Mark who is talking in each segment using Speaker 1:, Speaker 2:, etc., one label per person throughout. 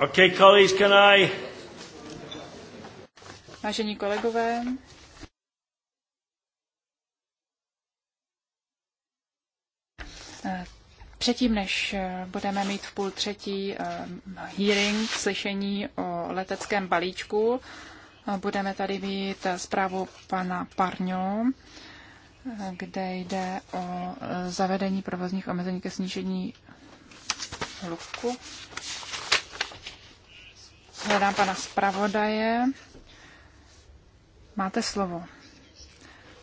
Speaker 1: Okay, colleagues, can I...
Speaker 2: Vážení kolegové, eh, Předtím, než eh, budeme mít v půl třetí eh, hearing, slyšení o leteckém balíčku, budeme tady mít zprávu pana Parňo, kde jde o zavedení provozních omezení ke snížení hluku. Hledám pana zpravodaje. Máte slovo.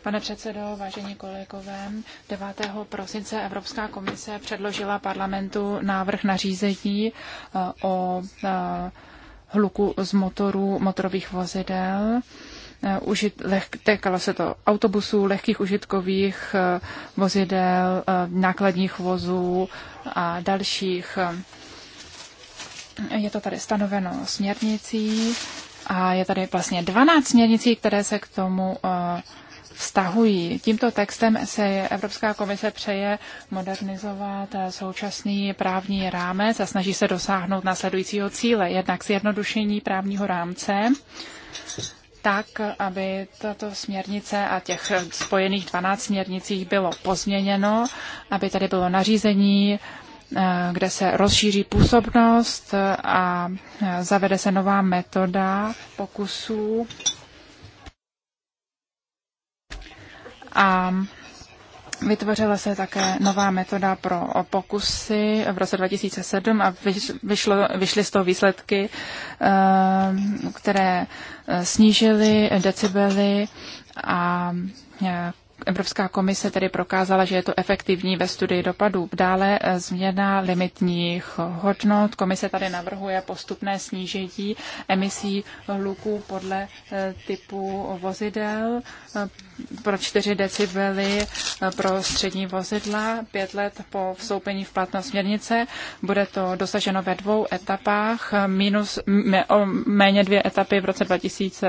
Speaker 2: Pane předsedo, vážení kolegové, 9. prosince Evropská komise předložila parlamentu návrh nařízení eh, o eh, hluku z motorů motorových vozidel. Eh, užit, leh, se to autobusů, lehkých užitkových vozidel, nákladních vozů a dalších. Je to tady stanoveno směrnicí a je tady vlastně 12 směrnicí, které se k tomu eh, vztahují. Tímto textem se Evropská komise přeje modernizovat eh, současný právní rámec a snaží se dosáhnout následujícího cíle. Jednak zjednodušení právního rámce, tak, aby tato směrnice a těch spojených 12 směrnicích bylo pozměněno, aby tady bylo nařízení, Eh, kde se rozšíří působnost eh, a eh, zavede se nová metoda pokusů. A Vytvořila se také nová metoda pro pokusy v roce 2007 a vyšlo, vyšly z toho výsledky, které snížily decibely a Evropská komise tedy prokázala, že je to efektivní ve studii dopadů. Dále eh, změna limitních hodnot. Komise tady navrhuje postupné snížení emisí hluku podle eh, typu vozidel eh, pro 4 decibely pro střední vozidla. Pět let po vstoupení v platnost směrnice bude to dosaženo ve dvou etapách, minus, méně dvě etapy v roce 2000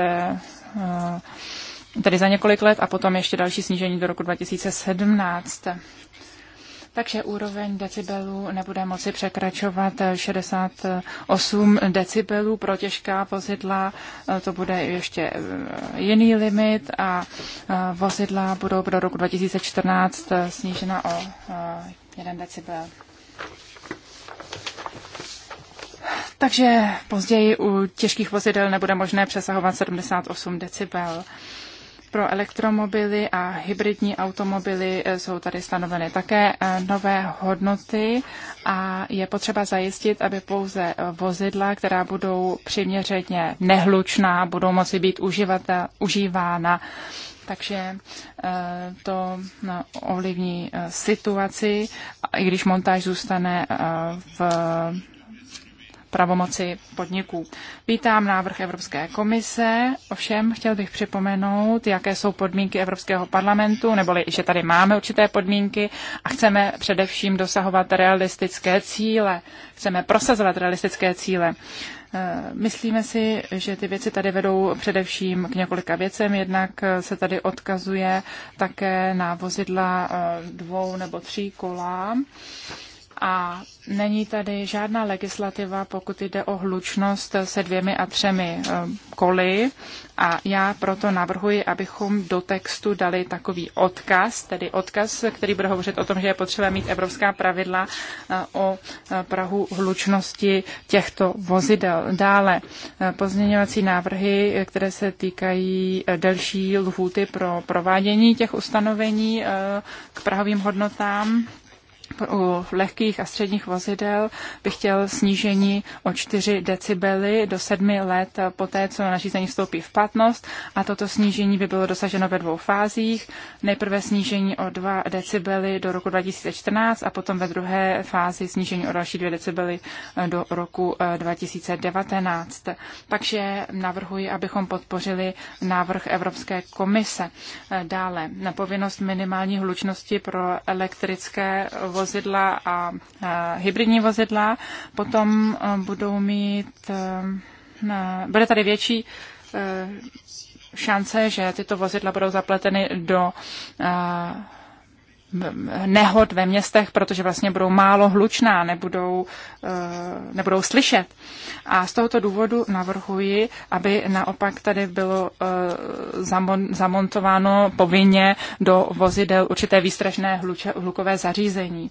Speaker 2: tedy za několik let a potom ještě další snížení do roku 2017. Takže úroveň decibelů nebude moci překračovat 68 decibelů pro těžká vozidla. To bude ještě eh, jiný limit a eh, vozidla budou pro roku 2014 eh, snížena o 1 decibel. Takže později u těžkých vozidel nebude možné přesahovat 78 decibel. Pro elektromobily a hybridní automobily eh, jsou tady stanoveny také eh, nové hodnoty a je potřeba zajistit, aby pouze eh, vozidla, která budou přiměřeně nehlučná, budou moci být užívána takže to no, ovlivní situaci, i když montáž zůstane v pravomoci podniků. Vítám návrh Evropské komise, ovšem chtěl bych připomenout, jaké jsou podmínky Evropského parlamentu, neboli že tady máme určité podmínky a chceme především dosahovat realistické cíle, chceme prosazovat realistické cíle. E, myslíme si, že ty věci tady vedou především k několika věcem. Jednak se tady odkazuje také na vozidla e, dvou nebo tří kolá a není tady žádná legislativa, pokud jde o hlučnost se dvěmi a třemi eh, koly a já proto navrhuji, abychom do textu dali takový odkaz, tedy odkaz, který bude hovořit o tom, že je potřeba mít evropská pravidla eh, o eh, Prahu hlučnosti těchto vozidel. Dále pozměňovací návrhy, které se týkají delší lhůty pro provádění těch ustanovení k prahovým hodnotám u lehkých a středních vozidel bych chtěl snížení o 4 decibely do 7 let poté, co nařízení vstoupí v platnost a toto snížení by bylo dosaženo ve dvou fázích. Nejprve snížení o 2 decibely do roku 2014 a potom ve druhé fázi snížení o další 2 decibely do roku 2019. Eh, Takže navrhuji, abychom podpořili návrh Evropské komise. Eh, dále, na povinnost minimální hlučnosti pro elektrické vozidla vozidla a e, hybridní vozidla. Potom e, budou mít, e, bude tady větší šance, že tyto vozidla budou zapleteny do nehod ve městech, protože vlastně budou málo hlučná, nebudou, eh, nebudou slyšet. A z tohoto důvodu navrhuji, aby naopak tady bylo eh, zamontováno povinně do vozidel určité výstražné hlukové zařízení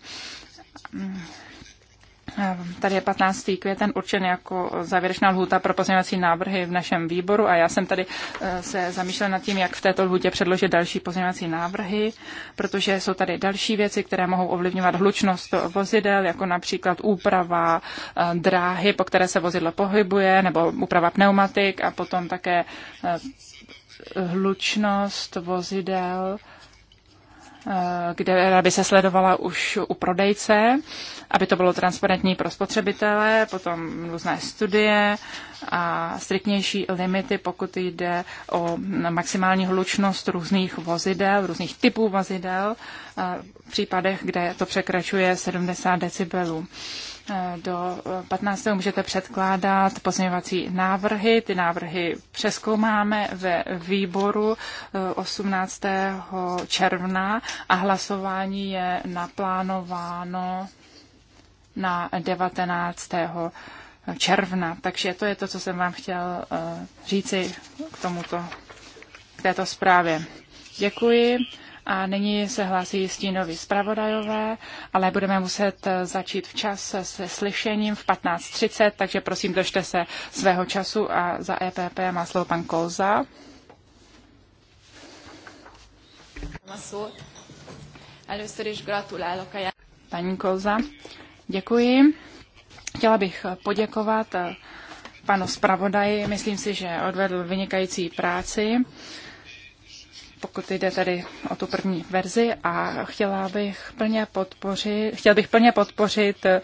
Speaker 2: Eh, tady je 15. květen určen jako závěrečná lhůta pro pozměňovací návrhy v našem výboru a já jsem tady eh, se zamýšlela nad tím, jak v této lhůtě předložit další pozměňovací návrhy, protože jsou tady další věci, které mohou ovlivňovat hlučnost vozidel, jako například úprava eh, dráhy, po které se vozidlo pohybuje, nebo úprava pneumatik a potom také hlučnost vozidel Eh, kde by se sledovala už u prodejce, aby to bylo transparentní pro spotřebitele, potom různé studie a striktnější limity, pokud jde o maximální hlučnost různých vozidel, různých typů vozidel, eh, v případech, kde to překračuje 70 decibelů do 15. Eh, můžete předkládat pozměňovací návrhy. Ty návrhy přeskoumáme ve výboru 18. Eh, června a hlasování je naplánováno na 19. června. Takže to je to, co jsem vám chtěl eh, říci k tomuto, k této zprávě. Děkuji. A nyní se hlásí stínoví zpravodajové, ale budeme muset eh, začít včas se slyšením v 15.30, takže prosím držte se svého času a za EPP má slovo pan Kolza. Paní Kolza, děkuji. Chtěla bych poděkovat eh, panu zpravodaji. Myslím si, že odvedl vynikající práci pokud jde tady o tu první verzi a chtěla bych plně podpořit, chtěl bych plně podpořit eh,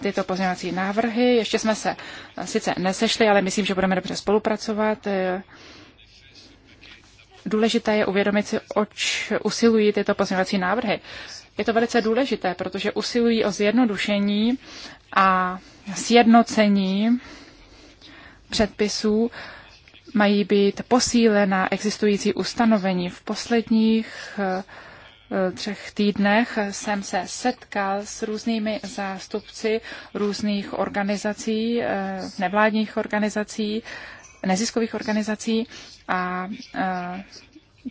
Speaker 2: tyto pozměňovací návrhy. Ještě jsme se eh, sice nesešli, ale myslím, že budeme dobře spolupracovat. Eh, důležité je uvědomit si, oč usilují tyto pozměňovací návrhy. Je to velice důležité, protože usilují o zjednodušení a sjednocení předpisů, mají být posílena existující ustanovení. V posledních eh, eh, třech týdnech jsem se setkal s různými zástupci různých organizací, eh, nevládních organizací, neziskových organizací a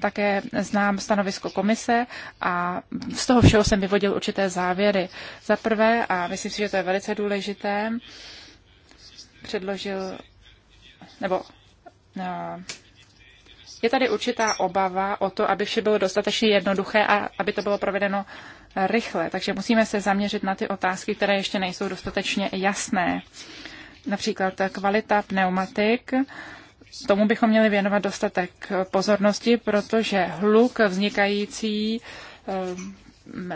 Speaker 2: také znám stanovisko komise a z toho všeho jsem vyvodil určité závěry. Za prvé, a myslím si, že to je velice důležité, předložil nebo je tady určitá obava o to, aby vše bylo dostatečně jednoduché a aby to bylo provedeno rychle. Takže musíme se zaměřit na ty otázky, které ještě nejsou dostatečně jasné. Například kvalita pneumatik. Tomu bychom měli věnovat dostatek pozornosti, protože hluk vznikající eh,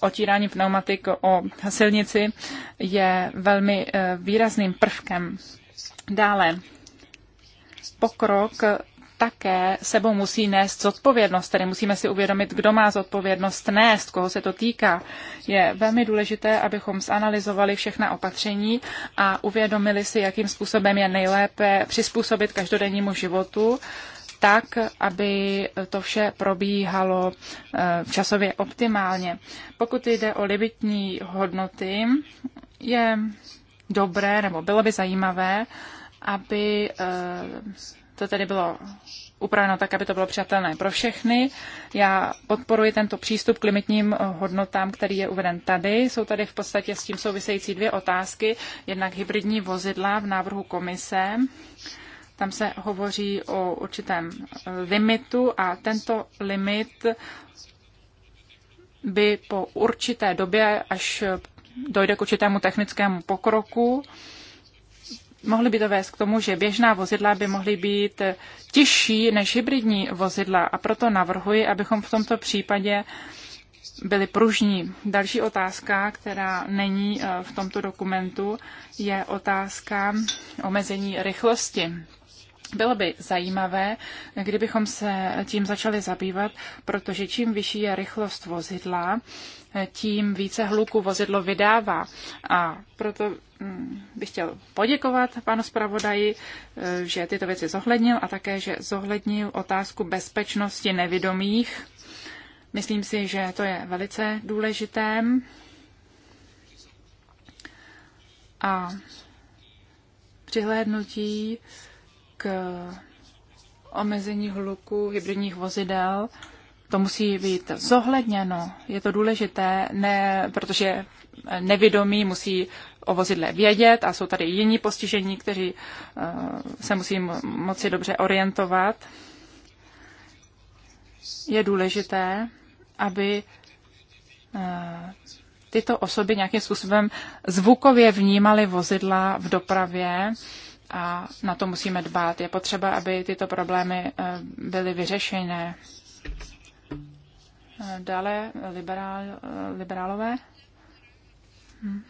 Speaker 2: otírání pneumatik o silnici je velmi eh, výrazným prvkem. Dále pokrok také sebou musí nést zodpovědnost, tedy musíme si uvědomit, kdo má zodpovědnost nést, koho se to týká. Je velmi důležité, abychom zanalizovali všechna opatření a uvědomili si, jakým způsobem je nejlépe přizpůsobit každodennímu životu, tak, aby to vše probíhalo eh, časově optimálně. Pokud jde o limitní hodnoty, je dobré, nebo bylo by zajímavé, aby eh, to tedy bylo upraveno tak, aby to bylo přijatelné pro všechny. Já podporuji tento přístup k limitním eh, hodnotám, který je uveden tady. Jsou tady v podstatě s tím související dvě otázky. Jednak hybridní vozidla v návrhu komise. Tam se hovoří o určitém eh, limitu a tento limit by po určité době, až dojde k určitému technickému pokroku, mohly by to vést k tomu, že běžná vozidla by mohly být těžší než hybridní vozidla a proto navrhuji, abychom v tomto případě byli pružní. Další otázka, která není eh, v tomto dokumentu, je otázka omezení rychlosti. Bylo by zajímavé, kdybychom se tím začali zabývat, protože čím vyšší je rychlost vozidla, tím více hluku vozidlo vydává. A proto mm, bych chtěl poděkovat panu zpravodaji, e, že tyto věci zohlednil a také, že zohlednil otázku bezpečnosti nevidomých. Myslím si, že to je velice důležité. A přihlédnutí k omezení hluku hybridních vozidel to musí být zohledněno. Je to důležité, ne, protože nevědomí musí o vozidle vědět a jsou tady jiní postižení, kteří eh, se musí moci dobře orientovat. Je důležité, aby eh, tyto osoby nějakým způsobem zvukově vnímaly vozidla v dopravě a na to musíme dbát. Je potřeba, aby tyto problémy eh, byly vyřešené. Dále liberál, liberálové. Hm.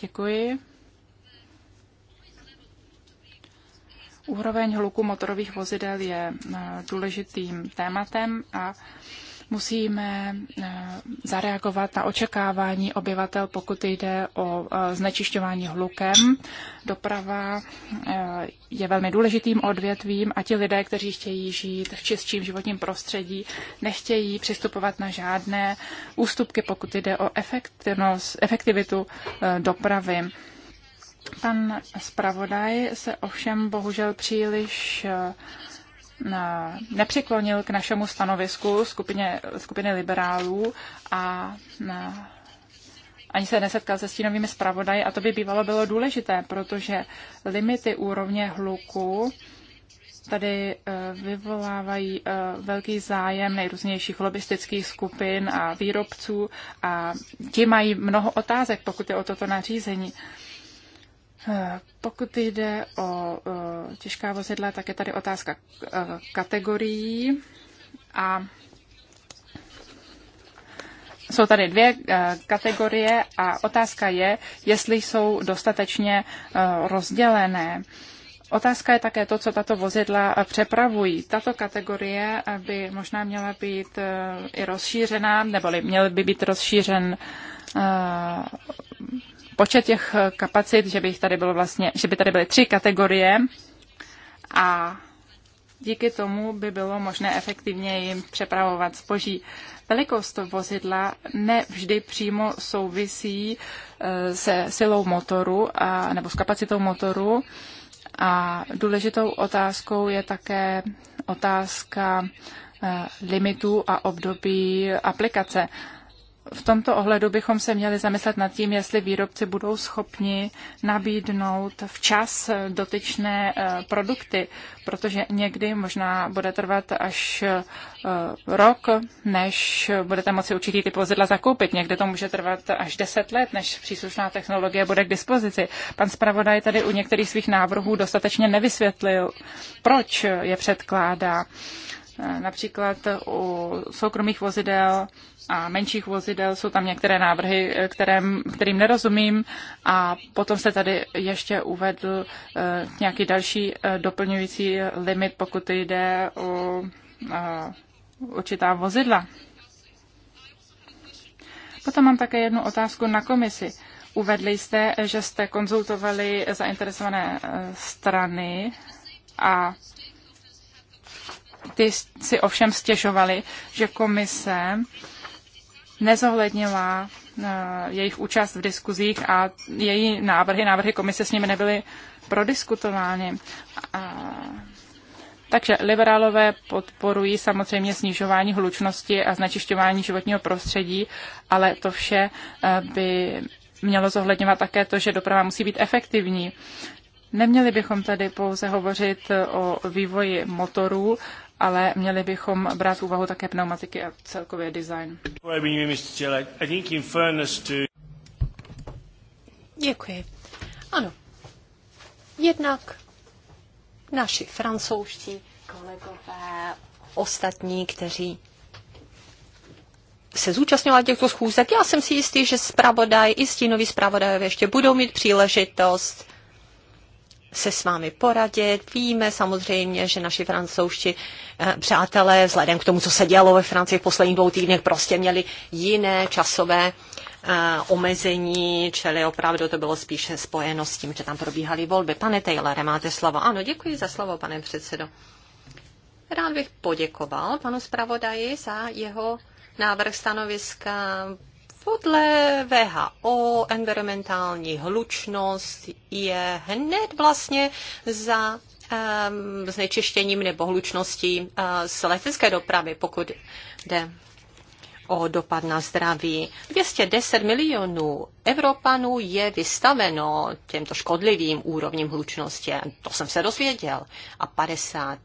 Speaker 2: Děkuji. Úroveň hluku motorových vozidel je eh, důležitým tématem a musíme eh, zareagovat na očekávání obyvatel, pokud jde o eh, znečišťování hlukem. Doprava eh, je velmi důležitým odvětvím a ti lidé, kteří chtějí žít v čistším životním prostředí, nechtějí přistupovat na žádné ústupky, pokud jde o efektivitu dopravy. Pan zpravodaj se ovšem bohužel příliš nepřiklonil k našemu stanovisku skupině, skupiny liberálů a ani se nesetkal se stínovými zpravodaji a to by bývalo bylo důležité, protože limity úrovně hluku tady eh, vyvolávají eh, velký zájem nejrůznějších lobistických skupin a výrobců a ti mají mnoho otázek, pokud je o toto nařízení. Pokud jde o těžká vozidla, tak je tady otázka e, kategorií a jsou tady dvě e, kategorie a otázka je, jestli jsou dostatečně e, rozdělené. Otázka je také to, co tato vozidla přepravují. Tato kategorie by možná měla být i rozšířená, neboli měl by být rozšířen počet těch eh, kapacit, že by, tady bylo vlastně, že by tady byly tři kategorie a díky tomu by bylo možné efektivněji přepravovat zboží. Velikost vozidla nevždy přímo souvisí eh, se silou motoru a, nebo s kapacitou motoru. A důležitou otázkou je také otázka eh, limitů a období aplikace v tomto ohledu bychom se měli zamyslet nad tím, jestli výrobci budou schopni nabídnout včas dotyčné eh, produkty, protože někdy možná bude trvat až eh, rok, než budete moci určitý typ vozidla zakoupit. Někde to může trvat až deset let, než příslušná technologie bude k dispozici. Pan zpravodaj tady u některých svých návrhů dostatečně nevysvětlil, proč je předkládá. Eh, například u soukromých vozidel a menších vozidel jsou tam některé návrhy, eh, kterém, kterým nerozumím a potom se tady ještě uvedl eh, nějaký další doplňující limit, pokud jde o určitá vozidla. Potom mám také jednu otázku na komisi. Uvedli jste, že jste konzultovali zainteresované strany a ty si ovšem stěžovali, že komise nezohlednila eh, jejich účast v diskuzích a její návrhy, návrhy komise s nimi nebyly prodiskutovány. A... Takže liberálové podporují samozřejmě snižování hlučnosti a znečišťování životního prostředí, ale to vše eh, by mělo zohledňovat také to, že doprava musí být efektivní. Neměli bychom tady pouze hovořit eh, o vývoji motorů, ale měli bychom brát v úvahu také pneumatiky a celkově
Speaker 1: design. Děkuji. Ano. Jednak naši francouzští kolegové, ostatní, kteří se zúčastňovali těchto schůzek. Já jsem si jistý, že zpravodaj i stínoví zpravodajové ještě budou mít příležitost se s vámi poradit. Víme samozřejmě, že naši francouzští eh, přátelé, vzhledem k tomu, co se dělo ve Francii v posledních dvou týdnech, prostě měli jiné časové eh, omezení, čili opravdu to bylo spíše spojeno s tím, že tam probíhaly volby. Pane Taylore, máte slovo. Ano, děkuji za slovo, pane předsedo. Rád bych poděkoval panu zpravodaji za jeho návrh stanoviska. Podle VHO environmentální hlučnost je hned vlastně za um, znečištěním nebo hlučností uh, z letecké dopravy, pokud jde o dopad na zdraví. 210 milionů Evropanů je vystaveno těmto škodlivým úrovním hlučnosti. To jsem se dozvěděl. A 50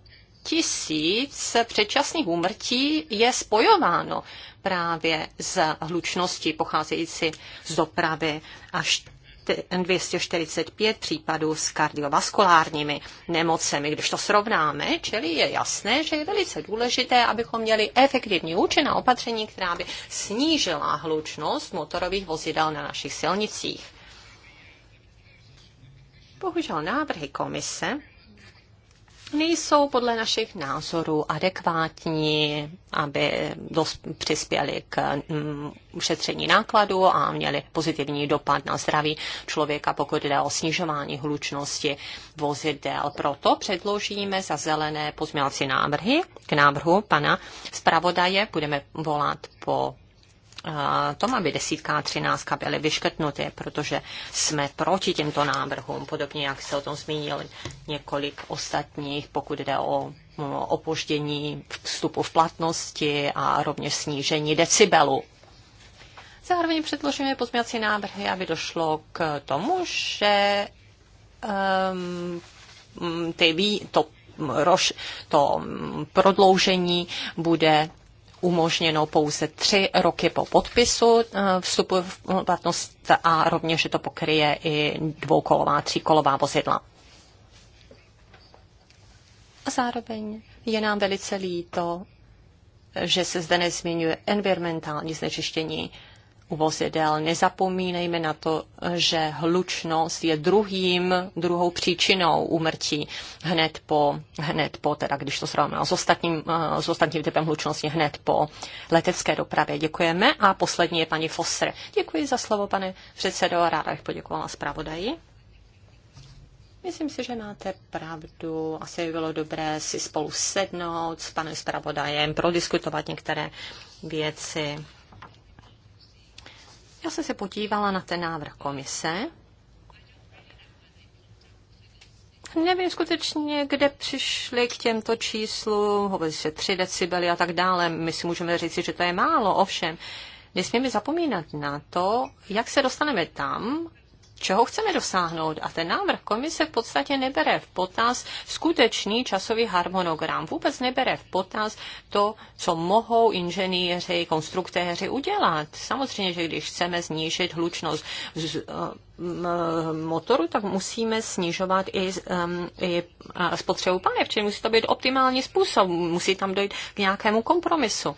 Speaker 1: tisíc předčasných úmrtí je spojováno právě s hlučností pocházející z dopravy až 245 případů s kardiovaskulárními nemocemi. Když to srovnáme, čili je jasné, že je velice důležité, abychom měli efektivní účinná opatření, která by snížila hlučnost motorových vozidel na našich silnicích. Bohužel návrhy komise nejsou podle našich názorů adekvátní, aby přispěli k mm, ušetření nákladů a měli pozitivní dopad na zdraví člověka, pokud jde o snižování hlučnosti vozidel. Proto předložíme za zelené pozměňovací návrhy k návrhu pana zpravodaje. Budeme volat po má být desítka a třináctka byly vyškrtnuty, protože jsme proti těmto návrhům, podobně jak se o tom zmínil několik ostatních, pokud jde o opoždění vstupu v platnosti a rovněž snížení decibelu. Zároveň předložíme pozměňovací návrhy, aby došlo k tomu, že um, ty, to, roš, to mm, prodloužení bude umožněno pouze tři roky po podpisu eh, vstupu v platnost a rovněž to pokryje i dvoukolová, tříkolová vozidla. A zároveň je nám velice líto, že se zde nezmiňuje environmentální znečištění u vozidel. Nezapomínejme na to, že hlučnost je druhým, druhou příčinou úmrtí hned po, hned po teda když to srovnáme s ostatním, eh, s ostatním typem hlučnosti, hned po letecké dopravě. Děkujeme. A poslední je paní Fosser. Děkuji za slovo, pane předsedo. Ráda bych poděkovala zpravodaji. Myslím si, že máte pravdu. Asi by bylo dobré si spolu sednout s panem zpravodajem, prodiskutovat některé věci já jsem se podívala na ten návrh komise. Nevím skutečně, kde přišli k těmto číslům, hovoří se 3 decibely a tak dále. My si můžeme říct, že to je málo, ovšem. Nesmíme zapomínat na to, jak se dostaneme tam, čeho chceme dosáhnout. A ten návrh komise v podstatě nebere v potaz skutečný časový harmonogram. Vůbec nebere v potaz to, co mohou inženýři, konstruktéři udělat. Samozřejmě, že když chceme snížit hlučnost z, motoru, tak musíme snižovat i, um, i spotřebu paliv, čili musí to být optimální způsob, musí tam dojít k nějakému kompromisu.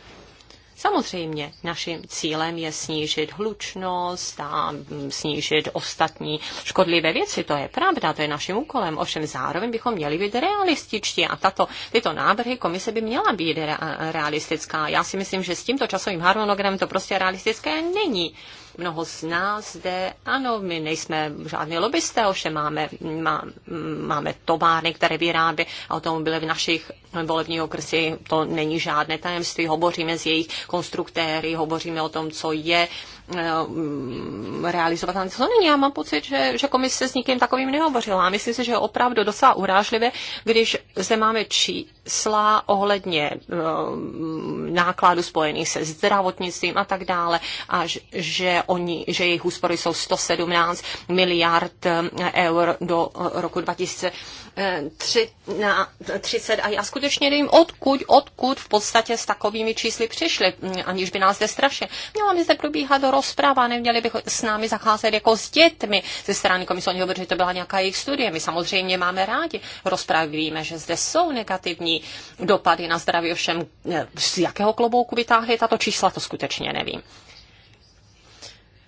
Speaker 1: Samozřejmě naším cílem je snížit hlučnost a mm, snížit ostatní škodlivé věci. To je pravda, to je naším úkolem. Ovšem zároveň bychom měli být realističtí a tato, tyto návrhy komise by měla být realistická. Já si myslím, že s tímto časovým harmonogramem to prostě realistické není mnoho z nás zde, ano, my nejsme žádní lobbysté, ovšem máme, má, máme továrny, které vyrábí automobily v našich volebních okrsích, to není žádné tajemství, hovoříme s jejich konstruktéry, hovoříme o tom, co je eh, realizovat. To není, já mám pocit, že, že komise s nikým takovým nehovořila. A myslím si, že je opravdu docela urážlivé, když zde máme čísla ohledně eh, nákladu spojených se zdravotnictvím a tak dále a že oni, že jejich úspory jsou 117 miliard eh, eur do eh, roku 2030 a já skutečně nevím, odkud, odkud v podstatě s takovými čísly přišli, hm, aniž by nás destrašili. Měla by zde probíhat rozprava, neměli bych s námi zacházet jako s dětmi ze strany komise. Oni že to byla nějaká jejich studie. My samozřejmě máme rádi rozpravy, víme, že zde jsou negativní dopady na zdraví, ovšem eh, z jakého klobouku vytáhli tato čísla, to skutečně nevím.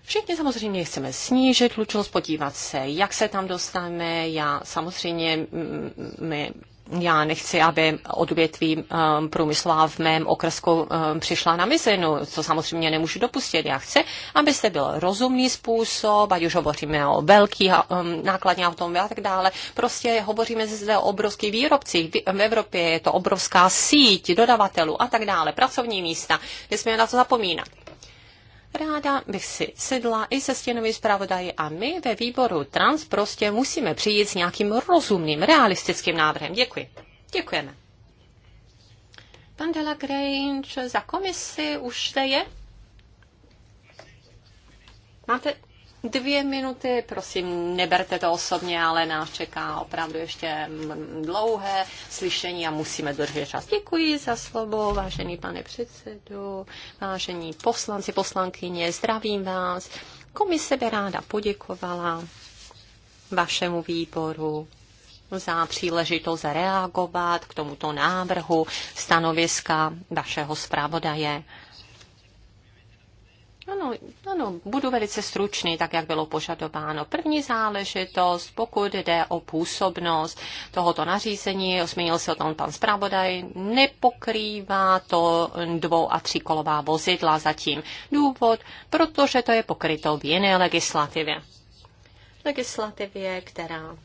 Speaker 1: Všichni samozřejmě chceme snížit hlučnost, podívat se, jak se tam dostaneme. Já samozřejmě my já nechci, aby odvětví um, průmyslová v mém okresku um, přišla na mizinu, co samozřejmě nemůžu dopustit. Já chci, aby se byl rozumný způsob, ať už hovoříme o velkých um, nákladních automobilech a tak dále. Prostě hovoříme zde o obrovských výrobcích. V Evropě je to obrovská síť dodavatelů a tak dále, pracovní místa. Nesmíme na to zapomínat. Ráda bych si sedla i se stěnovým zpravodaji a my ve výboru trans prostě musíme přijít s nějakým rozumným, realistickým návrhem. Děkuji. Děkujeme. Pan Dela Grange za komisi už zde je? Máte dvě minuty, prosím, neberte to osobně, ale nás čeká opravdu ještě dlouhé slyšení a musíme držet čas. Děkuji za slovo, vážený pane předsedo, vážení poslanci, poslankyně, zdravím vás. Komise by ráda poděkovala vašemu výboru za příležitost reagovat k tomuto návrhu stanoviska vašeho zpravodaje. Ano, ano, budu velice stručný, tak jak bylo požadováno. První záležitost, pokud jde o působnost tohoto nařízení, osmínil se o tom pan zpravodaj, nepokrývá to dvou a tříkolová vozidla zatím. Důvod, protože to je pokryto v jiné legislativě. Legislativě, která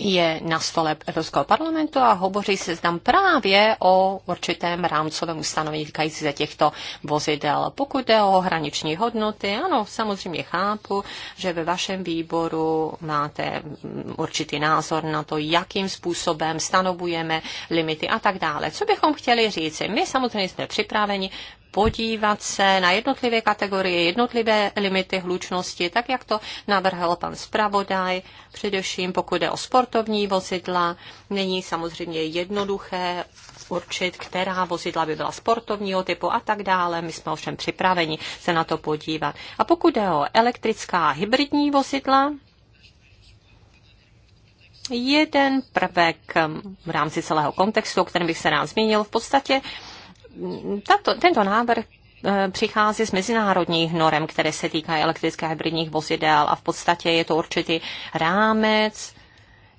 Speaker 1: je na stole Evropského parlamentu a hovoří se tam právě o určitém rámcovém ustanovení týkající se těchto vozidel. Pokud jde o hraniční hodnoty, ano, samozřejmě chápu, že ve vašem výboru máte určitý názor na to, jakým způsobem stanovujeme limity a tak dále. Co bychom chtěli říci? My samozřejmě jsme připraveni podívat se na jednotlivé kategorie, jednotlivé limity hlučnosti, tak jak to navrhl pan zpravodaj, především pokud jde o sportovní vozidla. Není samozřejmě jednoduché určit, která vozidla by byla sportovního typu a tak dále. My jsme ovšem připraveni se na to podívat. A pokud jde o elektrická a hybridní vozidla, jeden prvek v rámci celého kontextu, o kterém bych se rád zmínil, v podstatě tato, tento návrh e, přichází s mezinárodních norem, které se týkají elektrické hybridních vozidel a v podstatě je to určitý rámec,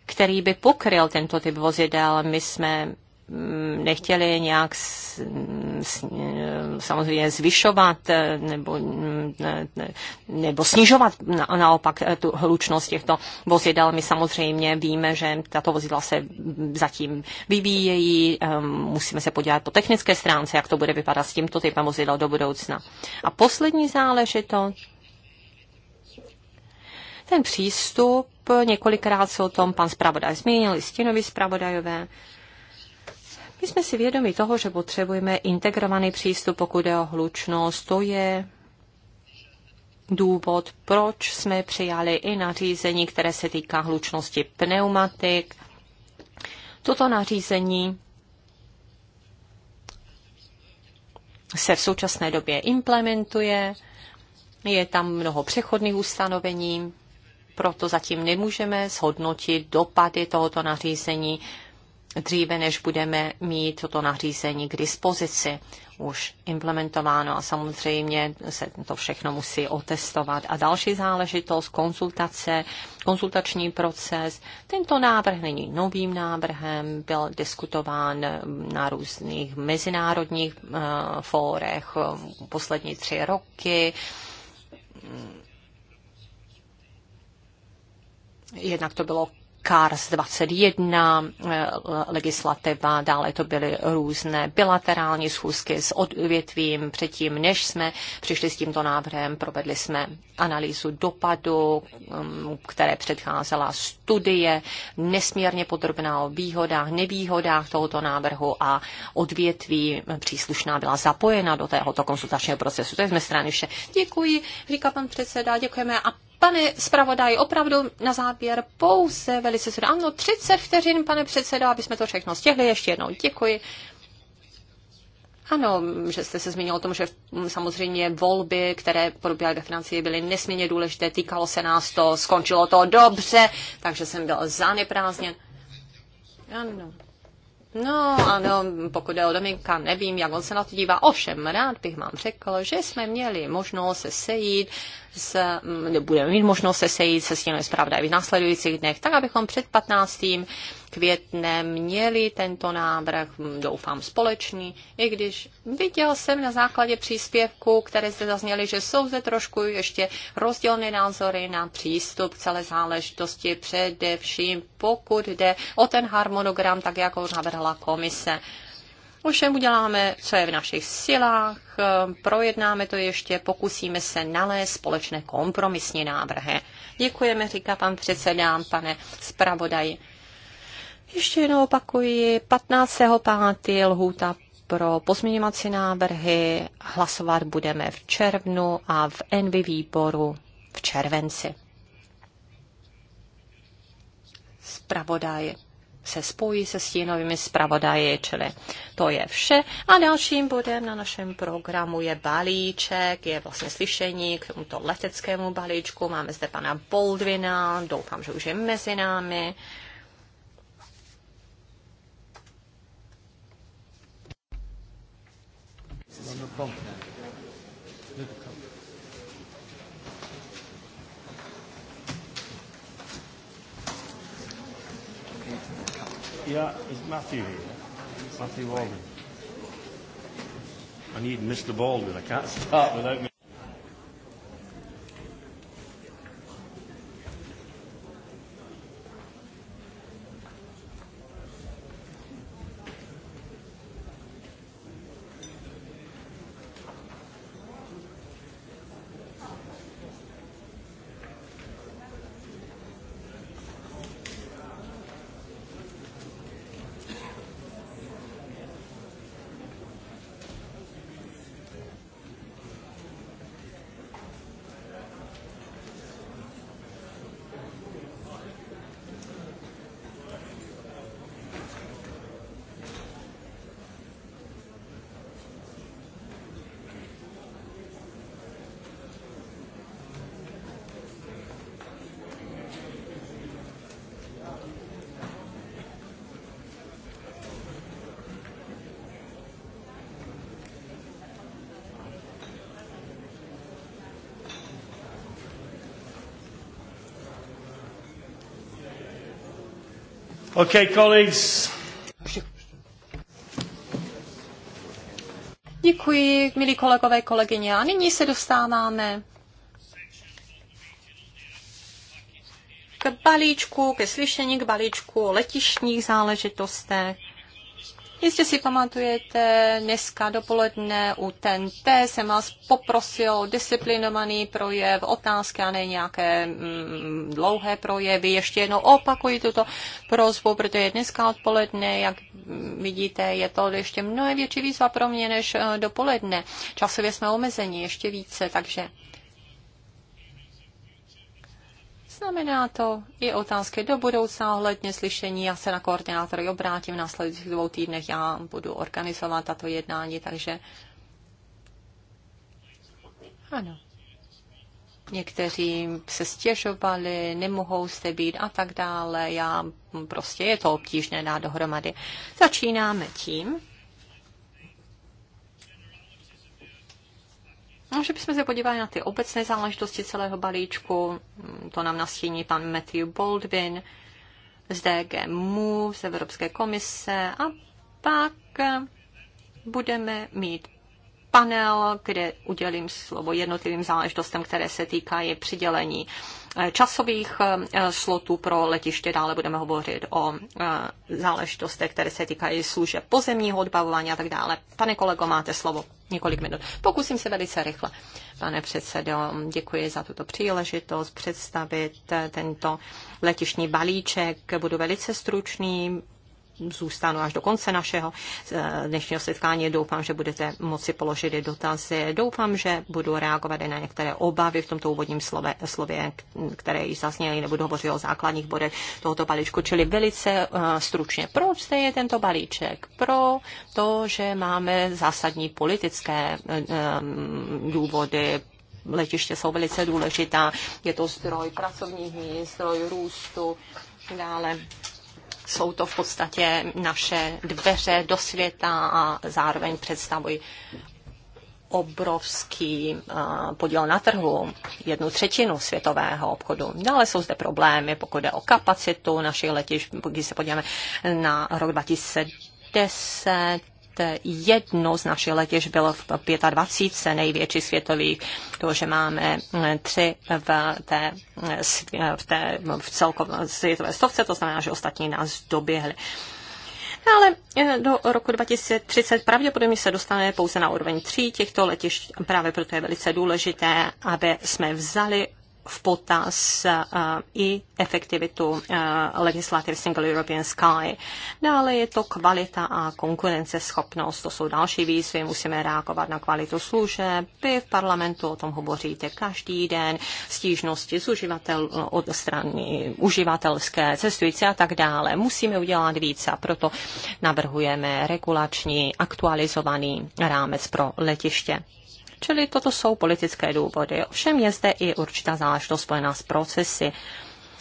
Speaker 1: který by pokryl tento typ vozidel. My jsme Mm, nechtěli nějak samozřejmě zvyšovat eh, nebo, mm, nebo snižovat na naopak eh, tu hlučnost těchto vozidel. My samozřejmě víme, že tato vozidla se zatím vyvíjejí, ehm, musíme se podívat po technické stránce, jak to bude vypadat s tímto typem vozidel do budoucna. A poslední záležitost, ten přístup, několikrát se o tom pan zpravodaj zmínil, i stěnovi zpravodajové, my jsme si vědomi toho, že potřebujeme integrovaný přístup, pokud je o hlučnost. To je důvod, proč jsme přijali i nařízení, které se týká hlučnosti pneumatik. Toto nařízení se v současné době implementuje, je tam mnoho přechodných ustanovení, proto zatím nemůžeme zhodnotit dopady tohoto nařízení dříve, než budeme mít toto nařízení k dispozici už implementováno a samozřejmě se to všechno musí otestovat. A další záležitost, konzultace, konzultační proces. Tento návrh není novým návrhem, byl diskutován na různých mezinárodních uh, fórech uh, poslední tři roky. Jednak to bylo CARS 21 eh, legislativa, dále to byly různé bilaterální schůzky s odvětvím. Předtím, než jsme přišli s tímto návrhem, provedli jsme analýzu dopadu, mm, které předcházela studie, nesmírně podrobná o výhodách, nevýhodách tohoto návrhu a odvětví příslušná byla zapojena do tohoto konsultačního procesu. To je z mé strany vše. Děkuji, říká pan předseda, děkujeme a Pane zpravodaj, opravdu na závěr pouze velice se Ano, 30 vteřin, pane předsedo, aby jsme to všechno stihli. Ještě jednou děkuji. Ano, že jste se zmínil o tom, že samozřejmě volby, které probíhaly ve Francii, byly nesmírně důležité, týkalo se nás to, skončilo to dobře, takže jsem byl zaneprázdněn. Ano, No ano, pokud je o Dominika, nevím, jak on se na to dívá. Ovšem, rád bych vám řekl, že jsme měli možnost se sejít, s, budeme mít možnost se sejít se stěnou zpravodaj v následujících dnech, tak abychom před 15 květne měli tento návrh, hm, doufám společný, i když viděl jsem na základě příspěvku, které zde zazněly, že jsou zde trošku ještě rozdílné názory na přístup celé záležitosti, především pokud jde o ten harmonogram, tak jak ho navrhla komise. Ovšem uděláme, co je v našich silách, hm, projednáme to ještě, pokusíme se nalézt společné kompromisní návrhy. Děkujeme, říká pan předseda, pane zpravodaji. Ještě jednou opakuji, 15.5. lhůta pro pozměňovací návrhy. Hlasovat budeme v červnu a v NV výboru v červenci. Spravodaj se spojí se stínovými zpravodaji, čili to je vše. A dalším bodem na našem programu je balíček, je vlastně slyšení k tomuto leteckému balíčku. Máme zde pana Boldvina, doufám, že už je mezi námi.
Speaker 3: Non le pompe. Le pompe. Yeah, is Matthew here? Matthew Baldwin. I need Mr. Baldwin. I can't start without me. Okay, colleagues.
Speaker 1: Děkuji, milí kolegové, kolegyně. A nyní se dostáváme k balíčku, ke slyšení k balíčku o letišních záležitostech. Jistě si pamatujete, dneska dopoledne u TNT jsem vás poprosil o disciplinovaný projev, otázky a ne nějaké mm, dlouhé projevy. Ještě jednou opakuji tuto prozbu, protože dneska odpoledne, jak vidíte, je to ještě mnohem větší výzva pro mě než eh, dopoledne. Časově jsme omezeni ještě více, takže Znamená to i otázky do budoucna ohledně slyšení. Já se na koordinátory obrátím v následujících dvou týdnech. Já budu organizovat tato jednání, takže ano. Někteří se stěžovali, nemohou zde být a tak dále. Já prostě je to obtížné dát dohromady. Začínáme tím, No, že bychom se podívali na ty obecné záležitosti celého balíčku, mm, to nám nastíní pan Matthew Baldwin z DG MOVE, z Evropské komise a pak eh, budeme mít panel, kde udělím slovo jednotlivým záležitostem, které se týkají přidělení eh, časových eh, slotů pro letiště. Dále budeme hovořit o eh, záležitostech, které se týkají služeb pozemního odbavování a tak dále. Pane kolego, máte slovo několik minut. Pokusím se velice rychle. Pane předsedo, děkuji za tuto příležitost představit tento letišní balíček. Budu velice stručný zůstanu až do konce našeho eh, dnešního setkání. Doufám, že budete moci položit i dotazy. Doufám, že budu reagovat i na některé obavy v tomto úvodním slove, slově, které již zazněly, nebudu hovořit o základních bodech tohoto balíčku, čili velice eh, stručně. Proč zde je tento balíček? Pro to, že máme zásadní politické eh, mm, důvody, letiště jsou velice důležitá. Je to zdroj pracovních míst, zdroj růstu, dále jsou to v podstatě naše dveře do světa a zároveň představují obrovský eh, podíl na trhu, jednu třetinu světového obchodu. Dále jsou zde problémy, pokud jde o kapacitu našich letišť, když se podíváme na rok 2010, jedno z našich letišť bylo v 25 největší světových, to, že máme tři v té, v té v celkové světové stovce, to znamená, že ostatní nás doběhly. Ale eh, do roku 2030 pravděpodobně se dostaneme pouze na úroveň tří těchto letišť, právě proto je velice důležité, aby jsme vzali v potaz eh, i efektivitu eh, legislativy Single European Sky. Dále je to kvalita a konkurenceschopnost. To jsou další výzvy. Musíme reagovat na kvalitu služeb. Vy v parlamentu o tom hovoříte každý den. Stížnosti z uživatel, od strany uživatelské, cestující a tak dále. Musíme udělat více a proto navrhujeme regulační aktualizovaný rámec pro letiště. Čili toto jsou politické důvody. Ovšem je zde i určitá záležitost spojená s procesy.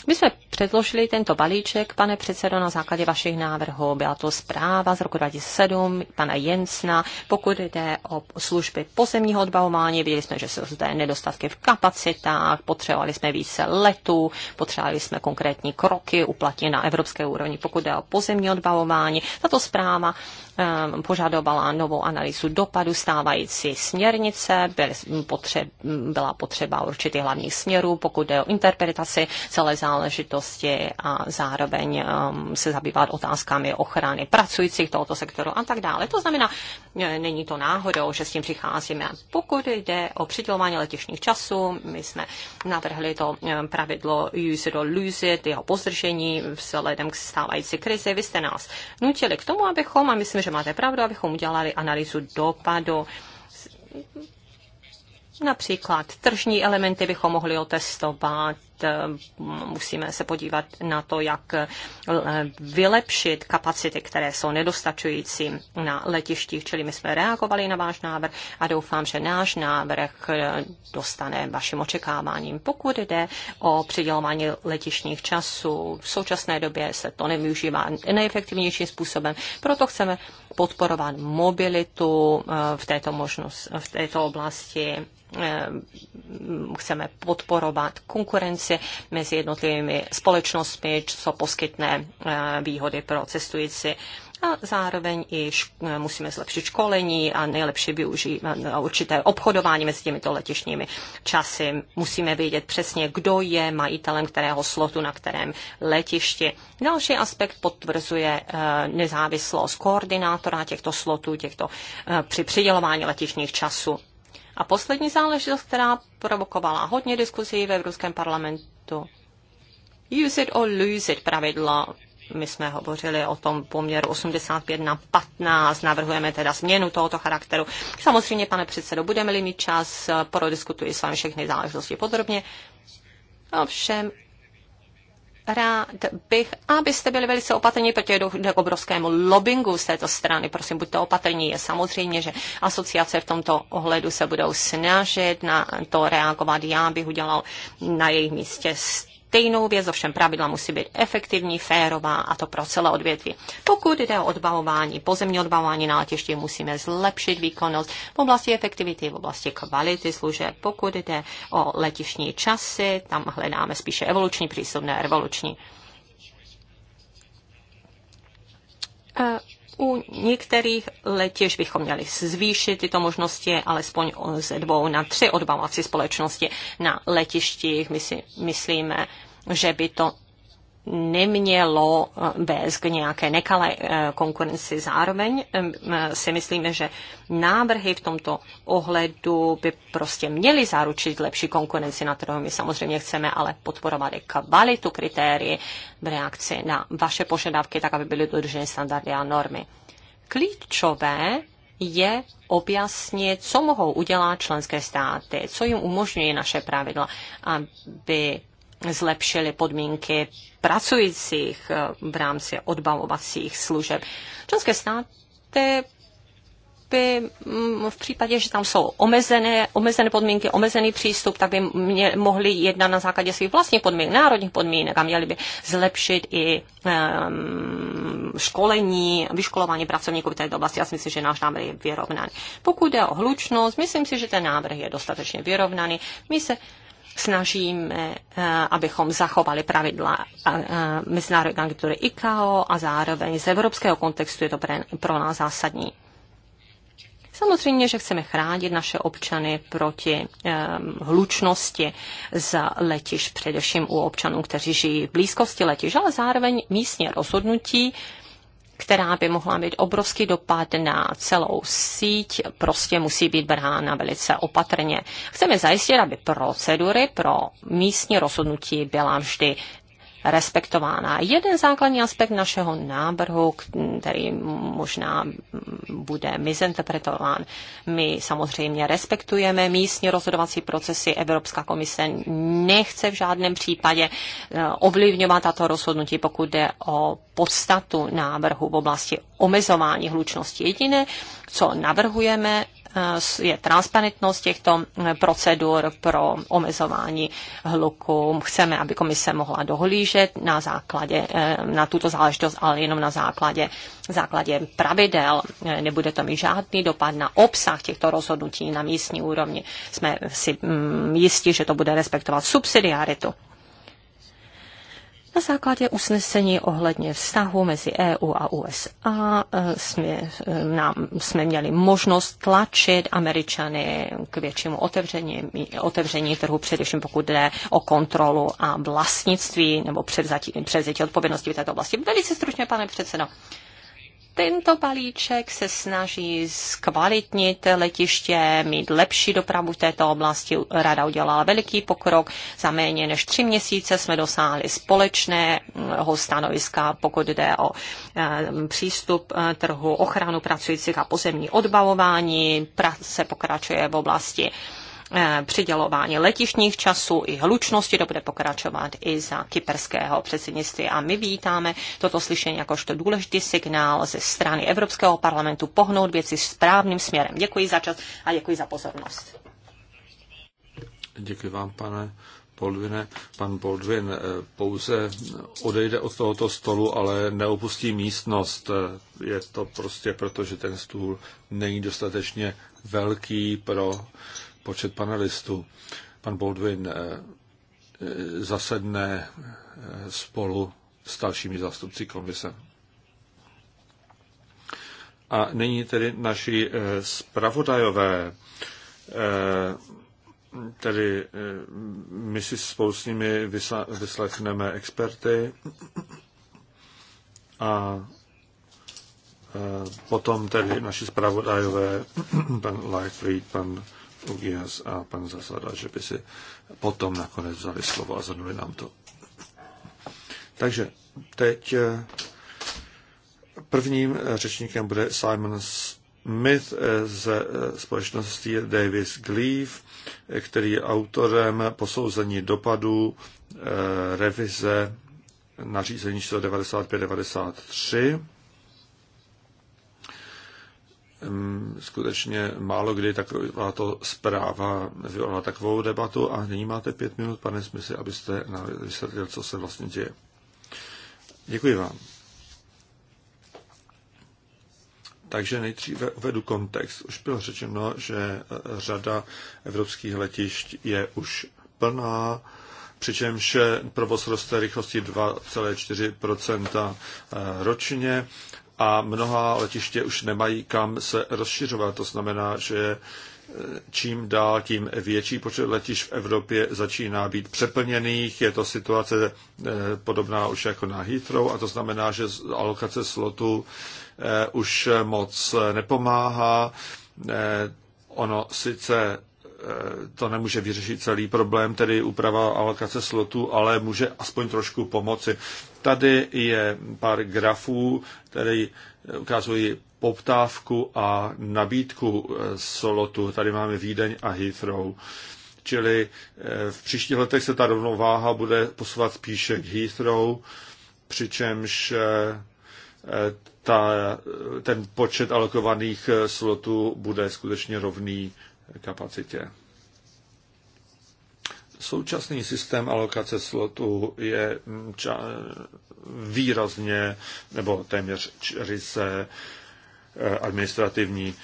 Speaker 1: My jsme předložili tento balíček, pane předsedo, na základě vašich návrhů. Byla to zpráva z roku 2007 pana Jensna, pokud jde o služby pozemního odbavování. Viděli jsme, že jsou zde nedostatky v kapacitách, potřebovali jsme více letů, potřebovali jsme konkrétní kroky uplatněné na evropské úrovni, pokud jde o pozemní odbavování. Tato zpráva Um, požadovala novou analýzu dopadu stávající směrnice, byl potřeb, byla potřeba určitých hlavních směrů, pokud jde o interpretaci celé záležitosti a zároveň um, se zabývat otázkami ochrany pracujících tohoto sektoru a tak dále. To znamená, e, není to náhodou, že s tím přicházíme. Pokud jde o přidělování letišních časů, my jsme navrhli to e, pravidlo use it or lose it, jeho pozdržení vzhledem k stávající krizi. Vy jste nás nutili k tomu, abychom, a myslím, že že máte pravdu, abychom udělali analýzu dopadu. Například tržní elementy bychom mohli otestovat, musíme se podívat na to, jak eh, vylepšit kapacity, které jsou nedostačující na letištích. Čili my jsme reagovali na váš návrh a doufám, že náš návrh eh, dostane vašim očekáváním. Pokud jde o přidělování letišních časů, v současné době se to nevyužívá nejefektivnějším způsobem, proto chceme podporovat mobilitu eh, v této, možnost, v této oblasti chceme podporovat konkurenci spolupráci mezi jednotlivými společnostmi, co poskytne eh, výhody pro cestující a zároveň i musíme zlepšit školení a nejlepší využít eh, určité obchodování mezi těmito letišními časy. Musíme vědět přesně, kdo je majitelem kterého slotu na kterém letišti. Další aspekt potvrzuje eh, nezávislost koordinátora těchto slotů těchto, při přidělování letišních časů. A poslední záležitost, která provokovala hodně diskuzí ve Evropském parlamentu. Use it or lose it pravidlo. My jsme hovořili o tom poměru 85 na 15, navrhujeme teda změnu tohoto charakteru. Samozřejmě, pane předsedo, budeme-li mít čas, prodiskutuji s vámi všechny záležitosti podrobně. Ovšem, rád bych, abyste byli velice opatrní, protože jde k obrovskému lobbingu z této strany. Prosím, buďte opatrní. Je samozřejmě, že asociace v tomto ohledu se budou snažit na to reagovat. Já bych udělal na jejich místě stejnou věc, ovšem pravidla musí být efektivní, férová a to pro celé odvětví. Pokud jde o odbavování, pozemní odbavování na letišti, musíme zlepšit výkonnost v oblasti efektivity, v oblasti kvality služeb. Pokud jde o letišní časy, tam hledáme spíše evoluční přístup, ne revoluční. Eh, u některých letišť bychom měli zvýšit tyto možnosti alespoň ze dvou na tři odbavovací společnosti na letištích. My si myslíme, že by to nemělo vést k nějaké nekalé eh, konkurenci. Zároveň eh, si myslíme, že návrhy v tomto ohledu by prostě měly zaručit lepší konkurenci na trhu. My samozřejmě chceme ale podporovat i kvalitu kritérií, v reakci na vaše požadavky, tak aby byly dodrženy standardy a normy. Klíčové je objasnit, co mohou udělat členské státy, co jim umožňují naše pravidla, aby zlepšili podmínky pracujících eh, v rámci odbavovacích služeb. Členské státy by mm, v případě, že tam jsou omezené, omezené podmínky, omezený přístup, tak by mě, mohli jednat na základě svých vlastních podmínek, národních podmínek a měli by zlepšit i um, školení, vyškolování pracovníků v této oblasti. Já si myslím, že náš návrh je vyrovnaný. Pokud jde o hlučnost, myslím si, že ten návrh je dostatečně vyrovnaný. My se snažíme, eh, abychom zachovali pravidla eh, eh, Mezinárodní agentury ICAO a zároveň z evropského kontextu je to pro nás zásadní. Samozřejmě, že chceme chránit naše občany proti um, hlučnosti z letiš, především u občanů, kteří žijí v blízkosti letiš, ale zároveň místně rozhodnutí uh, která by mohla mít obrovský dopad na celou síť, prostě musí být brána velice opatrně. Chceme zajistit, aby procedury pro místní rozhodnutí byla vždy respektována. Jeden základní aspekt našeho návrhu, který možná bude mizinterpretován, my samozřejmě respektujeme místní rozhodovací procesy. Evropská komise nechce v žádném případě eh, ovlivňovat tato rozhodnutí, pokud jde o podstatu návrhu v oblasti omezování hlučnosti. Jediné, co navrhujeme, Eh, je transparentnost těchto eh, procedur pro omezování hluku. Chceme, aby komise mohla dohlížet na základě, eh, na tuto záležitost, ale jenom na základě, základě pravidel. Nebude to mít žádný dopad na obsah těchto rozhodnutí na místní úrovni. Jsme si mm, jistí, že to bude respektovat subsidiaritu. Na základě usnesení ohledně vztahu mezi EU a USA eh, jsme, eh, nám, jsme měli možnost tlačit Američany k většímu otevření, otevření trhu, především pokud jde o kontrolu a vlastnictví nebo převzetí, odpovědnosti v této oblasti. Velice stručně, pane předsedo. Tento balíček se snaží zkvalitnit letiště, mít lepší dopravu v této oblasti. Rada udělala veliký pokrok. Za méně než tři měsíce jsme dosáhli společného stanoviska, pokud jde o eh, přístup eh, trhu, ochranu pracujících a pozemní odbavování. Práce pokračuje v oblasti Eh, přidělování letišních časů i hlučnosti, to bude pokračovat i za kyperského předsednictví. A my vítáme toto slyšení jakožto důležitý signál ze strany Evropského parlamentu pohnout věci správným směrem. Děkuji za čas a děkuji za pozornost.
Speaker 3: Děkuji vám, pane Baldwine. Pan Boldvin eh, pouze odejde od tohoto stolu, ale neopustí místnost. Eh, je to prostě proto, že ten stůl není dostatečně velký pro počet panelistů. Pan Baldwin eh, eh, zasedne eh, spolu s dalšími zástupci komise. A nyní tedy naši zpravodajové, tedy my si spolu s nimi vyslechneme experty a potom tedy naši zpravodajové, pan Leifried, pan Ugias a pan Zasada, že by si potom nakonec vzali slovo a zhrnuli nám to. Takže teď eh, prvním řečníkem bude Simon Smith eh, ze eh, společnosti Davis Gleave, který je autorem posouzení dopadů revize nařízení 495-93 skutečně málo kdy to zpráva vyvolala takovou debatu a nyní máte pět minut, pane Smysl, abyste vysvětlil, co se vlastně děje. Děkuji vám. Takže nejdříve uvedu kontext. Už bylo řečeno, že e, řada evropských letišť je už plná, přičemž provoz roste rychlostí 2,4 e, ročně a mnoha letiště už nemají kam se rozšiřovat. To znamená, že e, čím dál tím větší počet letišť v Evropě začíná být přeplněných. Je to situace e, podobná už jako na Heathrow a to znamená, že alokace slotu e, už moc nepomáhá. Ono sice to nemůže vyřešit celý problém, tedy úprava alokace slotu, ale může aspoň trošku pomoci. Tady je pár grafů, které ukazují poptávku a nabídku eh, solotu. Tady máme Vídeň a Heathrow. Čili eh, v příštích letech se ta rovnováha bude posouvat spíše k Heathrow, přičemž eh, ta, ten počet alokovaných slotů bude skutečně rovný kapacitě. Současný systém alokace slotů je mm, výrazně nebo téměř ryze eh, administrativní.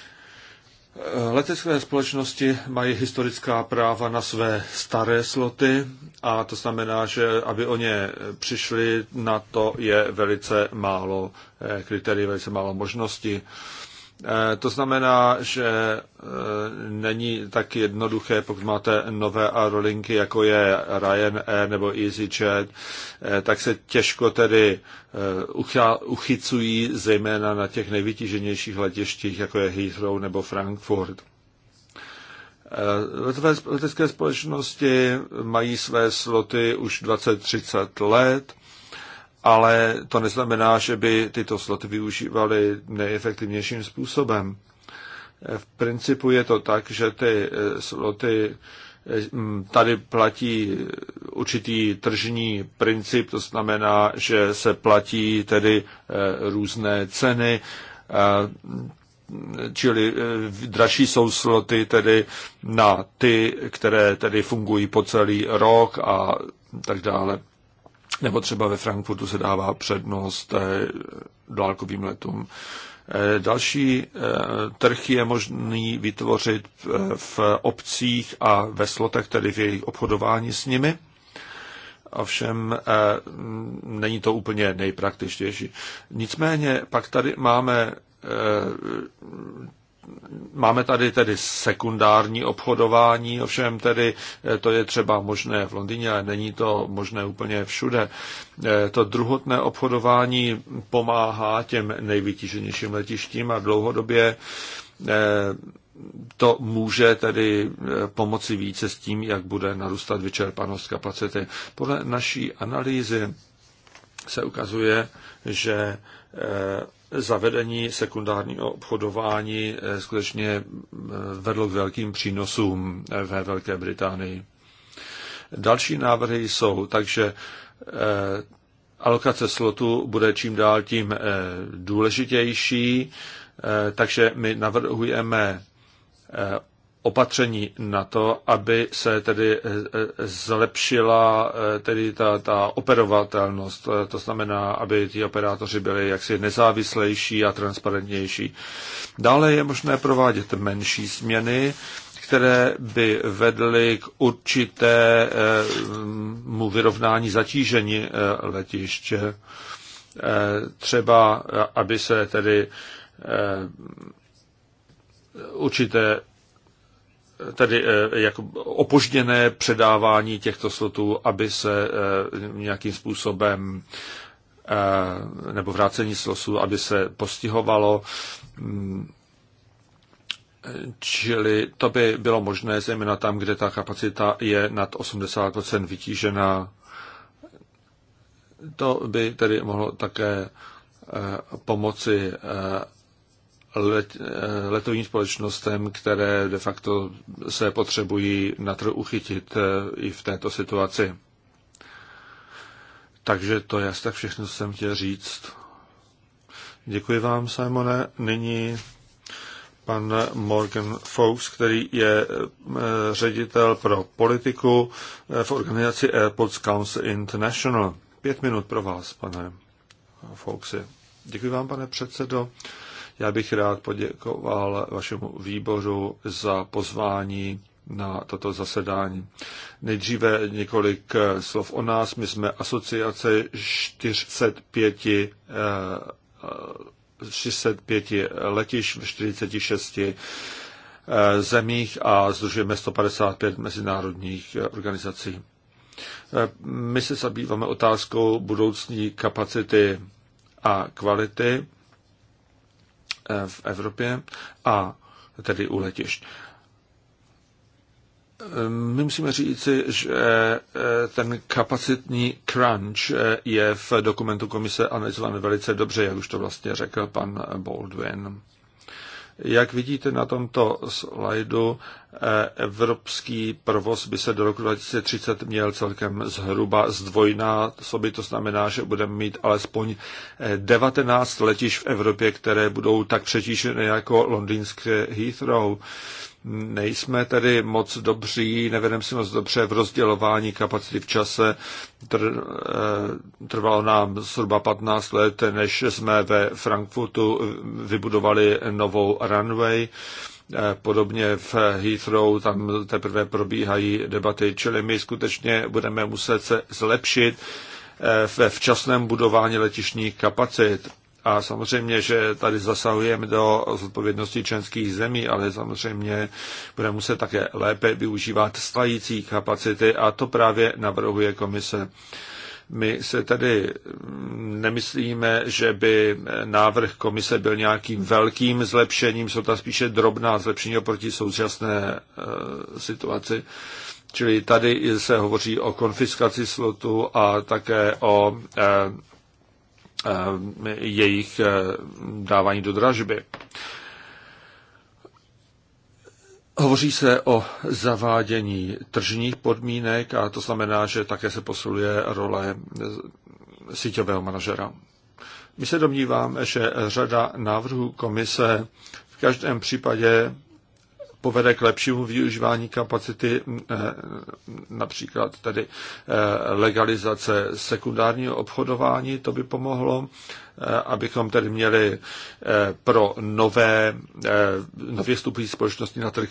Speaker 3: Eh, letecké společnosti mají historická práva na své staré sloty a to znamená, že aby o ně přišli, na to je velice málo eh, kritérií, velice málo možností. Eh, to znamená, že eh, není tak jednoduché, pokud máte nové aerolinky, jako je Ryanair nebo EasyJet, eh, tak se těžko tedy uchycují, zejména na těch nejvytíženějších letištích, jako je Heathrow nebo Frankfurt. Letové letecké společnosti mají své sloty už 20-30 let ale to neznamená, že by tyto sloty využívali nejefektivnějším způsobem. V principu je to tak, že ty eh, sloty eh, tady platí určitý tržní princip, to znamená, že se platí tedy eh, různé ceny, čili dražší jsou sloty tedy na ty, které tedy fungují po celý rok a tak dále. Nebo třeba ve Frankfurtu se dává přednost eh, dálkovým letům. Eh, další eh, trh je možný vytvořit v obcích a ve slotech, tedy v jejich obchodování s nimi. Ovšem není to úplně nejpraktičtější. Nicméně pak tady máme Máme tady tedy sekundární obchodování, ovšem tedy eh, to je třeba možné v Londýně, ale není to možné úplně všude. Eh, to druhotné obchodování pomáhá těm nejvytíženějším letištím a dlouhodobě eh, to může tedy pomoci více s tím, jak bude narůstat vyčerpanost kapacity. Podle naší analýzy se ukazuje, že zavedení sekundárního obchodování eh, skutečně eh, vedlo k velkým přínosům eh, ve Velké Británii. Další návrhy jsou, takže alokace slotu bude čím dál tím důležitější, takže my navrhujeme opatření na to, aby se tedy eh, eh, zlepšila eh, tedy ta, ta operovatelnost. To znamená, aby ti operátoři byli jaksi nezávislejší a transparentnější. Dále je možné provádět menší změny, které by vedly k určitému vyrovnání zatížení letiště. Třeba, aby se tedy určité tedy eh, jako opožděné předávání těchto slotů, aby se eh, nějakým způsobem eh, nebo vrácení slosů, aby se postihovalo. Hmm. Čili to by bylo možné zejména tam, kde ta kapacita je nad 80% vytížená. To by tedy mohlo také pomoci let, eh, letovým společnostem, které de facto se potřebují na trhu uchytit eh, i v této situaci. Takže to je asi tak všechno, co jsem chtěl říct. Děkuji vám, Simone. Nyní pan Morgan Fox, který je eh, ředitel pro politiku v organizaci Airports Council International. Pět minut pro vás, pane Foxy. Děkuji vám, pane předsedo. Já bych rád poděkoval vašemu výboru za pozvání na toto zasedání. Nejdříve několik eh, slov o nás. My jsme asociace 405 605 letiš v 46 eh, zemích a združujeme 155 mezinárodních eh, organizací. My se zabýváme otázkou budoucní kapacity a kvality v Evropě a tedy u letišť. My musíme říci, že e, ten kapacitní crunch e, je v dokumentu komise analyzovaný velice dobře, jak už to vlastně řekl pan Baldwin. Jak vidíte na tomto slajdu, evropský provoz by se do roku 2030 měl celkem zhruba zdvojná soby, to znamená, že budeme mít alespoň 19 eh, letiš v Evropě, které budou tak přetížené jako londýnské Heathrow. Nejsme tedy moc dobří, nevedeme si moc dobře v rozdělování kapacity v čase. Tr, eh, trvalo nám zhruba 15 let, než jsme ve Frankfurtu vybudovali novou runway Eh, podobně v Heathrow tam teprve probíhají debaty, čili my skutečně budeme muset se zlepšit eh, ve včasném budování letišních kapacit. A samozřejmě, že tady zasahujeme do zodpovědnosti členských zemí, ale samozřejmě budeme muset také lépe využívat stající kapacity a to právě navrhuje komise. My se tady nemyslíme, že by návrh komise byl nějakým velkým zlepšením, jsou to spíše drobná zlepšení oproti současné e, situaci. Čili tady se hovoří o konfiskaci slotu a také o e, e, jejich e, dávání do dražby. Hovoří se o zavádění tržních podmínek a to znamená, že také se posiluje role síťového manažera. My se domníváme, že řada návrhů komise v každém případě povede k lepšímu využívání kapacity, eh, například tedy eh, legalizace sekundárního obchodování, to by pomohlo, Eh, abychom tedy měli eh, pro nové, eh, nově vstupující společnosti na trh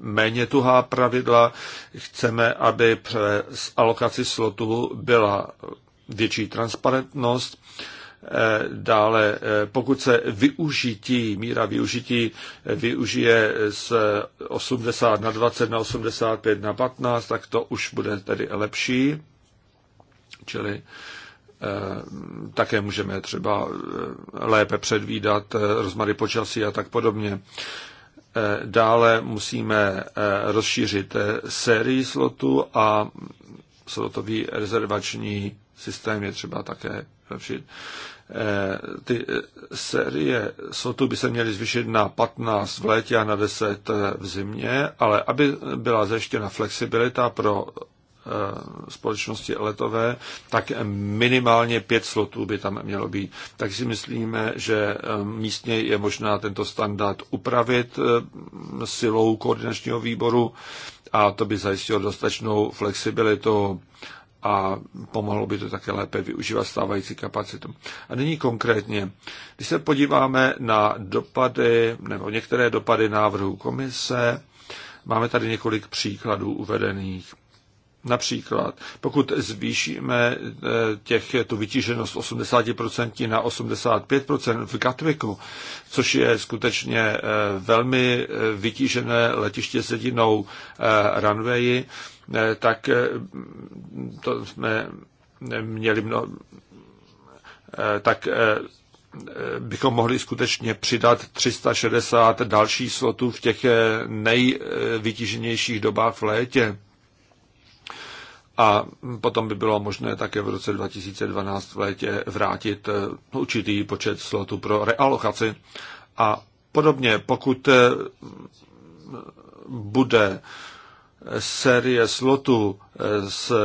Speaker 3: méně tuhá pravidla. Chceme, aby přes alokaci slotu byla větší transparentnost. Dále, pokud se využití, míra využití využije z 80 na 20 na 85 na 15, tak to už bude tedy lepší. Čili eh, Eh, také můžeme třeba eh, lépe předvídat eh, rozmary počasí a tak podobně. Dále musíme rozšířit sérii slotů a slotový rezervační systém je třeba také zlepšit. Ty série slotů by se měly zvýšit na 15 v létě a na 10 v zimě, ale aby byla zajištěna flexibilita pro Eh, společnosti letové, tak minimálně pět slotů by tam mělo být. Tak si myslíme, že eh, místně je možná tento standard upravit eh, silou koordinačního výboru a to by zajistilo dostatečnou flexibilitu a pomohlo by to také lépe využívat stávající kapacitu. A nyní konkrétně, když se podíváme na dopady nebo některé dopady návrhu komise, máme tady několik příkladů uvedených. Například, pokud zvýšíme eh, těch, tu vytíženost 80% na 85% v Gatwicku, což je skutečně eh, velmi eh, vytížené letiště s jedinou runwayi, tak to jsme měli mno, tak bychom mohli skutečně přidat 360 dalších slotů v těch nejvytíženějších dobách v létě. A potom by bylo možné také v roce 2012 v létě vrátit eh, určitý počet slotů pro realokaci. A podobně, pokud eh, bude eh, série slotů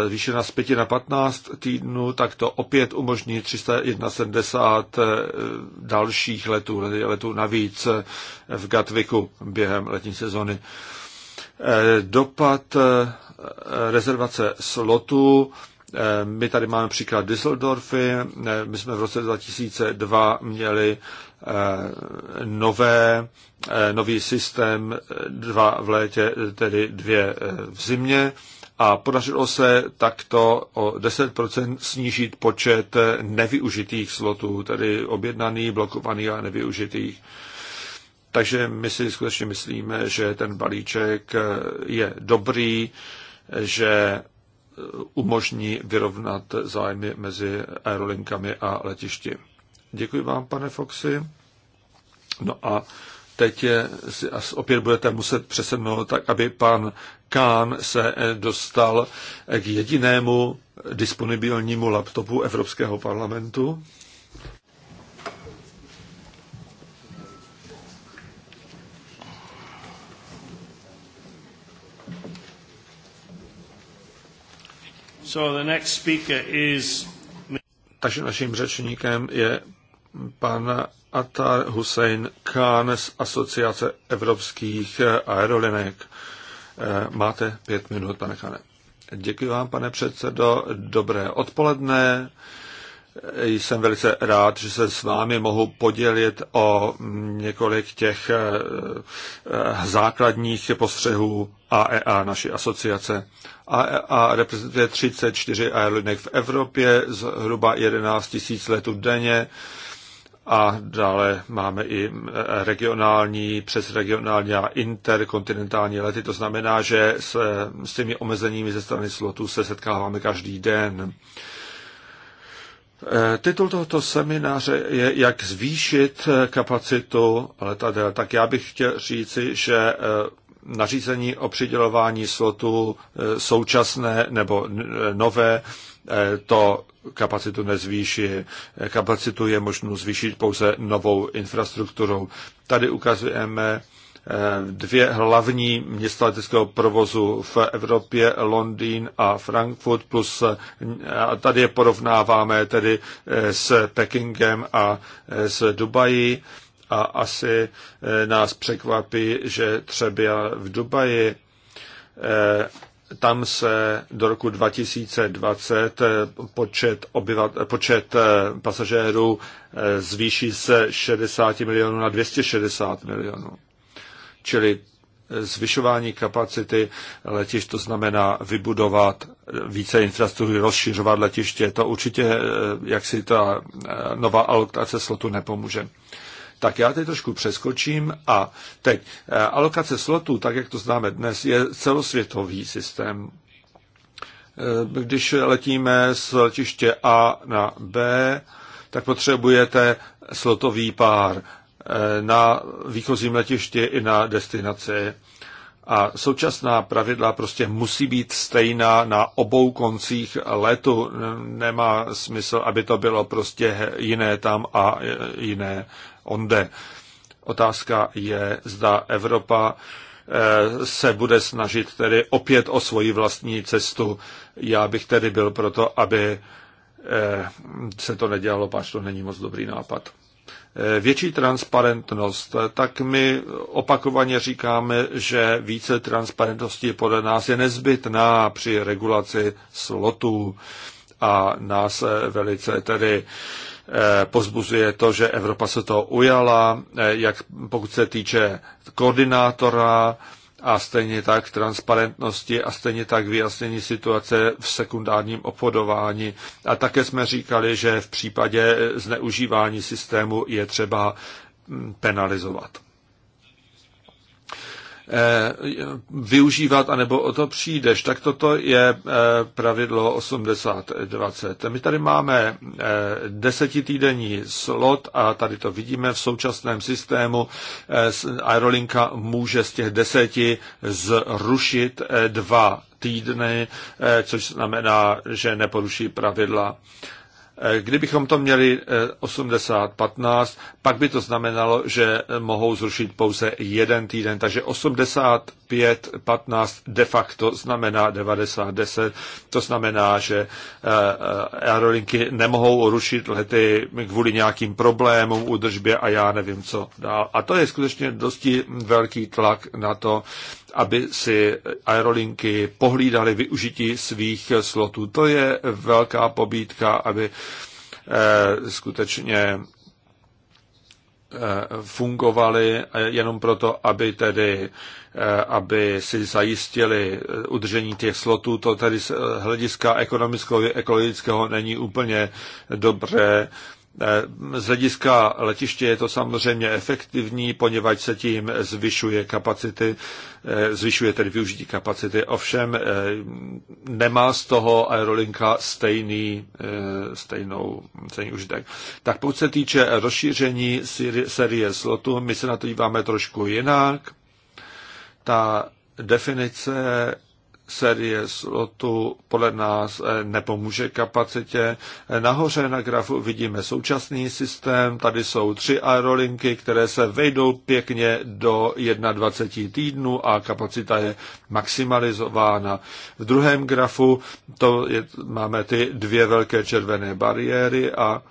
Speaker 3: zvýšena z 5 na 15 týdnů, tak to opět umožní 371 dalších letů, letů navíc v Gatviku během letní sezony. Dopad rezervace slotů. Eh, my tady máme příklad Düsseldorfy. Eh, my jsme v roce 2002 měli eh, nové, nový systém, dva v létě, tedy dvě v zimě a podařilo se takto o 10% snížit počet nevyužitých slotů, tedy objednaných, blokovaných a nevyužitých. Takže my si skutečně myslíme, že ten balíček je dobrý že umožní vyrovnat zájmy mezi aerolinkami a letišti. Děkuji vám, pane Foxy. No a teď si opět budete muset přesednout tak, aby pan Kán se dostal k jedinému disponibilnímu laptopu Evropského parlamentu. So the next speaker is... Takže naším řečníkem je pan Atar Hussein Khan z Asociace evropských eh, aerolinek. Eh, máte pět minut, pane Khan. Děkuji vám, pane předsedo. Dobré odpoledne jsem velice rád, že se s vámi mohu podělit o několik těch eh, eh, základních postřehů AEA, e naší asociace. AEA e reprezentuje 34 aerolinek v Evropě, zhruba 11 tisíc letů denně a dále máme i eh, regionální, přesregionální a interkontinentální lety. To znamená, že se, s těmi omezeními ze strany slotů se setkáváme každý den. Eh, titul tohoto semináře je Jak zvýšit eh, kapacitu letadel. Tak já bych chtěl říci, že eh, nařízení o přidělování slotu současné nebo nové to kapacitu nezvýší. Kapacitu je možno zvýšit pouze novou infrastrukturou. Tady ukazujeme dvě hlavní města leteckého provozu v Evropě, Londýn a Frankfurt, plus eh, a tady je porovnáváme tedy eh, s Pekingem a eh, s Dubají a asi nás překvapí, že třeba v Dubaji tam se do roku 2020 počet, obyvat, počet pasažérů zvýší se 60 milionů na 260 milionů. Čili zvyšování kapacity letišť, to znamená vybudovat více infrastruktury, rozšiřovat letiště, to určitě, eh, jak si ta eh, nová alokace slotu nepomůže. Tak já teď trošku přeskočím a teď eh, alokace slotů, tak jak to známe dnes, je celosvětový systém. Když letíme z letiště A na B, tak potřebujete slotový pár Eh, na výchozím letiště i na destinaci. A současná pravidla prostě musí být stejná na obou koncích letu. Nemá smysl, aby to bylo prostě jiné tam a jiné onde. Otázka je, zda Evropa eh, se bude snažit tedy opět o svoji vlastní cestu. Já bych tedy byl proto, aby eh, se to nedělalo, pač to není moc dobrý nápad. Eh, větší transparentnost, eh, tak my opakovaně říkáme, že více transparentnosti podle nás je nezbytná při regulaci slotů a nás eh, velice tedy pozbuzuje to, že Evropa se toho ujala, jak pokud se týče koordinátora, a stejně tak transparentnosti a stejně tak vyjasnění situace v sekundárním obchodování. A také jsme říkali, že v případě zneužívání systému je třeba mm, penalizovat. Eh, využívat, anebo o to přijdeš. Tak toto je eh, pravidlo 80-20. My tady máme eh, desetitýdenní slot a tady to vidíme v současném systému. Aerolinka může z těch deseti zrušit dva týdny, což znamená, že neporuší pravidla. Eh, kdybychom to měli 80-15, eh, pak by to znamenalo, že mohou zrušit pouze jeden týden, takže 85-15 de facto znamená 90-10, to znamená, že eh, aerolinky nemohou rušit lety kvůli nějakým problémům, údržbě a já nevím co dál. A to je skutečně dosti velký tlak na to, aby si aerolinky pohlídali využití svých slotů. To je velká pobídka, aby eh, skutečně eh, fungovaly eh, jenom proto, aby tedy aby si zajistili udržení těch slotů. To tedy z hlediska ekonomického i ekologického není úplně dobré Eh, z hlediska letiště je to samozřejmě efektivní, poněvadž se tím zvyšuje kapacity, eh, zvyšuje tedy využití kapacity, ovšem eh, nemá z toho aerolinka stejný, stejnou, stejný užitek. Tak pokud se týče rozšíření série slotu, my se na to díváme trošku jinak. Ta definice série slotu podle nás eh, nepomůže kapacitě. Eh, nahoře na grafu vidíme současný systém, tady jsou tři aerolinky, které se vejdou pěkně do 21 týdnů a kapacita je maximalizována. V druhém grafu to je, máme ty dvě velké červené bariéry a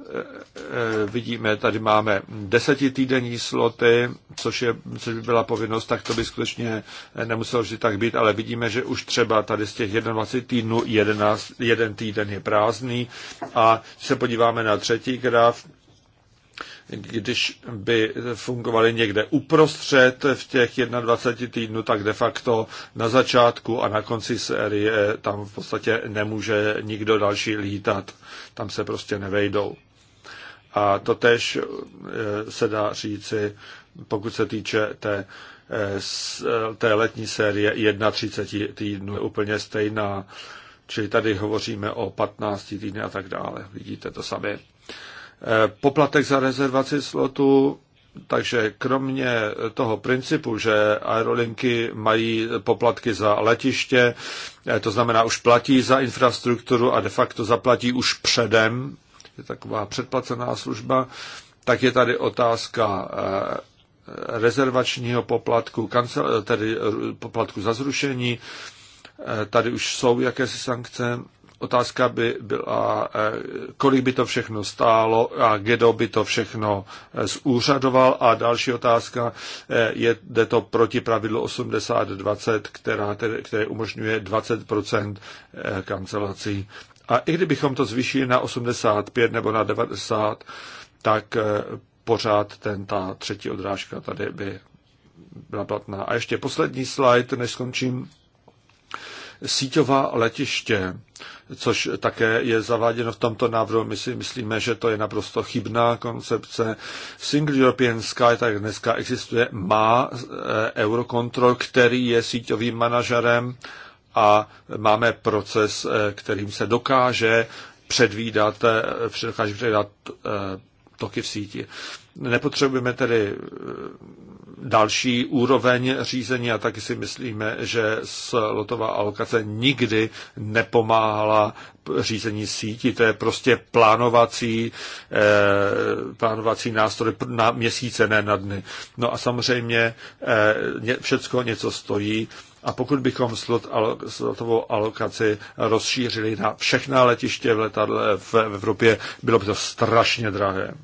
Speaker 3: Eh, eh, vidíme, tady máme desetitýdenní sloty, což, je, což by byla povinnost, tak to by skutečně eh, nemuselo vždy tak být, ale vidíme, že už třeba tady z těch 21 týdnů 11, jeden týden je prázdný a když se podíváme na třetí graf, když by fungovaly někde uprostřed v těch 21 týdnů, tak de facto na začátku a na konci série tam v podstatě nemůže nikdo další lítat. Tam se prostě nevejdou. A to tež eh, se dá říci, pokud se týče té, eh, eh, té letní série 31 týdnů, je úplně stejná. Čili tady hovoříme o 15 týdny a tak dále. Vidíte to sami. Poplatek za rezervaci slotu takže kromě toho principu, že aerolinky mají poplatky za letiště, to znamená už platí za infrastrukturu a de facto zaplatí už předem, je taková předplacená služba, tak je tady otázka eh, rezervačního poplatku, eh, tedy eh, poplatku za zrušení. Tady už jsou jakési sankce. Otázka by byla, kolik by to všechno stálo a kdo by to všechno zúřadoval. A další otázka, je, jde to proti pravidlu 80-20, která, které umožňuje 20 kancelací. A i kdybychom to zvýšili na 85 nebo na 90, tak eh, pořád ten, ta třetí odrážka tady by byla platná. A ještě poslední slide, než skončím. Síťová letiště, což také je zaváděno v tomto návrhu. My si myslíme, že to je naprosto chybná koncepce. Single European Sky, tak dneska existuje, má eh, Eurocontrol, který je síťovým manažerem a máme proces, eh, kterým se dokáže předvídat, eh, dokáže předvídat eh, toky v síti. Nepotřebujeme tedy další úroveň řízení a taky si myslíme, že slotová alokace nikdy nepomáhala řízení síti. To je prostě plánovací, plánovací nástroj na měsíce, ne na dny. No a samozřejmě všecko něco stojí a pokud bychom slot alo- slotovou alokaci rozšířili na všechna letiště v letadle v Evropě, bylo by to strašně drahé.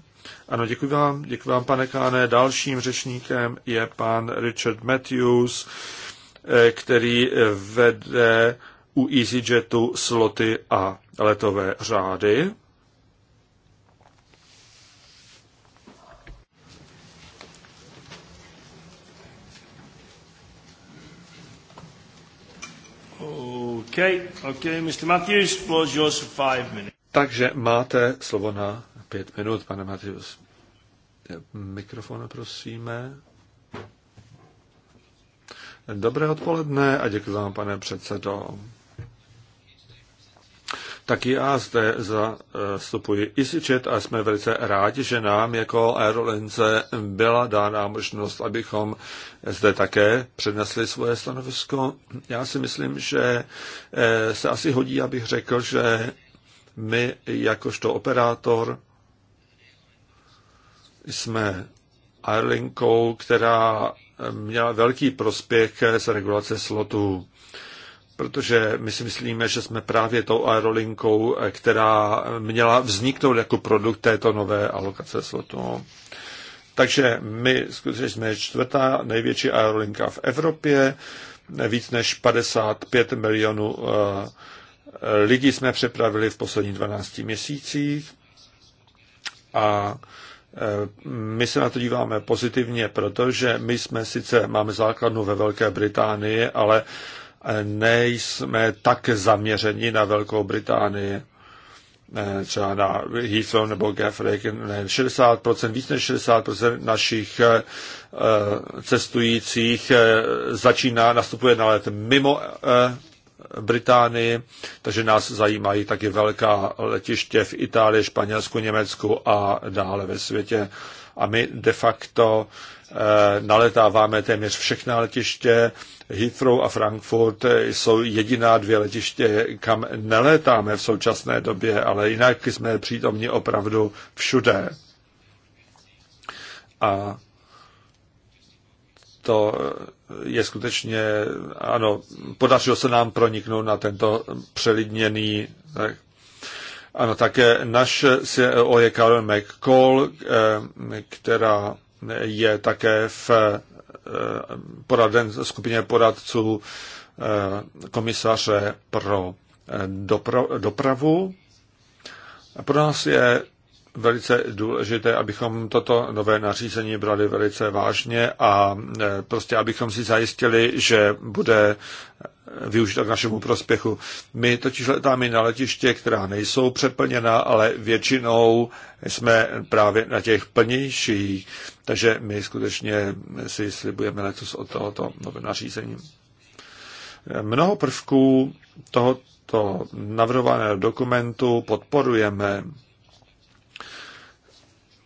Speaker 3: Ano, děkuji vám, děkuji vám, pane Káne. Dalším řečníkem je pan Richard Matthews, eh, který vede u EasyJetu sloty a letové řády. Okay, okay, Mr. Matthews, floor is yours for five minutes. Takže máte slovo na pět minut, pane Matthews. Mikrofon prosíme. Dobré odpoledne a děkuji vám, pane předsedo tak já zde zastupuji EasyJet a jsme velice rádi, že nám jako aerolince byla dána možnost, abychom zde také přednesli svoje stanovisko. Já si myslím, že eh, se asi hodí, abych řekl, že my jakožto operátor jsme aerolinkou, která měla velký prospěch z regulace slotů protože my si myslíme, že jsme právě tou aerolinkou, eh, která měla vzniknout jako produkt této nové alokace slotu. Takže my skutečně jsme čtvrtá největší aerolinka v Evropě, víc než 55 milionů eh, lidí jsme přepravili v posledních 12 měsících a eh, my se na to díváme pozitivně, protože my jsme sice máme základnu ve Velké Británii, ale nejsme tak zaměřeni na Velkou Británii, eh, třeba na Heathrow nebo Gatwick, ne, 60%, víc než 60% našich eh, eh, cestujících začíná, nastupuje na let mimo Británii, takže nás zajímají taky velká letiště v Itálii, Španělsku, Německu a dále ve světě. A my de facto Eh, naletáváme téměř všechna letiště. Heathrow a Frankfurt eh, jsou jediná dvě letiště, kam nelétáme v současné době, ale jinak jsme přítomni opravdu všude. A to eh, je skutečně, ano, podařilo se nám proniknout na tento přelidněný tak, ano, také naš CEO je Karen McCall, která je také v eh, poraden, skupině poradců eh, komisaře pro eh, dopravu. Pro nás je velice důležité, abychom toto nové nařízení brali velice vážně a prostě abychom si zajistili, že bude využita k našemu prospěchu. My totiž letáme na letiště, která nejsou přeplněná, ale většinou jsme právě na těch plnějších, takže my skutečně si slibujeme letos od tohoto nového nařízení. Mnoho prvků tohoto navrhovaného dokumentu podporujeme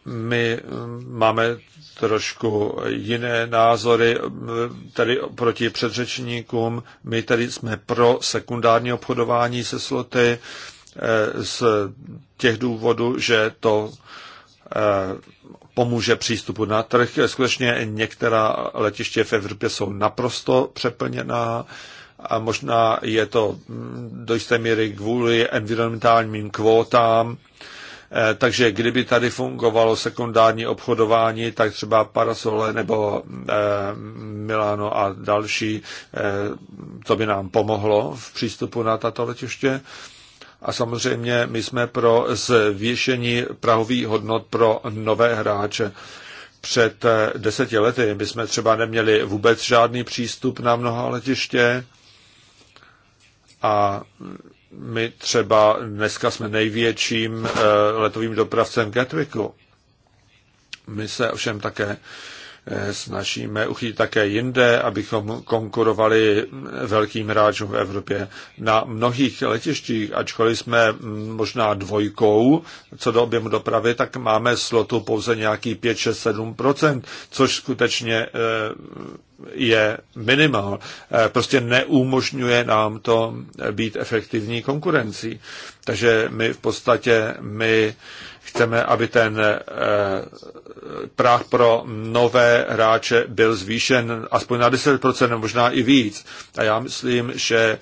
Speaker 3: my hm, máme trošku jiné názory hm, tady proti předřečníkům. My tady jsme pro sekundární obchodování se sloty eh, z těch důvodů, že to eh, pomůže přístupu na trh. Skutečně některá letiště v Evropě jsou naprosto přeplněná a možná je to hm, do jisté míry kvůli environmentálním kvótám, Eh, takže kdyby tady fungovalo sekundární obchodování, tak třeba Parasole nebo eh, Milano a další, eh, to by nám pomohlo v přístupu na tato letiště. A samozřejmě my jsme pro zvýšení prahových hodnot pro nové hráče. Před deseti lety my jsme třeba neměli vůbec žádný přístup na mnoha letiště a my třeba dneska jsme největším eh, letovým dopravcem Gatwicku. My se ovšem také Eh, snažíme uchytit také jinde, abychom konkurovali velkým hráčům v Evropě. Na mnohých letištích, ačkoliv jsme mm, možná dvojkou co do objemu dopravy, tak máme slotu pouze nějaký 5, 6, 7 což skutečně eh, je minimál. Eh, prostě neumožňuje nám to být efektivní konkurencí. Takže my v podstatě my chceme, aby ten práh pro nové hráče byl zvýšen aspoň na 10%, možná i víc. A já myslím, že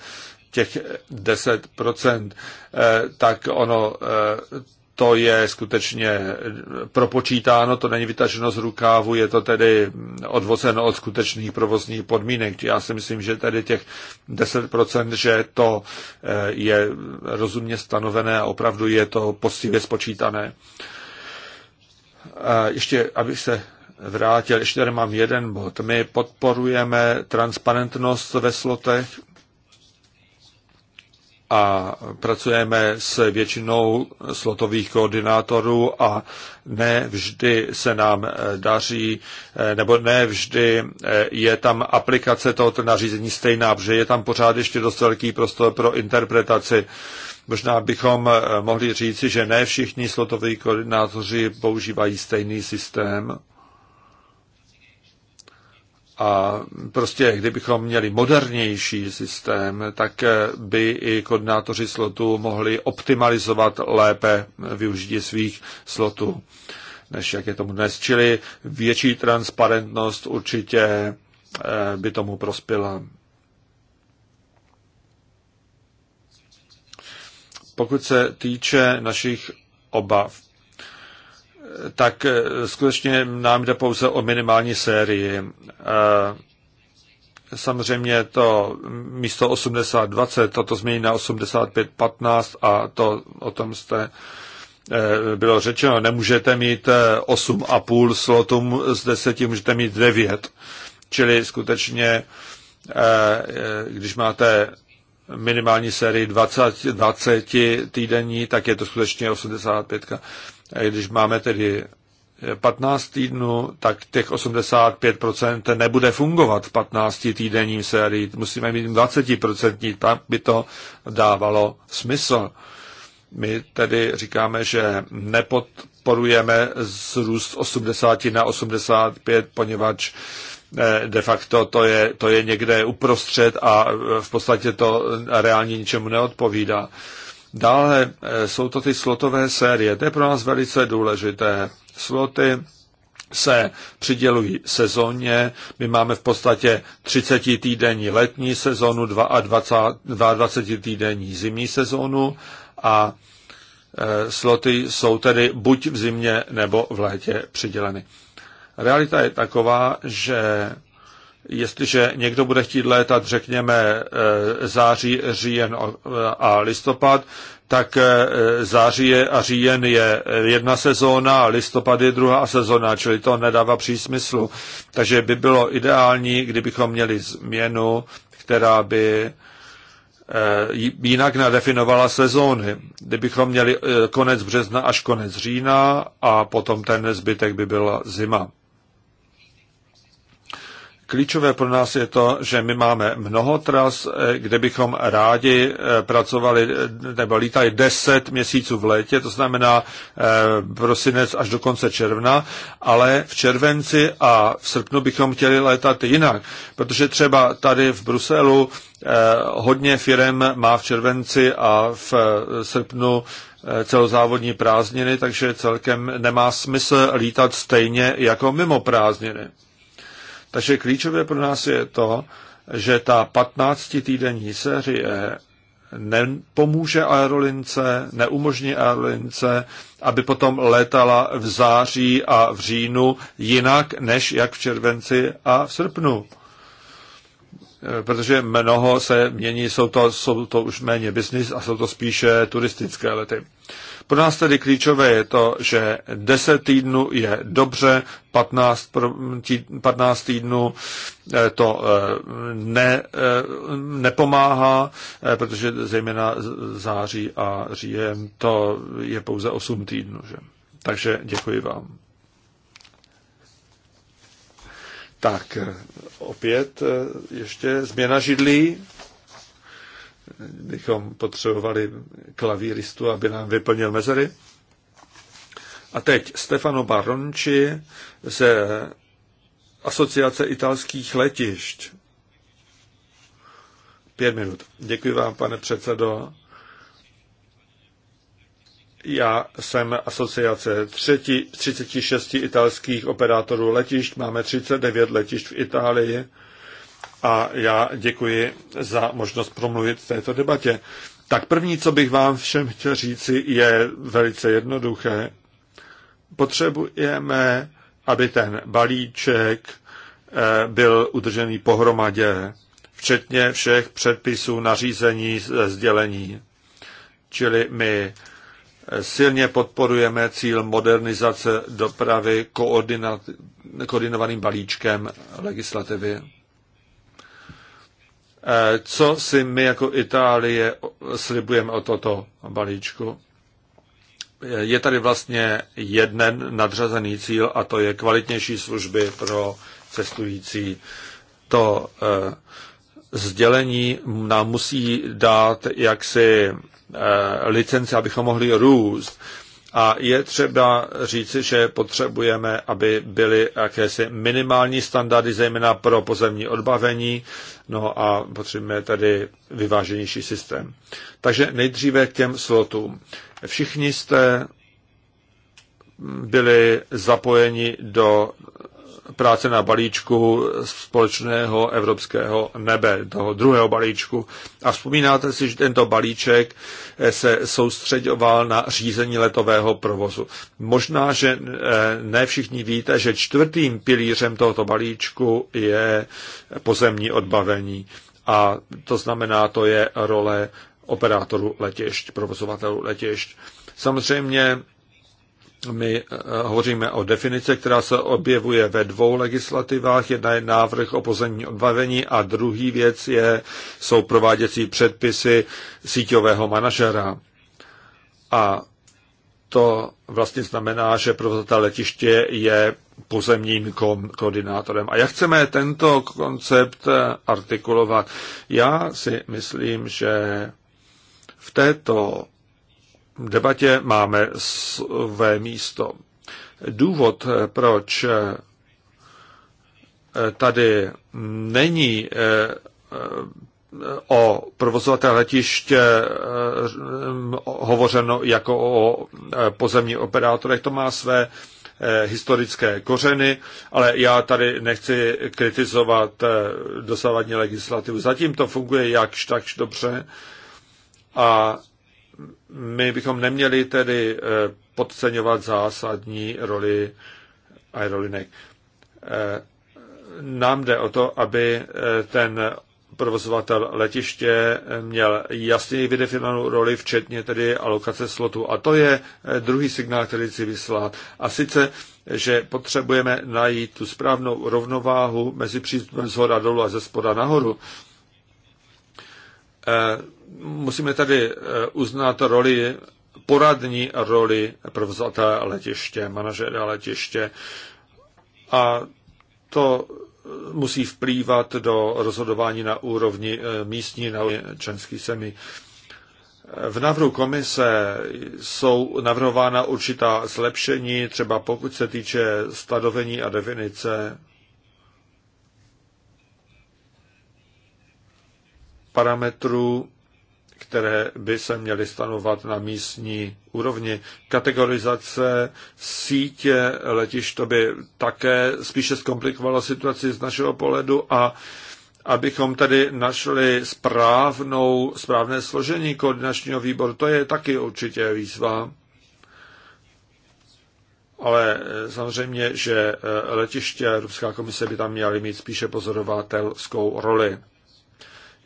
Speaker 3: těch 10%, eh, tak ono, eh, to je skutečně propočítáno, to není vytaženo z rukávu, je to tedy odvozeno od skutečných provozních podmínek. Já si myslím, že tedy těch 10%, že to eh, je rozumně stanovené a opravdu je to poctivě spočítané ještě, abych se vrátil, ještě tady mám jeden bod. My podporujeme transparentnost ve slotech a pracujeme s většinou slotových koordinátorů a ne vždy se nám eh, daří, eh, nebo ne vždy eh, je tam aplikace tohoto nařízení stejná, protože je tam pořád ještě dost velký prostor pro interpretaci. Možná bychom eh, mohli říci, že ne všichni slotoví koordinátoři používají stejný systém. A prostě, kdybychom měli modernější systém, tak eh, by i koordinátoři slotu mohli optimalizovat lépe využití svých slotů, než jak je tomu dnes. Čili větší transparentnost určitě eh, by tomu prospěla. Pokud se týče našich obav, tak eh, skutečně nám jde pouze o minimální sérii. Eh, samozřejmě to místo 80-20, toto změní na 85-15 a to o tom jste eh, bylo řečeno, nemůžete mít 8,5 slotům z 10, můžete mít 9. Čili skutečně, když máte minimální sérii 20, 20 týdenní, tak je to skutečně 85. A když máme tedy 15 týdnů, tak těch 85% nebude fungovat v 15 týdenním sérii. Musíme mít 20%, tak by to dávalo smysl. My tedy říkáme, že nepodporujeme zrůst 80 na 85, poněvadž Eh, de facto to je, to je někde uprostřed a eh, v podstatě to reálně ničemu neodpovídá. Dále eh, jsou to ty slotové série. To je pro nás velice důležité. Sloty se přidělují sezóně. My máme v podstatě 30 týdenní letní sezónu, 22, 22 týdenní zimní sezónu a sloty jsou tedy buď v zimě nebo v létě přiděleny. Realita je taková, že jestliže někdo bude chtít létat, řekněme, eh, září, říjen a listopad, tak eh, září a říjen je jedna sezóna a listopad je druhá sezóna, čili to nedává přísmyslu. Takže by bylo ideální, kdybychom měli změnu, která by eh, jinak nadefinovala sezóny. Kdybychom měli konec března až konec října a potom ten zbytek by byla zima. Klíčové pro nás je to, že my máme mnoho tras, eh, kde bychom rádi eh, pracovali nebo lítali 10 měsíců v létě, to znamená eh, prosinec až do konce června, ale v červenci a v srpnu bychom chtěli létat jinak, protože třeba tady v Bruselu hodně firem má v červenci a v srpnu celozávodní prázdniny, takže celkem nemá smysl lítat stejně jako mimo prázdniny. Takže klíčové pro nás je to, že ta 15-týdenní série nepomůže aerolince, neumožní aerolince, aby potom létala v září a v říjnu jinak než jak v červenci a v srpnu. Protože mnoho se mění, jsou to, jsou to už méně biznis a jsou to spíše turistické lety. Pro nás tedy klíčové je to, že 10 týdnů je dobře, 15, 15 týdnů eh, to eh, ne, eh, nepomáhá, protože zejména září a říjem to je pouze 8 týdnů. Že? Takže děkuji vám. Tak, opět ještě změna židlí bychom potřebovali klavíristu, aby nám vyplnil mezery. A teď Stefano Baronci ze Asociace italských letišť. Pět minut. Děkuji vám, pane předsedo. Já jsem asociace třetí, 36 italských operátorů letišť. Máme 39 letišť v Itálii a já děkuji za možnost promluvit v této debatě. Tak první, co bych vám všem chtěl říci, je velice jednoduché. Potřebujeme, aby ten balíček eh, byl udržený pohromadě, včetně všech předpisů, nařízení, sdělení. Čili my eh, silně podporujeme cíl modernizace dopravy koordinovaným balíčkem legislativy. Eh, co si my jako Itálie slibujeme o toto balíčku? Eh, je tady vlastně jeden nadřazený cíl a to je kvalitnější služby pro cestující. To eh, sdělení nám musí dát jaksi licenci, abychom mohli růst. A je třeba říci, že potřebujeme, aby byly jakési minimální standardy, zejména pro pozemní odbavení, No a potřebujeme tady vyváženější systém. Takže nejdříve k těm slotům. Všichni jste byli zapojeni do práce na balíčku společného evropského nebe, toho druhého balíčku. A vzpomínáte si, že tento balíček se soustředoval na řízení letového provozu. Možná, že eh, ne všichni víte, že čtvrtým pilířem tohoto balíčku je pozemní odbavení. A to znamená, to je role operátorů letišť, provozovatelů letišť. Samozřejmě my eh, hovoříme o definici, která se objevuje ve dvou legislativách. Jedna je návrh o pozemní odbavení a druhý věc je, jsou prováděcí předpisy síťového manažera. A to vlastně znamená, že provozovatel letiště je pozemním ko- koordinátorem. A jak chceme tento koncept eh, artikulovat? Já si myslím, že v této debatě máme své místo. Důvod, proč eh, tady není eh, o provozovatele letiště eh, hovořeno jako o pozemní operátorech. To má své historické kořeny, ale já tady nechci kritizovat dosavadní legislativu. Zatím to funguje jakž takž dobře a my bychom neměli tedy eh, podceňovat zásadní roli aerolinek. Eh, nám jde o to, aby eh, ten provozovatel letiště měl jasně vydefinovanou roli, včetně tedy alokace slotu. A to je druhý signál, který chci vyslat. A sice, že potřebujeme najít tu správnou rovnováhu mezi přístupem z hora dolů a ze spoda nahoru musíme tady eh, uznat roli poradní roli provozovatele letiště, manažera letiště. A to eh, musí vplývat do rozhodování na úrovni eh, místní, na členských semi. V návrhu komise jsou navrhována určitá zlepšení, třeba pokud se týče stanovení a definice parametrů které by se měly stanovat na místní úrovni. Kategorizace sítě letišť to by také spíše zkomplikovala situaci z našeho pohledu a abychom tedy našli správnou, správné složení koordinačního výboru, to je taky určitě výzva. Ale eh, samozřejmě, že eh, letiště Evropská komise by tam měly mít spíše pozorovatelskou roli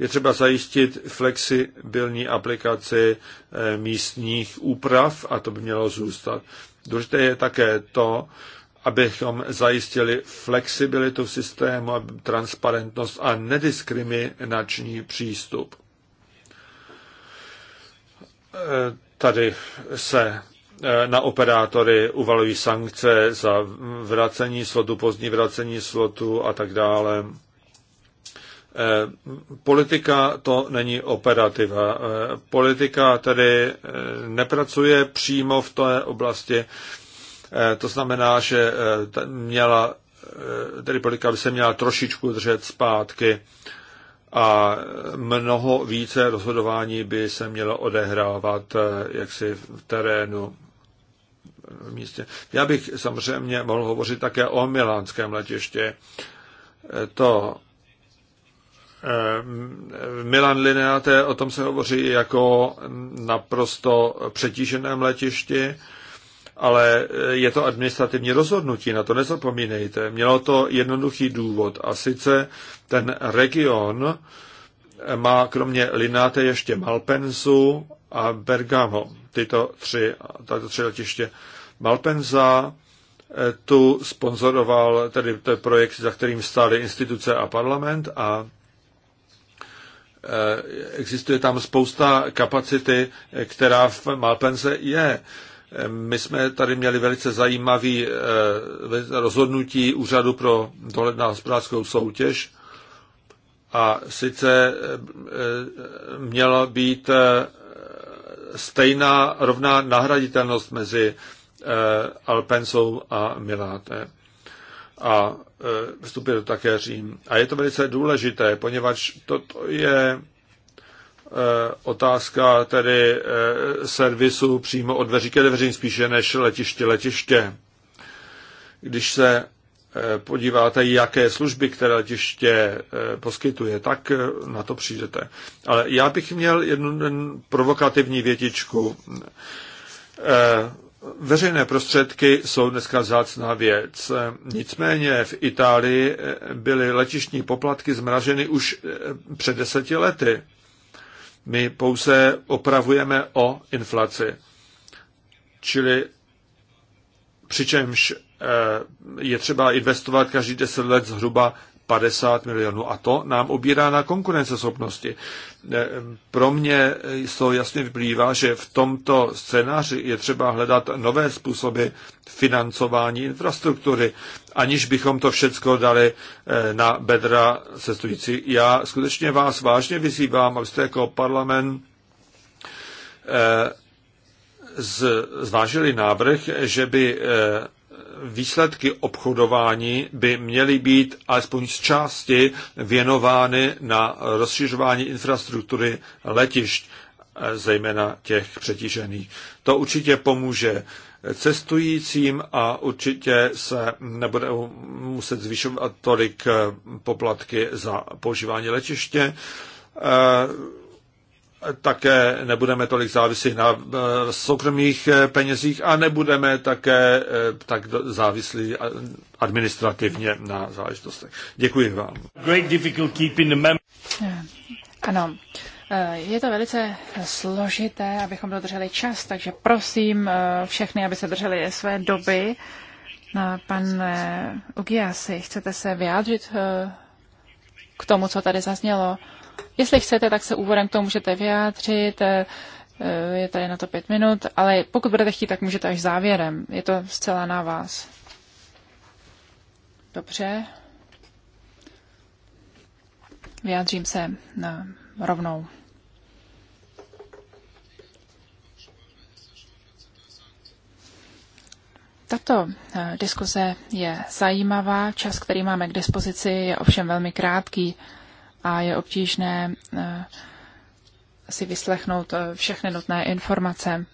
Speaker 3: je třeba zajistit flexibilní aplikaci eh, místních úprav a to by mělo zůstat. Důležité je také to, abychom zajistili flexibilitu systému, transparentnost a nediskriminační přístup. Eh, tady se eh, na operátory uvalují sankce za vracení slotu, pozdní vracení slotu a tak dále. Eh, politika to není operativa. Eh, politika tedy eh, nepracuje přímo v té oblasti. To znamená, že měla, tedy politika by se měla trošičku držet zpátky a mnoho více rozhodování by se mělo odehrávat jaksi v terénu v místě. Já bych samozřejmě mohl hovořit také o milánském letišti. To Eh, Milan Lineaté, o tom se hovoří jako naprosto přetíženém letišti, ale eh, je to administrativní rozhodnutí, na to nezapomínejte. Mělo to jednoduchý důvod a sice ten region eh, má kromě Lináte ještě Malpensu a Bergamo, tyto tři, tato tři letiště. Malpensa tu sponzoroval tedy ten projekt, za kterým stály instituce a parlament a Eh, existuje tam spousta kapacity, eh, která v Malpense je. Eh, my jsme tady měli velice zajímavý rozhodnutí Úřadu pro dohled na hospodářskou soutěž a sice měla být stejná rovná nahraditelnost mezi Alpensou a Milátem a e, vstupuje do také Řím. A je to velice důležité, poněvadž toto je e, otázka tedy e, servisu přímo od dveří ke dveřím spíše než letiště letiště. Když se podíváte, jaké služby, které letiště poskytuje, tak na to přijdete. Ale já bych měl jednu provokativní větičku Veřejné prostředky jsou dneska zácná věc. Nicméně v Itálii byly letišní poplatky zmraženy už před deseti lety. My pouze opravujeme o inflaci. Čili přičemž eh, je třeba investovat každý deset let zhruba 50 milionů a to nám obírá na konkurenceschopnosti. E, pro mě z toho jasně vyplývá, že v tomto scénáři je třeba hledat nové způsoby financování infrastruktury, aniž bychom to všechno dali e, na bedra cestující. Já skutečně vás vážně vyzývám, abyste jako parlament e, zvážili návrh, že by výsledky obchodování by měly být alespoň z části věnovány na rozšiřování infrastruktury letišť, zejména těch přetížených. To určitě pomůže cestujícím a určitě se nebude muset zvyšovat tolik poplatky za používání letiště také nebudeme tolik závislí na eh, soukromých eh, penězích a nebudeme také eh, tak závislí administrativně na záležitostech. Děkuji vám.
Speaker 2: Ano, je to velice složité, abychom dodrželi čas, takže prosím všechny, aby se drželi své doby. No, pane Ugiasi, chcete se vyjádřit k tomu, co tady zaznělo? Jestli chcete, tak se úvodem k tomu můžete vyjádřit. Eh, eh, je tady na to pět minut, ale pokud budete chtít, tak můžete až závěrem. Je to zcela na vás. Dobře. Vyjádřím se na rovnou. Tato eh, diskuze je zajímavá, čas, který máme k dispozici, je ovšem velmi krátký a je obtížné eh, si vyslechnout eh, všechny nutné informace.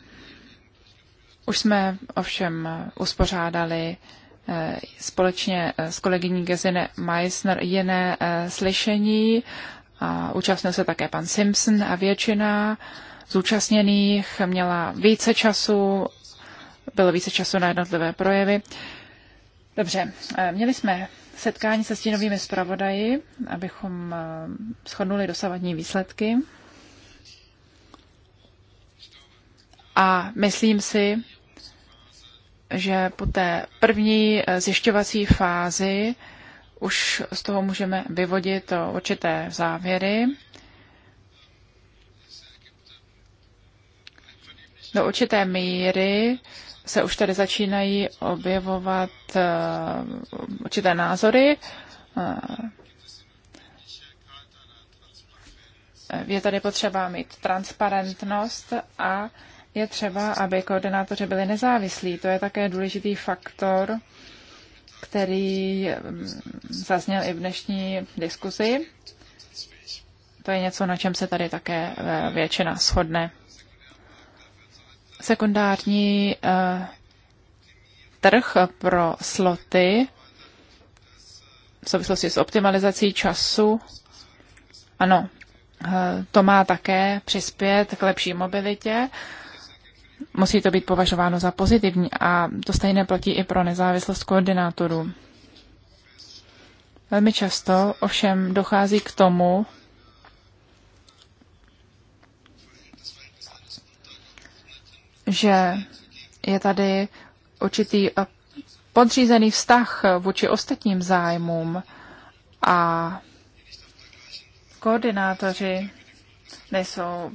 Speaker 2: Už jsme ovšem eh, uspořádali společně s kolegyní Gesine Meissner jiné slyšení a účastnil se také pan Simpson a většina zúčastněných měla více času, bylo více času na jednotlivé projevy. Dobře, měli jsme setkání se stínovými zpravodaji, abychom eh, shodnuli dosavadní výsledky. A myslím si, že po té první eh, zjišťovací fázi už z toho můžeme vyvodit určité závěry. Do určité míry se už tady začínají objevovat eh, určité názory. Eh, je tady potřeba mít transparentnost a je třeba, aby koordinátoři byli nezávislí. To je také důležitý faktor, který mm, zazněl i v dnešní diskuzi. To je něco, na čem se tady také eh, většina shodne sekundární eh, trh pro sloty v souvislosti s optimalizací času. Ano, eh, to má také přispět k lepší mobilitě. Musí to být považováno za pozitivní a to stejné platí i pro nezávislost koordinátorů. Velmi často ovšem dochází k tomu, že je tady určitý eh, podřízený vztah vůči ostatním zájmům a koordinátoři nejsou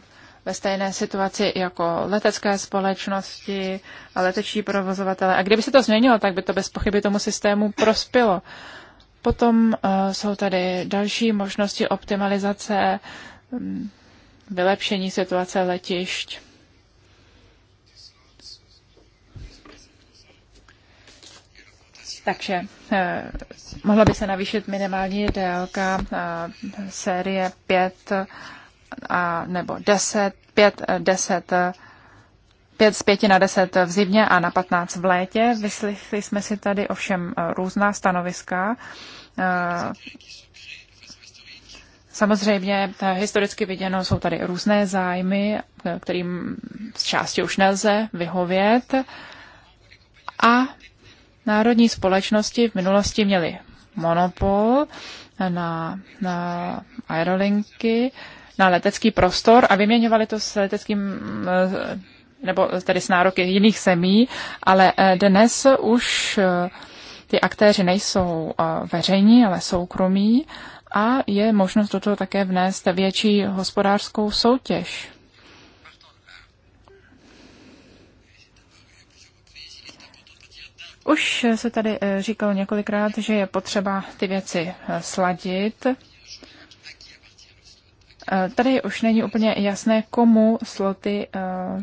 Speaker 2: ve stejné situaci jako letecké společnosti a leteční provozovatele. A kdyby se to změnilo, tak by to bez pochyby tomu systému prospělo. Potom uh, jsou tady další možnosti optimalizace, um, vylepšení situace letišť. Takže eh, mohla by se navýšit minimální délka eh, série 5 eh, a, nebo 10, 5, 10 5 z 5 na 10 v zimě a na 15 v létě. Vyslechli jsme si tady ovšem eh, různá stanoviska. Eh, samozřejmě historicky viděno jsou tady různé zájmy, kterým z části už nelze vyhovět. A Národní společnosti v minulosti měly monopol na, na aerolinky, na letecký prostor a vyměňovali to s leteckým eh, nebo tedy s nároky jiných zemí, ale eh, dnes už eh, ty aktéři nejsou veřejní, ale soukromí a je možnost do toho také vnést větší hospodářskou soutěž. Už se tady eh, říkalo několikrát, že je potřeba ty věci eh, sladit. Eh, tady už není úplně jasné, komu sloty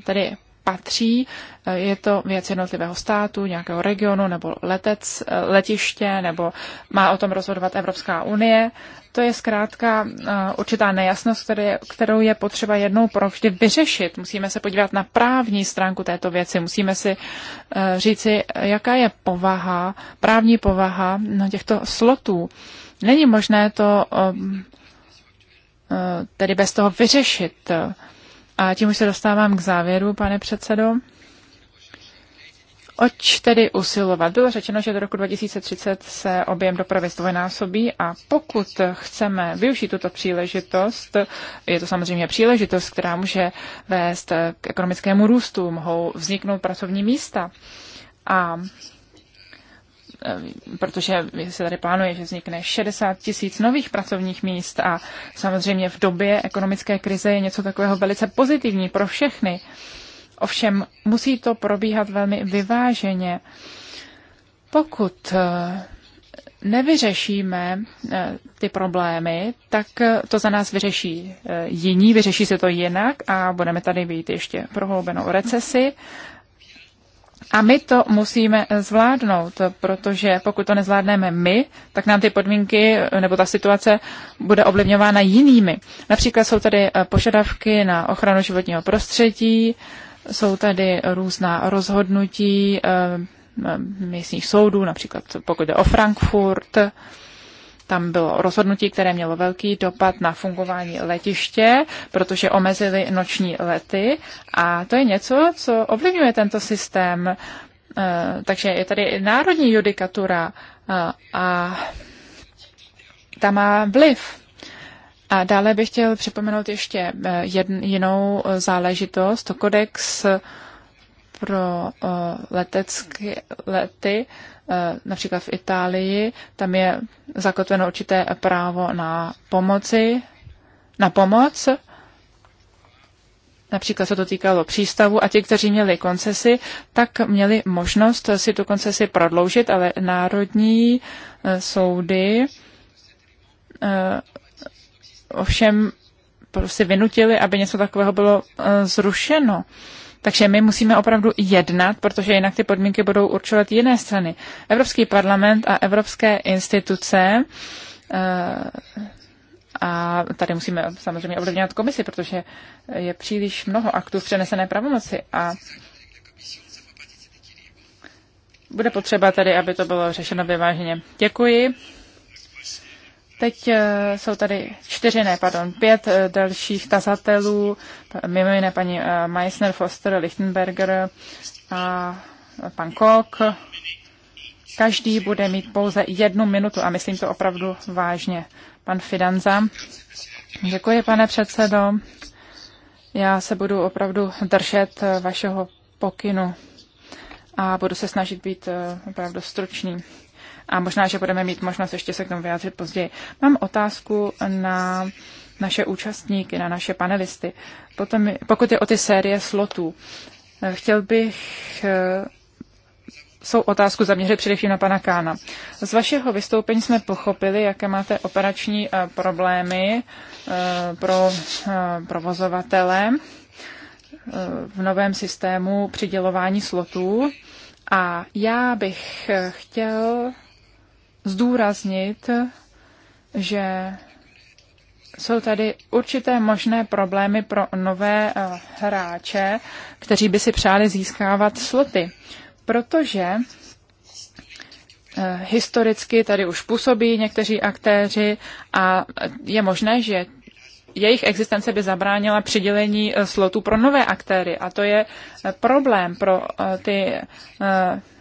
Speaker 2: tady patří. Je to věc jednotlivého státu, nějakého regionu nebo letec, letiště, nebo má o tom rozhodovat Evropská unie to je zkrátka eh, určitá nejasnost, kterou je potřeba jednou pro vždy vyřešit. Musíme se podívat na právní stránku této věci, musíme si eh, říci, jaká je povaha, právní povaha těchto slotů. Není možné to eh, tedy bez toho vyřešit. A tím už se dostávám k závěru, pane předsedo. Oč tedy usilovat? Bylo řečeno, že do roku 2030 se objem dopravy zdvojnásobí a pokud chceme využít tuto příležitost, je to samozřejmě příležitost, která může vést k ekonomickému růstu, mohou vzniknout pracovní místa. A e, protože se tady plánuje, že vznikne 60 tisíc nových pracovních míst a samozřejmě v době ekonomické krize je něco takového velice pozitivní pro všechny. Ovšem musí to probíhat velmi vyváženě. Pokud eh, nevyřešíme eh, ty problémy, tak eh, to za nás vyřeší jiní, vyřeší se to jinak a budeme tady být ještě prohloubenou recesi. A my to musíme zvládnout, protože pokud to nezvládneme my, tak nám ty podmínky nebo ta situace bude ovlivňována jinými. Například jsou tady požadavky na ochranu životního prostředí, jsou tady různá rozhodnutí eh, místních soudů, například pokud jde o Frankfurt, tam bylo rozhodnutí, které mělo velký dopad na fungování letiště, protože omezili noční lety a to je něco, co ovlivňuje tento systém. Eh, takže je tady národní judikatura eh, a ta má vliv a dále bych chtěl připomenout ještě eh, jedn, jinou eh, záležitost, to kodex eh, pro letecké lety, například v Itálii, tam je zakotveno určité právo na pomoci, na pomoc, například se to týkalo přístavu a ti, kteří měli koncesi, tak měli možnost si tu koncesi prodloužit, ale národní soudy ovšem si prostě vynutili, aby něco takového bylo eh, zrušeno. Takže my musíme opravdu jednat, protože jinak ty podmínky budou určovat jiné strany. Evropský parlament a evropské instituce eh, a tady musíme samozřejmě ovlivňovat komisi, protože je příliš mnoho aktů v přenesené pravomoci a bude potřeba tedy, aby to bylo řešeno vyváženě. Děkuji. Teď eh, jsou tady čtyři, ne, pardon, pět eh, dalších tazatelů, mimo jiné paní eh, Meissner, Foster, Lichtenberger a pan Kok. Každý bude mít pouze jednu minutu a myslím to opravdu vážně. Pan Fidanza. Děkuji, pane předsedo. Já se budu opravdu držet vašeho pokynu a budu se snažit být opravdu stručný a možná, že budeme mít možnost ještě se k tomu vyjádřit později. Mám otázku na naše účastníky, na naše panelisty. Potom, pokud je o ty série slotů, eh, chtěl bych eh, svou otázku zaměřit především na pana Kána. Z vašeho vystoupení jsme pochopili, jaké máte operační eh, problémy pro provozovatele v novém systému přidělování slotů. A já bych chtěl zdůraznit, že jsou tady určité možné problémy pro nové eh, hráče, kteří by si přáli získávat sloty, protože eh, historicky tady už působí někteří aktéři a je možné, že jejich existence by zabránila přidělení eh, slotů pro nové aktéry. A to je problém pro ty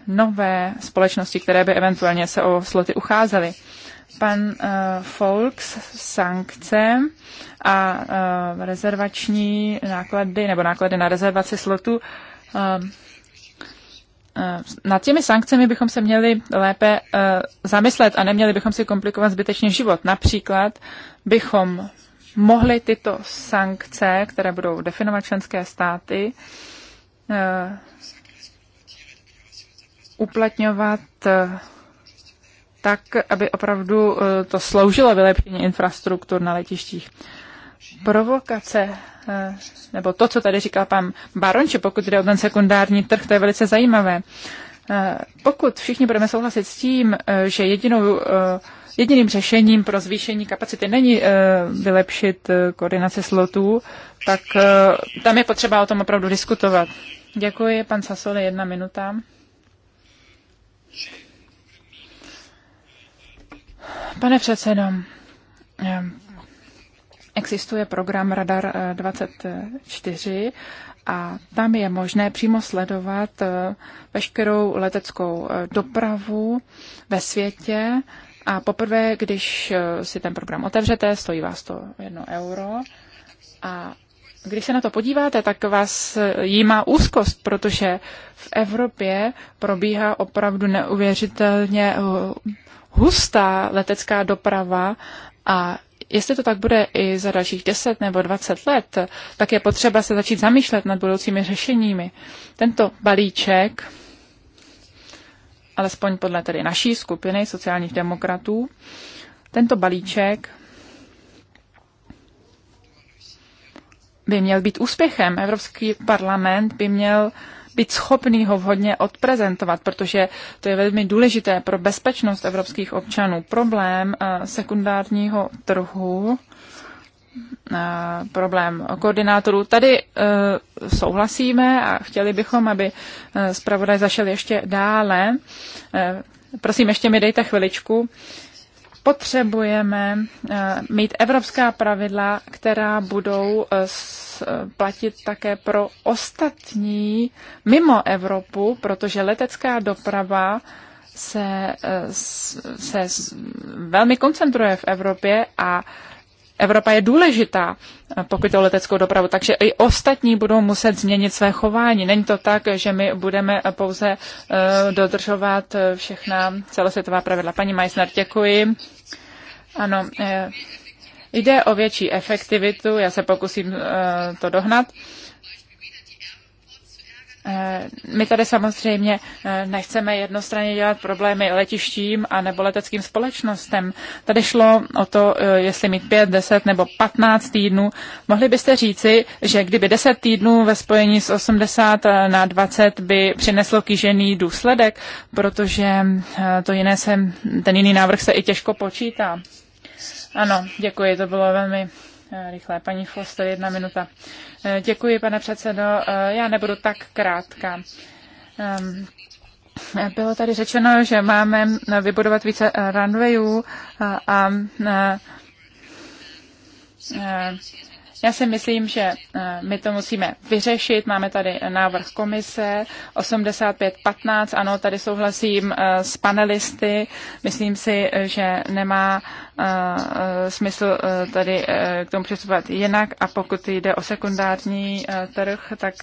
Speaker 2: nové společnosti, které by eventuálně se o sloty ucházely. Pan uh, eh, Folks sankce a uh, rezervační náklady nebo náklady na rezervaci slotu. Uh, uh, nad těmi sankcemi bychom se měli lépe uh, zamyslet a neměli bychom si komplikovat zbytečně život. Například bychom mohli tyto sankce, které budou definovat členské státy, uh, uplatňovat eh, tak, aby opravdu eh, to sloužilo vylepšení infrastruktur na letištích. Provokace, eh, nebo to, co tady říkal pan Baronče, pokud jde o ten sekundární trh, to je velice zajímavé. Pokud všichni budeme souhlasit s tím, že jedinou, jediným řešením pro zvýšení kapacity není vylepšit koordinaci slotů, tak tam je potřeba o tom opravdu diskutovat. Děkuji, pan Sasoli, jedna minuta. Pane předsedo, eh, existuje program Radar 24 eh, a tam je možné přímo sledovat eh, veškerou leteckou dopravu ve světě. A poprvé, když si ten program otevřete, stojí vás to jedno euro a když se na to podíváte, tak vás eh, jí má úzkost, protože v Evropě probíhá opravdu neuvěřitelně eh, hustá letecká doprava a jestli to tak bude i za dalších 10 nebo 20 let, tak je potřeba se začít zamýšlet nad budoucími řešeními. Tento balíček, alespoň podle tedy naší skupiny sociálních demokratů, tento balíček by měl být úspěchem. Evropský parlament by měl být schopný ho vhodně odprezentovat, protože to je velmi důležité pro bezpečnost evropských občanů. Problém eh, sekundárního trhu, eh, problém koordinátorů. Tady eh, souhlasíme a chtěli bychom, aby zpravodaj zašel ještě dále. Prosím, ještě mi dejte chviličku potřebujeme eh, mít evropská pravidla, která budou eh, platit také pro ostatní mimo Evropu, protože letecká doprava se, eh, se velmi koncentruje v Evropě a Evropa je důležitá, pokud o leteckou dopravu, takže i ostatní budou muset změnit své chování. Není to tak, že my budeme pouze dodržovat všechna celosvětová pravidla. Paní Majsner, děkuji. Ano, eh, jde o větší efektivitu, já se pokusím eh, to dohnat. Eh, my tady samozřejmě nechceme jednostranně dělat problémy letištím a nebo leteckým společnostem. Tady šlo o to, jestli mít 5, 10 nebo 15 týdnů. Mohli byste říci, že kdyby 10 týdnů ve spojení s 80 na 20 by přineslo kýžený důsledek, protože to jiné se, ten jiný návrh se i těžko počítá. Ano, děkuji, to bylo velmi eh, rychlé, Paní Foster, jedna minuta. Eh, děkuji, pane předsedo. Eh, já nebudu tak krátká. Ehm, bylo tady řečeno, že máme vybudovat více runwayů a, a, a, a já si myslím, že eh, my to musíme vyřešit. Máme tady návrh komise 8515. Ano, tady souhlasím eh, s panelisty. Myslím si, že nemá eh, smysl tady k tomu přistupovat jinak. A pokud jde o sekundární trh, tak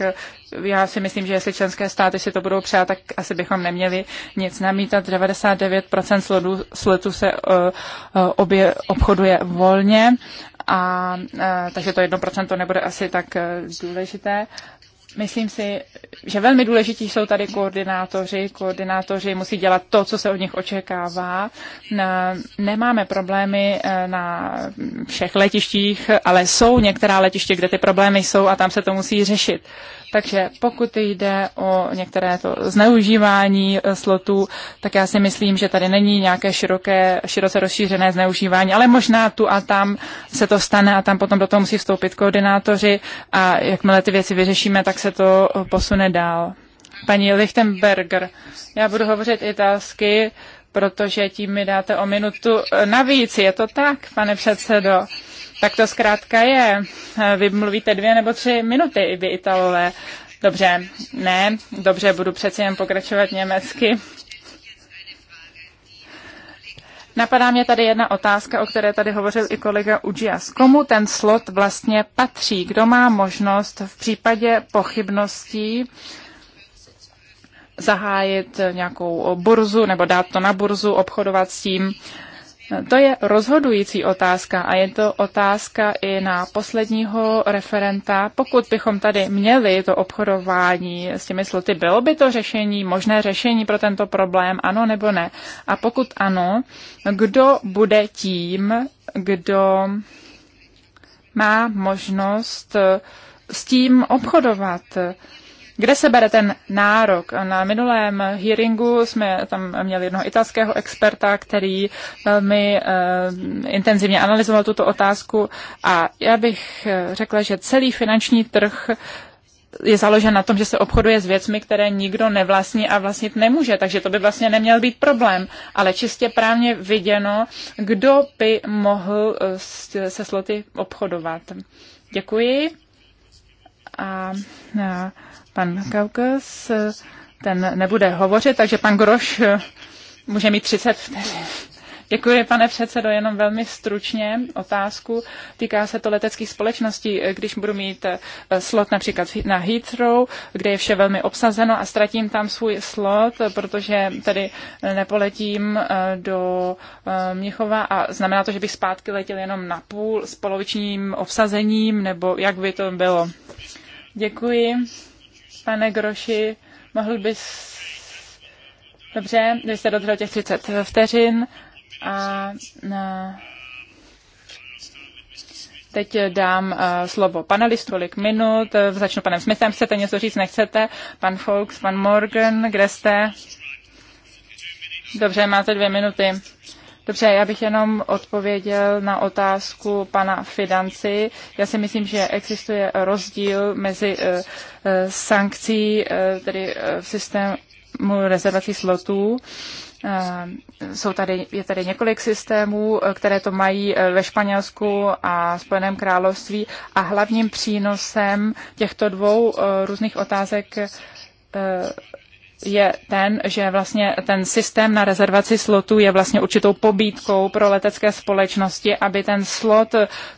Speaker 2: já si myslím, že jestli členské státy si to budou přát, tak asi bychom neměli nic namítat. 99% sletu se obě obchoduje volně a e, takže to jedno procento nebude asi tak e, důležité. Myslím si, že velmi důležití jsou tady koordinátoři. Koordinátoři musí dělat to, co se od nich očekává. E, nemáme problémy na všech letištích, ale jsou některá letiště, kde ty problémy jsou a tam se to musí řešit. Takže pokud jde o některé to zneužívání eh, slotů, tak já si myslím, že tady není nějaké široké, široce rozšířené zneužívání, ale možná tu a tam se to stane a tam potom do toho musí vstoupit koordinátoři a jakmile ty věci vyřešíme, tak se to eh, posune dál. Paní Lichtenberger, já budu hovořit italsky, protože tím mi dáte o minutu eh, navíc. Je to tak, pane předsedo? Tak to zkrátka je. Vy mluvíte dvě nebo tři minuty, i vy Italové. Dobře, ne, dobře, budu přeci jen pokračovat německy. Napadá mě tady jedna otázka, o které tady hovořil i kolega Ujias. Komu ten slot vlastně patří? Kdo má možnost v případě pochybností zahájit nějakou burzu nebo dát to na burzu, obchodovat s tím? Uh, to je rozhodující otázka a je to otázka i na posledního referenta. Pokud bychom tady měli to obchodování s těmi sloty, bylo by to řešení, možné řešení pro tento problém, ano nebo ne? A pokud ano, kdo bude tím, kdo má možnost s tím obchodovat? Kde se bere ten nárok? Na minulém hearingu jsme tam měli jednoho italského experta, který velmi uh, intenzivně analyzoval tuto otázku a já bych eh, řekla, že celý finanční trh je založen na tom, že se obchoduje s věcmi, které nikdo nevlastní a vlastnit nemůže, takže to by vlastně neměl být problém. Ale čistě právně viděno, kdo by mohl eh, se sloty obchodovat. Děkuji. A, a Pan Kaukas, ten nebude hovořit, takže pan Groš eh, může mít 30 vteřin. Děkuji, pane předsedo, jenom velmi stručně otázku. Týká se to leteckých společností. Když budu mít eh, slot například na Heathrow, kde je vše velmi obsazeno a ztratím tam svůj slot, protože tady nepoletím eh, do Měchova a znamená to, že bych zpátky letěl jenom na půl s polovičním obsazením, nebo jak by to bylo? Děkuji pane Groši, mohl bys... Dobře, vy jste dodržel těch 30 vteřin a teď dám eh, slovo panelistu, kolik minut. Eh, začnu panem Smithem, chcete něco říct, nechcete? Pan Fox, pan Morgan, kde jste? Dobře, máte dvě minuty. Dobře, já bych jenom odpověděl na otázku pana Fidanci. Já si myslím, že existuje rozdíl mezi eh, eh, sankcí, eh, tedy v systému rezervací slotů. Jsou tady, je tady několik systémů, které to mají ve Španělsku a Spojeném království a hlavním přínosem těchto dvou různých otázek je ten, že vlastně ten systém na rezervaci slotů je vlastně určitou pobídkou pro letecké společnosti, aby ten slot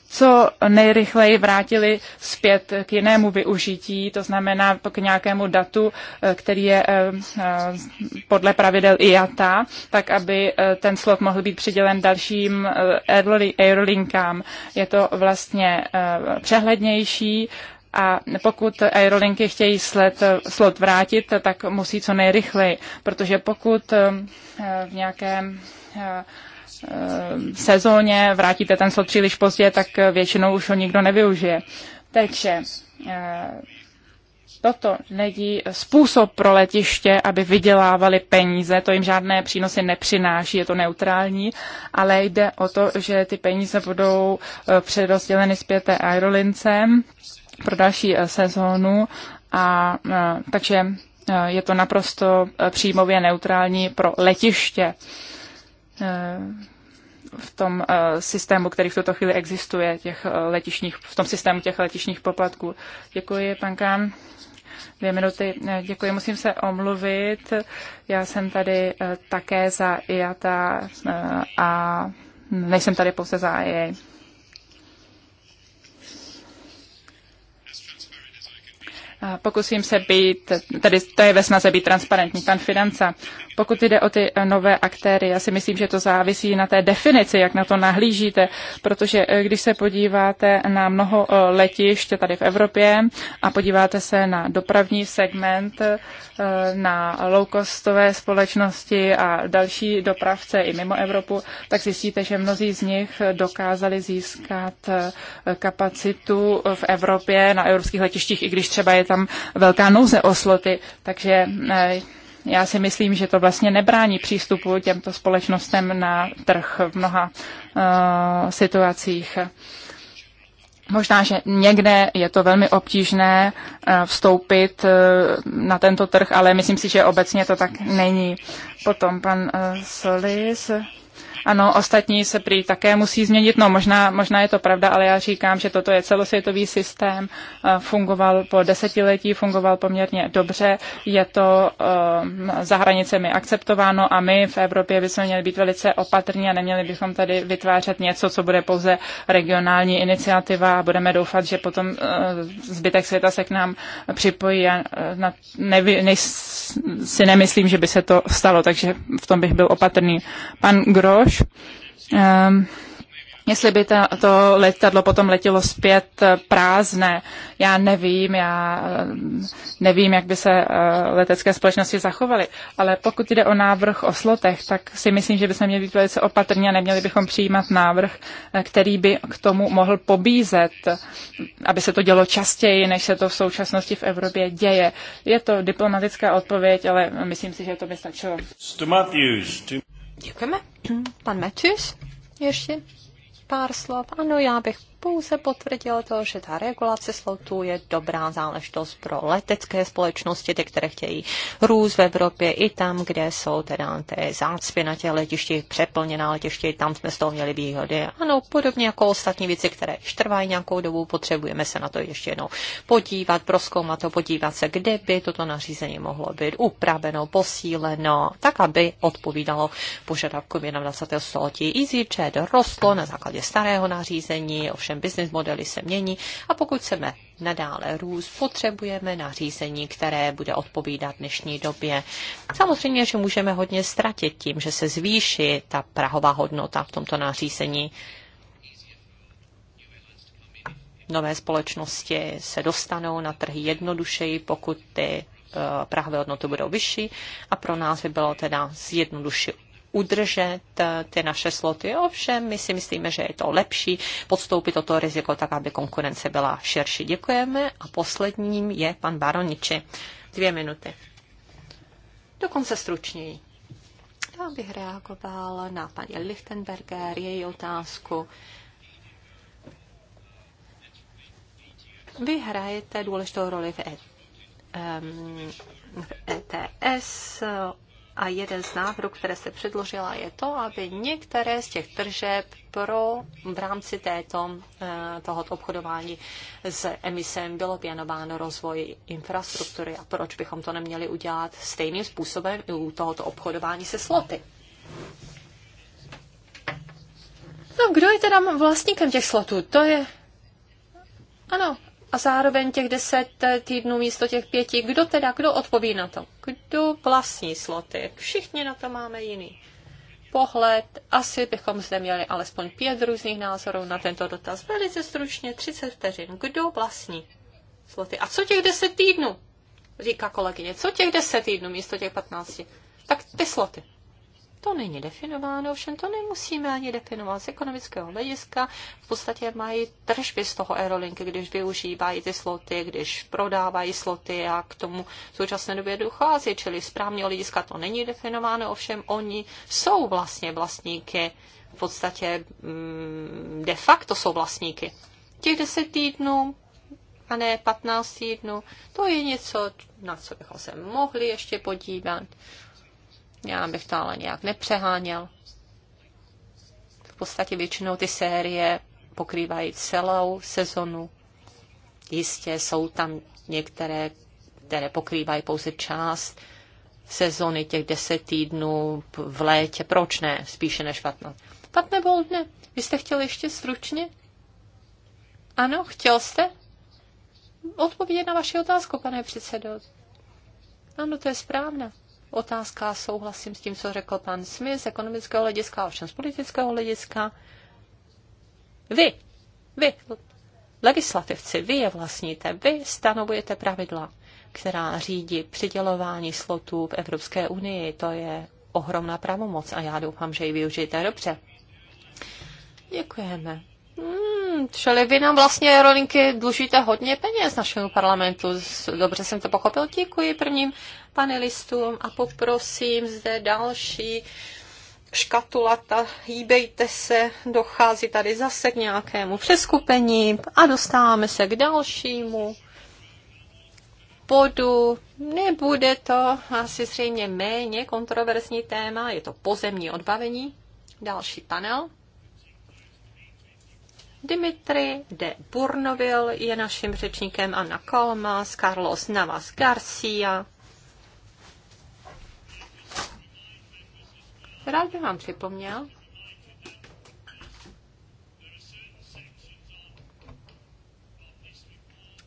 Speaker 2: co nejrychleji vrátili zpět k jinému využití, to znamená k nějakému datu, eh, který je eh, eh, podle pravidel IATA, tak aby ten slot mohl být přidělen dalším aerolinkám. Je to vlastně přehlednější, a pokud aerolinky chtějí sled, slot vrátit, tak musí co nejrychleji, protože pokud eh, v nějakém eh, sezóně vrátíte ten slot příliš pozdě, tak většinou už ho nikdo nevyužije. Takže eh, toto není způsob pro letiště, aby vydělávali peníze, to jim žádné přínosy nepřináší, je to neutrální, ale jde o to, že ty peníze budou přerozděleny zpět aerolincem pro další eh, sezónu. A, eh, takže eh, je to naprosto příjmově neutrální pro letiště v tom systému, který v tuto chvíli existuje, těch letišních, v tom systému těch letišních poplatků. Děkuji, pan Kán. Dvě minuty. Děkuji, musím se omluvit. Já jsem tady také za IATA a nejsem tady pouze za IA. Pokusím se být, tedy to je ve snaze být transparentní, pan Financa. Pokud jde o ty eh, nové aktéry, já si myslím, že to závisí na té definici, jak na to nahlížíte, protože eh, když se podíváte na mnoho eh, letišť tady v Evropě a podíváte se na dopravní segment, na loukostové společnosti a další dopravce i mimo Evropu, tak zjistíte, že mnozí z nich dokázali získat kapacitu v Evropě na evropských letištích, i když třeba je tam tam velká nouze o sloty, takže eh, já si myslím, že to vlastně nebrání přístupu těmto společnostem na trh v mnoha uh, situacích. Možná, že někde je to velmi obtížné eh, vstoupit na tento trh, ale myslím si, že obecně to tak není. Potom pan Solis ano, ostatní se prý také musí změnit. No, možná, možná je to pravda, ale já říkám, že toto je celosvětový systém, eh, fungoval po desetiletí, fungoval poměrně dobře, je to ehm, za hranicemi akceptováno a my v Evropě bychom měli být velice opatrní a neměli bychom tady vytvářet něco, co bude pouze regionální iniciativa a budeme doufat, že potom eh, zbytek světa se k nám připojí. Já eh, na, nevy, ne, si nemyslím, že by se to stalo, takže v tom bych byl opatrný. Pan Groš um, Jestli by ta, to letadlo potom letělo zpět eh, prázdné, já nevím, já ehm, nevím, jak by se eh, letecké společnosti zachovaly, ale pokud jde o návrh o slotech, tak si myslím, že bychom měli být velice opatrní a neměli bychom přijímat návrh, eh, který by k tomu mohl pobízet, aby se to dělo častěji, než se to v současnosti v Evropě děje. Je to diplomatická odpověď, ale myslím si, že to by stačilo.
Speaker 1: Děkujeme. Pan Matthews ještě pár slov. Ano, já bych pouze potvrdil to, že ta regulace slotů je dobrá záležitost pro letecké společnosti, ty, které chtějí růst v Evropě i tam, kde jsou teda té zácpy na těch letištích, přeplněná letiště, tam jsme z toho měli výhody. Ano, podobně jako ostatní věci, které trvají nějakou dobu, potřebujeme se na to ještě jednou podívat, proskoumat to, podívat se, kde by toto nařízení mohlo být upraveno, posíleno, tak, aby odpovídalo požadavkům 21. století. EasyJet rostlo na základě starého nařízení, ovšem ovšem business modely se mění a pokud chceme nadále růst, potřebujeme nařízení, které bude odpovídat dnešní době. Samozřejmě, že můžeme hodně ztratit tím, že se zvýší ta prahová hodnota v tomto nařízení nové společnosti se dostanou na trhy jednodušeji, pokud ty eh, prahové hodnoty budou vyšší a pro nás by bylo teda zjednodušit udržet eh, ty naše sloty. Ovšem, my si myslíme, že je to lepší podstoupit toto riziko tak, aby konkurence byla širší. Děkujeme a posledním je pan Baroniči. Dvě minuty. Dokonce stručněji. Já bych reagoval na paní Lichtenberger, její otázku. Vy hrajete důležitou roli v, e, v ETS, a jeden z návrhů, které se předložila, je to, aby některé z těch tržeb pro v rámci této, eh, tohoto obchodování s emisem bylo věnováno rozvoji infrastruktury. A proč bychom to neměli udělat stejným způsobem i u tohoto obchodování se sloty? No, kdo je teda vlastníkem těch slotů? To je... Ano, a zároveň těch deset týdnů místo těch pěti. Kdo teda, kdo odpoví na to? Kdo vlastní sloty? Všichni na to máme jiný pohled. Asi bychom zde měli alespoň pět různých názorů na tento dotaz. Velice stručně, 30 vteřin. Kdo vlastní sloty? A co těch deset týdnů? Říká kolegyně, co těch deset týdnů místo těch patnácti? Tak ty sloty. To není definováno, ovšem to nemusíme ani definovat z ekonomického hlediska. V podstatě mají tržby z toho aerolinky, když využívají ty sloty, když prodávají sloty a k tomu v současné době dochází. Čili správně hlediska to není definováno, ovšem oni jsou vlastně vlastníky, v podstatě mm, de facto jsou vlastníky. Těch deset týdnů a ne 15 týdnů, to je něco, na co bychom se mohli ještě podívat já bych to ale nějak nepřeháněl. V podstatě většinou ty série pokrývají celou sezonu. Jistě jsou tam některé, které pokrývají pouze část sezony, těch deset týdnů v létě. Proč ne? Spíše než 15. Pat nebo ne? Vy jste chtěl ještě stručně? Ano, chtěl jste? Odpovědět na vaši otázku, pane předsedo. Ano, to je správné otázka, souhlasím s tím, co řekl pan Smith z ekonomického hlediska, ovšem z politického hlediska. Vy, vy, legislativci, vy je vlastníte, vy stanovujete pravidla, která řídí přidělování slotů v Evropské unii. To je ohromná pravomoc a já doufám, že ji využijete dobře. Děkujeme čili vy nám vlastně, Rolinky, dlužíte hodně peněz našemu parlamentu. Dobře jsem to pochopil. Děkuji prvním panelistům a poprosím zde další škatulata, hýbejte se, dochází tady zase k nějakému přeskupení a dostáváme se k dalšímu bodu. Nebude to asi zřejmě méně kontroverzní téma, je to pozemní odbavení. Další panel. Dimitri de Burnovil je naším řečníkem Anna Kalmas, Carlos Navas Garcia. Rád bych vám připomněl,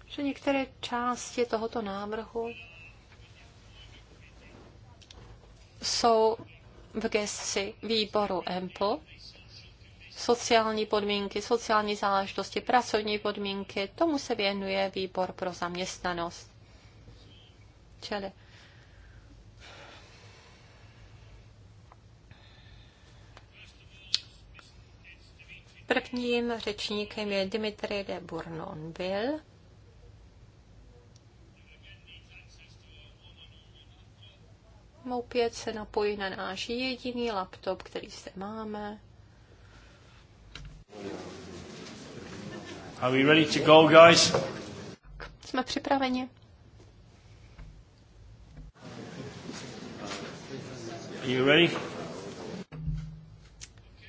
Speaker 1: že některé části tohoto návrhu jsou v gesci výboru EMPL sociální podmínky, sociální záležitosti, pracovní podmínky. Tomu se věnuje výbor pro zaměstnanost. Čili Prvním řečníkem je Dimitri de Bournonville. Opět se napojí na náš jediný laptop, který zde máme.
Speaker 3: Are we ready to go, guys?
Speaker 1: Jsme připraveni. Are you ready?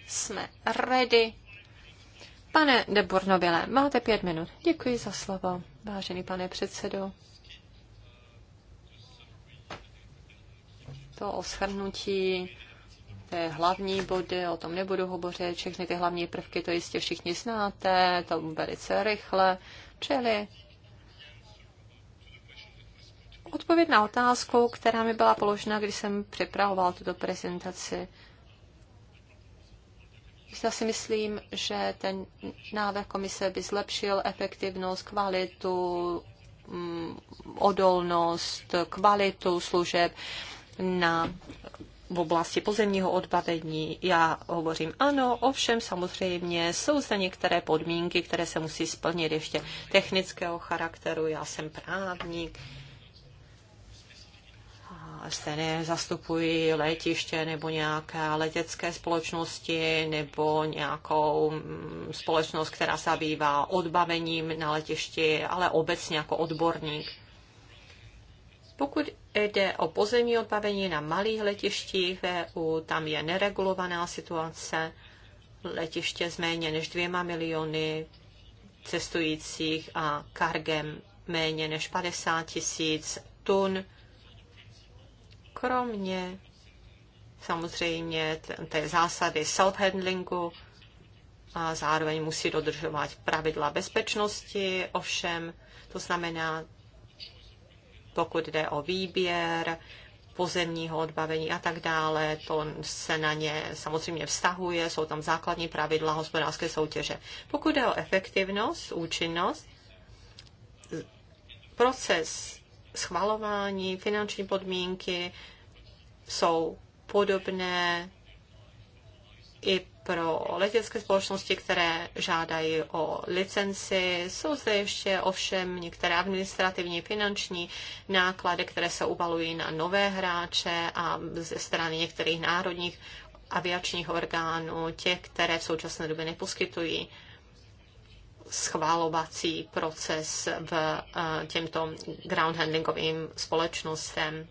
Speaker 1: Jsme ready. Pane de Burnobile, máte pět minut. Děkuji za slovo, vážený pane předsedo. To oshrnutí hlavní body, o tom nebudu hovořit, všechny ty hlavní prvky to jistě všichni znáte, to velice rychle, čili odpověď na otázku, která mi byla položena, když jsem připravoval tuto prezentaci. Já si myslím, že ten návrh komise by zlepšil efektivnost, kvalitu, mm, odolnost, kvalitu služeb na v oblasti pozemního odbavení. Já hovořím ano, ovšem samozřejmě jsou zde některé podmínky, které se musí splnit ještě technického charakteru. Já jsem právník, zde nezastupuji letiště nebo nějaké letecké společnosti nebo nějakou mm, společnost, která se zabývá odbavením na letišti, ale obecně jako odborník. Pokud jde o pozemní odbavení na malých letištích EU. tam je neregulovaná situace, letiště s méně než dvěma miliony cestujících a kargem méně než 50 tisíc tun. Kromě samozřejmě té zásady self-handlingu a zároveň musí dodržovat pravidla bezpečnosti, ovšem to znamená, pokud jde o výběr pozemního odbavení a tak dále. To se na ně samozřejmě vztahuje, jsou tam základní pravidla hospodářské soutěže. Pokud jde o efektivnost, účinnost, proces schvalování, finanční podmínky jsou podobné i pro letecké společnosti, které žádají o licenci. Jsou zde ještě ovšem některé administrativní finanční náklady, které se uvalují na nové hráče a ze strany některých národních aviačních orgánů, těch, které v současné době neposkytují schválovací proces v eh, těmto ground handlingovým společnostem.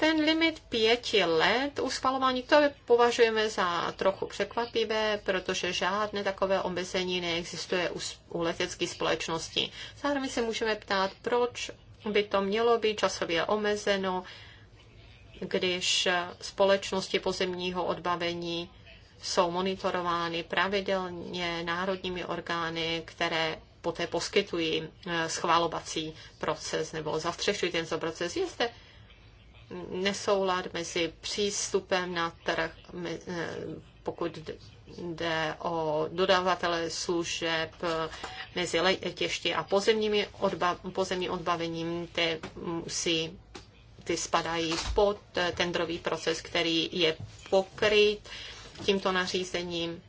Speaker 1: Ten limit pěti let u schvalování, to považujeme za trochu překvapivé, protože žádné takové omezení neexistuje u, u společnosti. společností. Zároveň se můžeme ptát, proč by to mělo být časově omezeno, když společnosti pozemního odbavení jsou monitorovány pravidelně národními orgány, které poté poskytují eh, schvalovací proces nebo zastřešují tento proces. Je zde nesoulad mezi přístupem na trh, eh, pokud jde o dodavatele služeb eh, mezi letišti a pozemními odba, pozemním odbavením, ty musí ty spadají pod eh, tendrový proces, který je pokryt tímto nařízením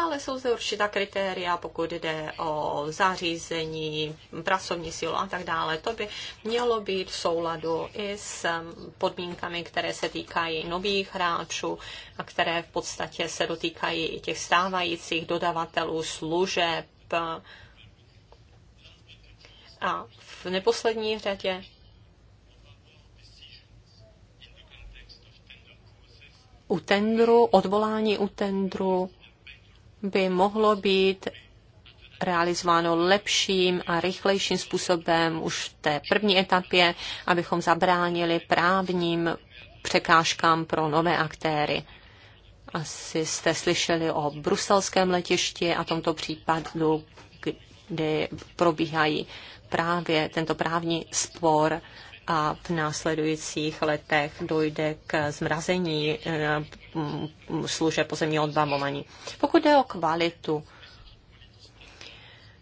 Speaker 1: ale jsou zde určitá kritéria, pokud jde o zařízení, pracovní sílu a tak dále. To by mělo být v souladu i s um, podmínkami, které se týkají nových hráčů a které v podstatě se dotýkají i těch stávajících dodavatelů služeb. A v neposlední řadě u tendru, odvolání u tendru by mohlo být realizováno lepším a rychlejším způsobem už v té první etapě, abychom zabránili právním překážkám pro nové aktéry. Asi jste slyšeli o bruselském letišti a tomto případu, kdy probíhají právě tento právní spor a v následujících letech dojde k zmrazení eh, služeb pozemního odbavování. Pokud jde o kvalitu,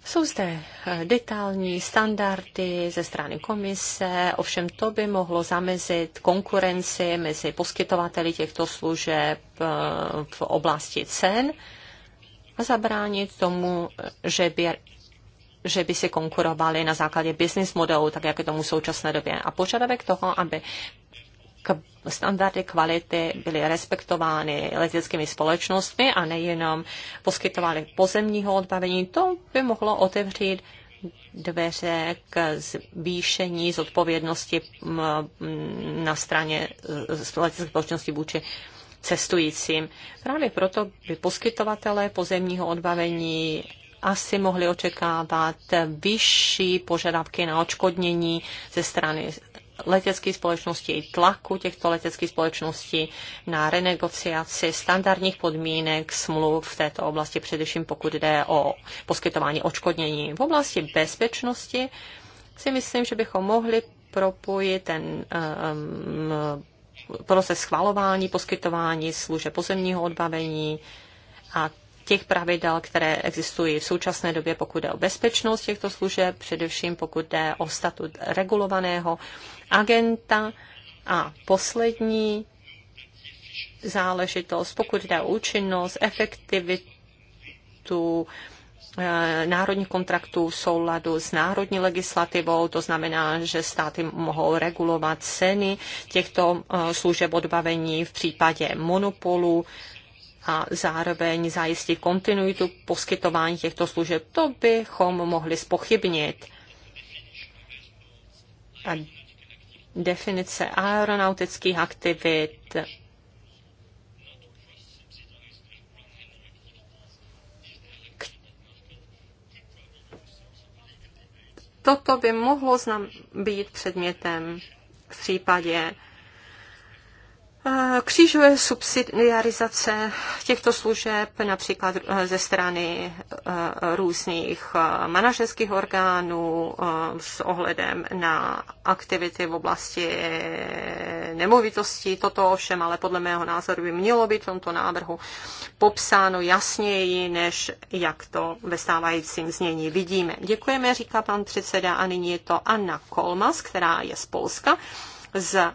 Speaker 1: jsou zde eh, detailní standardy ze strany komise, ovšem to by mohlo zamezit konkurenci mezi poskytovateli těchto služeb eh, v oblasti cen a zabránit tomu, že by že by si konkurovali na základě business modelu, tak jak je tomu v současné době. A požadavek toho, aby k standardy kvality byly respektovány leteckými společnostmi a nejenom poskytovány pozemního odbavení, to by mohlo otevřít dveře k zvýšení zodpovědnosti na straně leteckých společností vůči cestujícím. Právě proto by poskytovatelé pozemního odbavení asi mohli očekávat vyšší požadavky na očkodnění ze strany leteckých společností i tlaku těchto leteckých společností na renegociaci standardních podmínek smluv v této oblasti, především pokud jde o poskytování očkodnění. V oblasti bezpečnosti si myslím, že bychom mohli propojit ten um, proces schvalování, poskytování služeb pozemního odbavení a těch pravidel, které existují v současné době, pokud jde o bezpečnost těchto služeb, především pokud jde o statut regulovaného agenta. A poslední záležitost, pokud jde o účinnost, efektivitu eh, národních kontraktů v souladu s národní legislativou, to znamená, že státy mohou regulovat ceny těchto eh, služeb odbavení v případě monopolu a zároveň zajistit kontinuitu poskytování těchto služeb, to bychom mohli spochybnit. A definice aeronautických aktivit, Toto by mohlo být předmětem v případě Eh, křižuje subsidiarizace těchto služeb například eh, ze strany eh, různých manažerských orgánů s ohledem na aktivity v oblasti nemovitostí. Toto ovšem ale podle mého názoru by mělo být v tomto návrhu popsáno jasněji, než jak to ve stávajícím znění vidíme. Děkujeme, říká pan předseda, a nyní je to Anna Kolmas, která je z Polska z eh,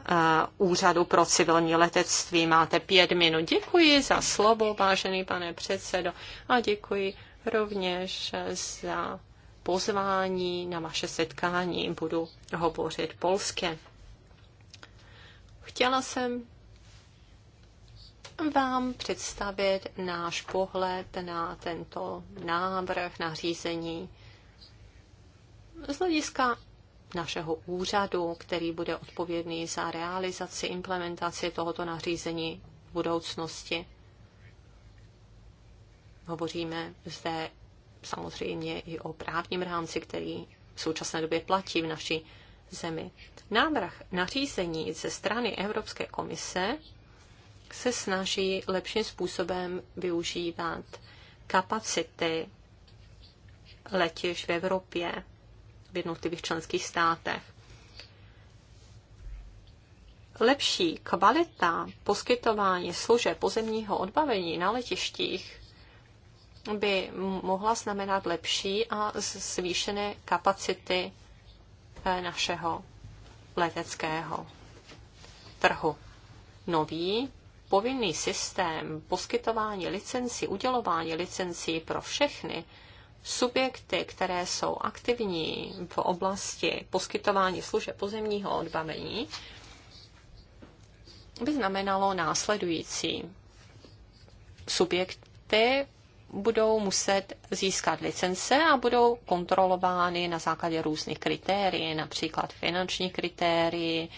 Speaker 1: Úřadu pro civilní letectví. Máte pět minut. Děkuji za slovo, vážený pane předsedo, a děkuji rovněž za pozvání na vaše setkání. Budu hovořit polské. Chtěla jsem vám představit náš pohled na tento návrh, na řízení z hlediska našeho úřadu, který bude odpovědný za realizaci, implementaci tohoto nařízení v budoucnosti. Hovoříme zde samozřejmě i o právním rámci, který v současné době platí v naší zemi. Návrh nařízení ze strany Evropské komise se snaží lepším způsobem využívat kapacity letiš v Evropě v jednotlivých členských státech. Lepší kvalita poskytování služeb pozemního odbavení na letištích by mohla znamenat lepší a zvýšené kapacity eh, našeho leteckého trhu. Nový povinný systém poskytování licencí, udělování licencí pro všechny subjekty, které jsou aktivní v oblasti poskytování služeb pozemního odbavení, by znamenalo následující. Subjekty budou muset získat licence a budou kontrolovány na základě různých kritérií, například finanční kritérií,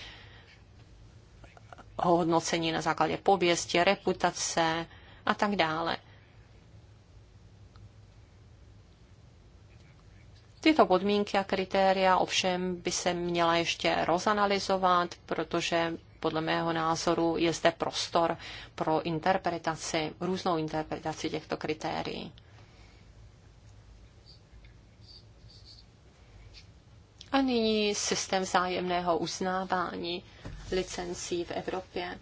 Speaker 1: hodnocení na základě pověsti, reputace a tak dále. Tyto podmínky a kritéria ovšem by se měla ještě rozanalizovat, protože podle mého názoru je zde prostor pro interpretaci, různou interpretaci těchto kritérií. A nyní systém zájemného uznávání licencí v Evropě.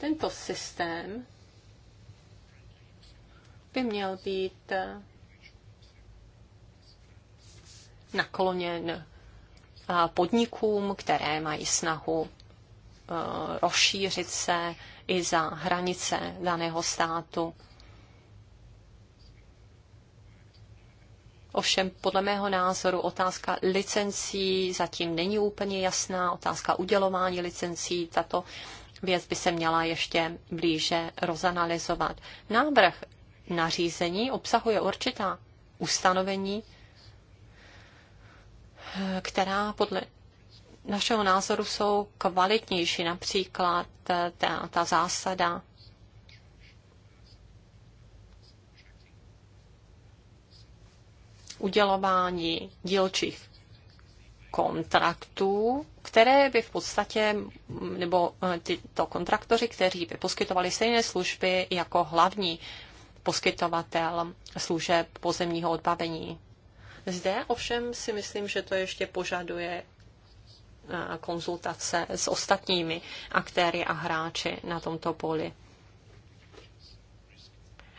Speaker 1: Tento systém by měl být nakloněn eh, podnikům, které mají snahu eh, rozšířit se i za hranice daného státu. Ovšem, podle mého názoru, otázka licencí zatím není úplně jasná. Otázka udělování licencí, tato věc by se měla ještě blíže rozanalizovat. Návrh nařízení obsahuje určitá ustanovení, která podle našeho názoru jsou kvalitnější, například eh, ta, ta zásada udělování dílčích kontraktů, které by v podstatě, mm, nebo eh, tyto kontraktoři, kteří by poskytovali stejné služby jako hlavní poskytovatel služeb pozemního odbavení. Zde ovšem si myslím, že to ještě požaduje konzultace s ostatními aktéry a hráči na tomto poli.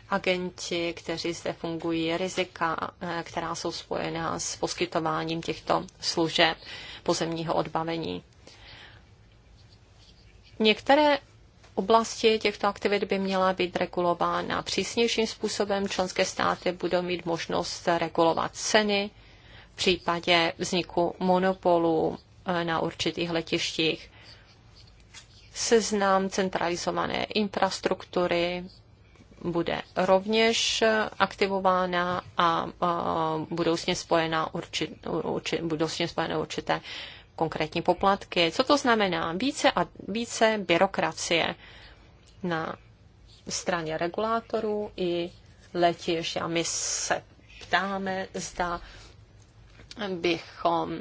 Speaker 1: Agenti, kteří zde fungují, rizika, která jsou spojená s poskytováním těchto služeb pozemního odbavení. Některé oblasti těchto aktivit by měla být regulována přísnějším způsobem. Členské státy budou mít možnost regulovat ceny v případě vzniku monopolu eh, na určitých letištích. Seznam centralizované infrastruktury bude rovněž eh, aktivována a, a eh, budou s ním spojené určité, určité konkrétní poplatky. Co to znamená? Více a více byrokracie na straně regulátorů i letišť. A my se ptáme, zda bychom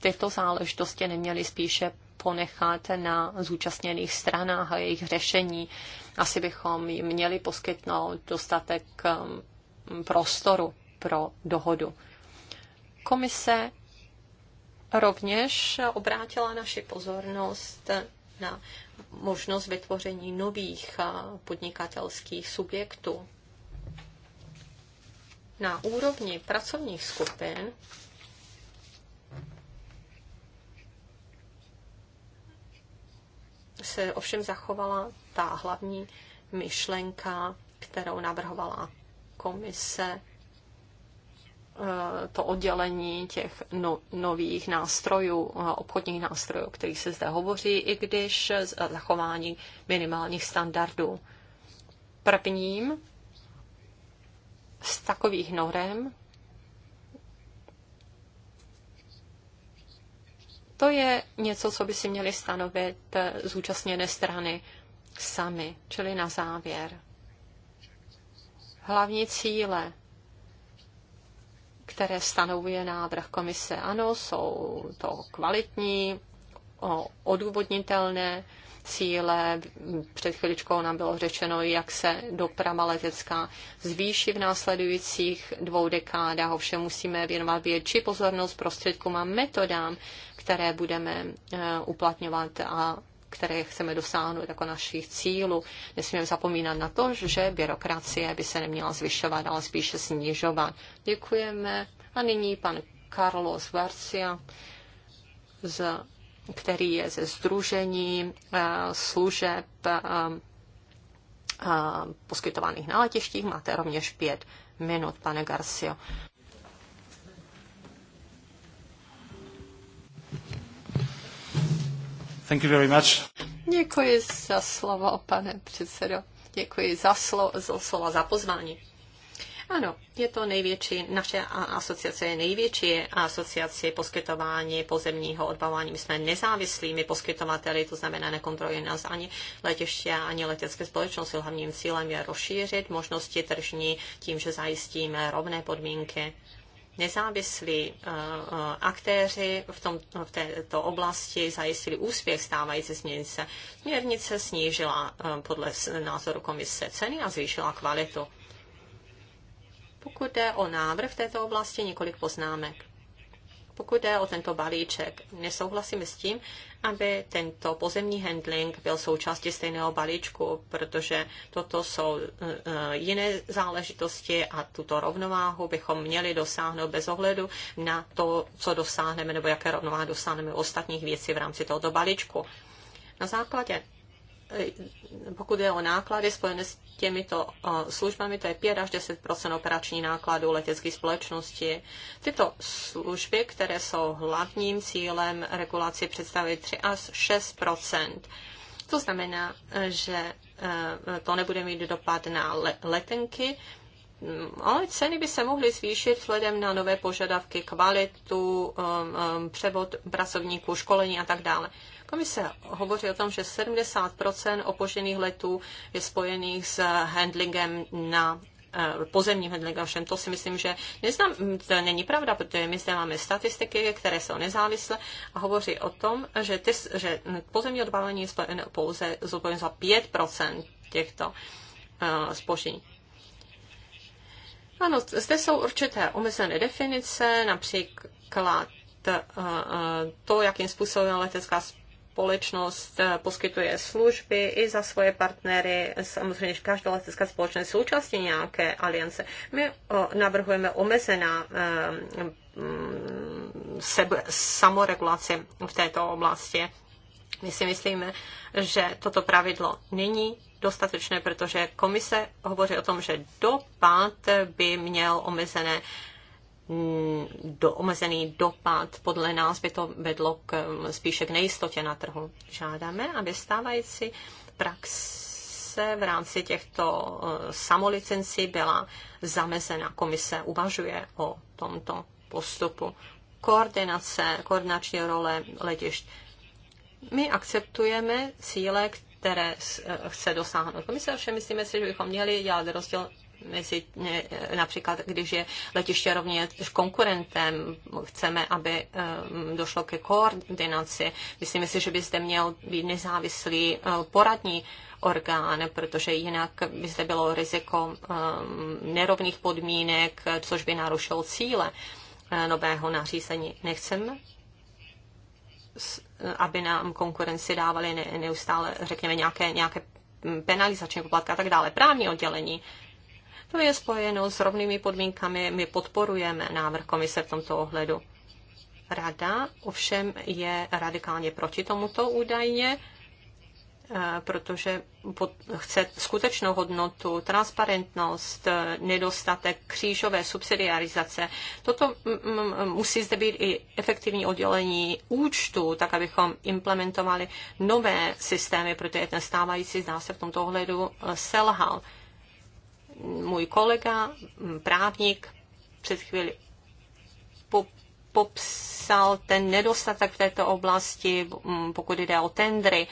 Speaker 1: tyto záležitosti neměli spíše ponechat na zúčastněných stranách a jejich řešení. Asi bychom jim měli poskytnout dostatek um, prostoru pro dohodu. Komise rovněž obrátila naši pozornost na možnost vytvoření nových podnikatelských subjektů. Na úrovni pracovních skupin se ovšem zachovala ta hlavní myšlenka, kterou navrhovala komise Eh, to oddělení těch no, nových nástrojů, eh, obchodních nástrojů, o kterých se zde hovoří, i když eh, zachování minimálních standardů. Prvním z takových norem to je něco, co by si měly stanovit zúčastněné strany sami, čili na závěr. Hlavní cíle které stanovuje návrh komise. Ano, jsou to kvalitní, odůvodnitelné cíle. Před chviličkou nám bylo řečeno, jak se doprava letecká zvýší v následujících dvou dekádách. Ovšem musíme věnovat větší pozornost prostředkům a metodám, které budeme e, uplatňovat a které chceme dosáhnout jako našich cílů. Nesmíme zapomínat na to, že byrokracie by se neměla zvyšovat, ale spíše snižovat. Děkujeme. A nyní pan Carlos Garcia, z, který je ze Združení eh, služeb eh, eh, poskytovaných na letištích. Máte rovněž pět minut, pane Garcio.
Speaker 3: Thank you very much.
Speaker 1: Děkuji za slovo, pane předsedo. Děkuji za, slo, za slova, za pozvání. Ano, je to největší, naše asociace je největší asociace poskytování pozemního odbavání. My jsme nezávislými poskytovateli, to znamená, nekontroluje nás ani letiště, ani letecké společnosti. Hlavním cílem je rozšířit možnosti tržní tím, že zajistíme rovné podmínky nezávislí eh, eh, aktéři v, tom, v této oblasti zajistili úspěch stávající směrnice. Směrnice snížila eh, podle názoru komise ceny a zvýšila kvalitu. Pokud jde o návrh v této oblasti, několik poznámek. Pokud jde o tento balíček, nesouhlasím s tím, aby tento pozemní handling byl součástí stejného balíčku, protože toto jsou eh, eh, jiné záležitosti a tuto rovnováhu bychom měli dosáhnout bez ohledu na to, co dosáhneme nebo jaké rovnováhy dosáhneme u ostatních věcí v rámci tohoto balíčku. Na základě eh, pokud je o náklady spojené s těmito eh, službami, to je 5 až 10 operační nákladů letecké společnosti. Tyto služby, které jsou hlavním cílem regulace, představují 3 až 6 To znamená, že eh, to nebude mít dopad na letenky, mm, ale ceny by se mohly zvýšit vzhledem na nové požadavky, kvalitu, eh, převod pracovníků, školení a tak dále. Komise hovoří o tom, že 70 opožděných letů je spojených s handlingem na eh, pozemním handlingem. Všem to si myslím, že neznám, to není pravda, protože my zde máme statistiky, které jsou nezávislé a hovoří o tom, že, ty, že pozemní odbavení je spojené pouze za 5 těchto uh, eh, spožení. Ano, zde jsou určité omezené definice, například eh, to, jakým způsobem letecká společnost eh, poskytuje služby i za svoje partnery. Samozřejmě, že každá letecká společnost součástí nějaké aliance. My eh, navrhujeme omezená eh, mm, sebe, samoregulaci v této oblasti. My si myslíme, že toto pravidlo není dostatečné, protože komise hovoří o tom, že dopad by měl omezené Mm, do omezený dopad. Podle nás by to vedlo k, mm, spíše k nejistotě na trhu. Žádáme, aby stávající praxe v rámci těchto eh, samolicencí byla zamezena. Komise uvažuje o tomto postupu. Koordinace, koordinační role letišť. My akceptujeme cíle, které eh, chce dosáhnout komise, ovšem myslíme si, že bychom měli dělat rozdíl mezi, eh, například když je letiště rovněž konkurentem, chceme, aby eh, došlo ke koordinaci. Myslíme si, že by zde měl být nezávislý eh, poradní orgán, protože jinak by zde bylo riziko nerovných podmínek, což by narušilo cíle nového nařízení. Nechceme aby nám konkurenci dávali neustále, řekněme, nějaké, nějaké hm, penalizační poplatky a tak dále. Právní oddělení to je spojeno s rovnými podmínkami. My podporujeme návrh komise v tomto ohledu. Rada ovšem je radikálně proti tomuto údajně, eh, protože chce skutečnou hodnotu, transparentnost, eh, nedostatek křížové subsidiarizace. Toto mm, mm, mm, musí zde být i efektivní oddělení účtu, tak abychom implementovali nové systémy, protože ten stávající zdá se v tomto ohledu eh, selhal můj kolega, mm, právník, před chvíli popsal ten nedostatek v této oblasti, mm, pokud jde o tendry.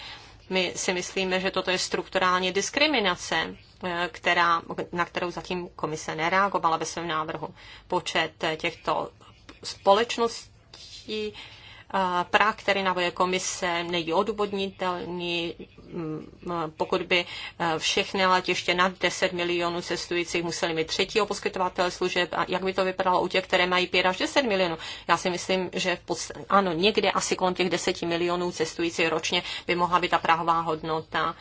Speaker 1: My si myslíme, že toto je strukturální diskriminace, eh, která, na kterou zatím komise nereagovala ve svém návrhu. Počet eh, těchto společností, eh, práv, který navrhuje komise, není odvodnitelný, Mm, mm, pokud by eh, všechny letiště nad 10 milionů cestujících museli mít třetího poskytovatele služeb a jak by to vypadalo u těch, které mají 5 až 10 milionů. Já si myslím, že v podstatě, ano, někde asi kolem těch 10 milionů cestujících ročně by mohla být ta prahová hodnota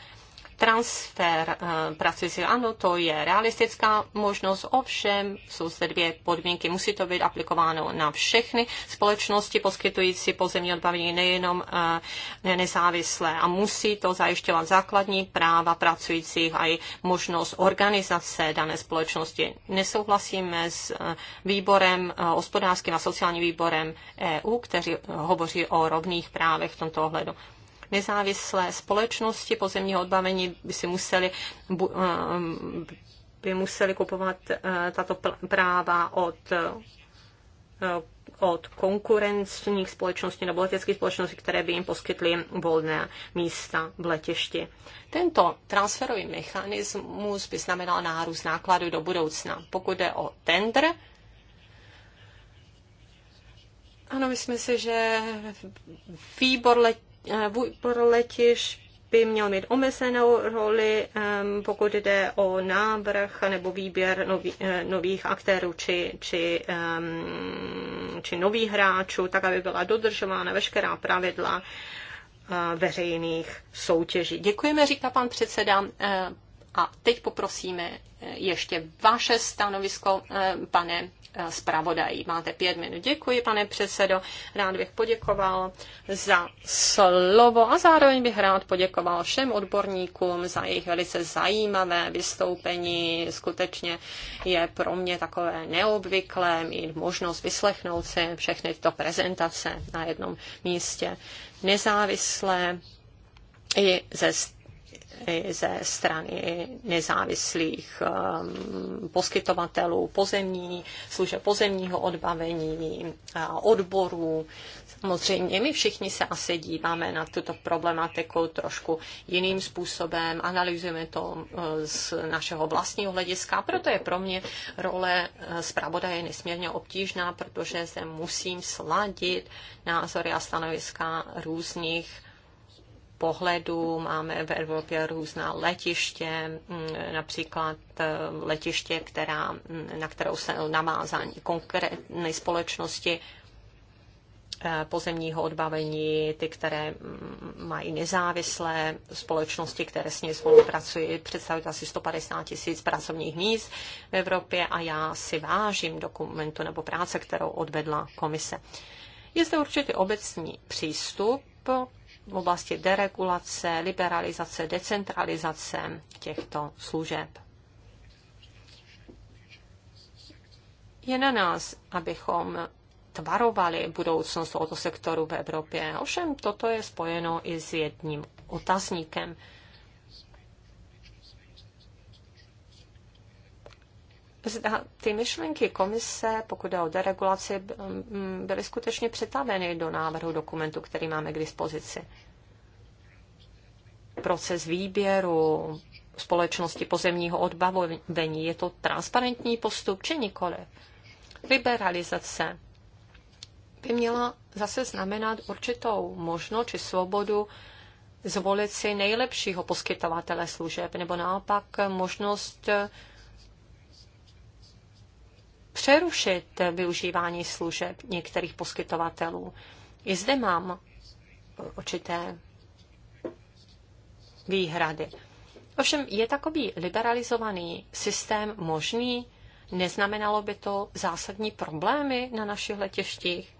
Speaker 1: transfer eh, pracujících. Ano, to je realistická možnost, ovšem jsou zde dvě podmínky. Musí to být aplikováno na všechny společnosti poskytující pozemní odbavení, nejenom eh, nezávislé. A musí to zajišťovat základní práva pracujících a i možnost organizace dané společnosti. Nesouhlasíme s eh, výborem, hospodářským a sociálním výborem EU, kteří hovoří o rovných právech v tomto ohledu nezávislé společnosti pozemního odbavení by si museli eh, by museli kupovat eh, tato práva od eh, od konkurenčních společností nebo leteckých společností, které by jim poskytly volné místa v letišti. Tento transferový mechanismus by znamenal nárůst nákladů do budoucna. Pokud jde o tender, ano, myslím si, že výbor let Eh, Výbor by měl mít omezenou roli, pokud jde o návrh nebo výběr nový, eh, nových aktérů či, či, či nových hráčů, tak aby byla dodržována veškerá pravidla eh, veřejných soutěží. Děkujeme, říká pan předseda. A teď poprosíme ještě vaše stanovisko, eh, pane eh, zpravodají. Máte pět minut. Děkuji, pane předsedo. Rád bych poděkoval za slovo a zároveň bych rád poděkoval všem odborníkům za jejich velice zajímavé vystoupení. Skutečně je pro mě takové neobvyklé mít možnost vyslechnout si všechny tyto prezentace na jednom místě nezávislé i ze ze strany nezávislých um, poskytovatelů pozemní, služeb pozemního odbavení, odborů. Samozřejmě my všichni se asi díváme na tuto problematiku trošku jiným způsobem, analyzujeme to uh, z našeho vlastního hlediska, proto je pro mě role uh, zpravodaje nesmírně obtížná, protože se musím sladit názory a stanoviska různých Pohledu Máme v Evropě různá letiště, mm, například e, letiště, která, mm, na kterou se navázání konkrétní společnosti e, pozemního odbavení, ty, které mm, mají nezávislé společnosti, které s ní spolupracují, představují asi 150 tisíc pracovních míst v Evropě a já si vážím dokumentu nebo práce, kterou odvedla komise. Je zde určitě obecný přístup v oblasti deregulace, liberalizace, decentralizace těchto služeb. Je na nás, abychom tvarovali budoucnost tohoto sektoru v Evropě. Ovšem toto je spojeno i s jedním otazníkem. zda ty myšlenky komise, pokud jde o deregulaci, um, mm, byly skutečně přetaveny do návrhu dokumentu, který máme k dispozici. Proces výběru společnosti pozemního odbavení, je to transparentní postup či nikoli? Liberalizace by měla zase znamenat určitou možnost či svobodu zvolit si nejlepšího poskytovatele služeb, nebo naopak možnost přerušit využívání služeb některých poskytovatelů. I zde mám určité výhrady. Ovšem, je takový liberalizovaný systém možný? Neznamenalo by to zásadní problémy na našich letištích?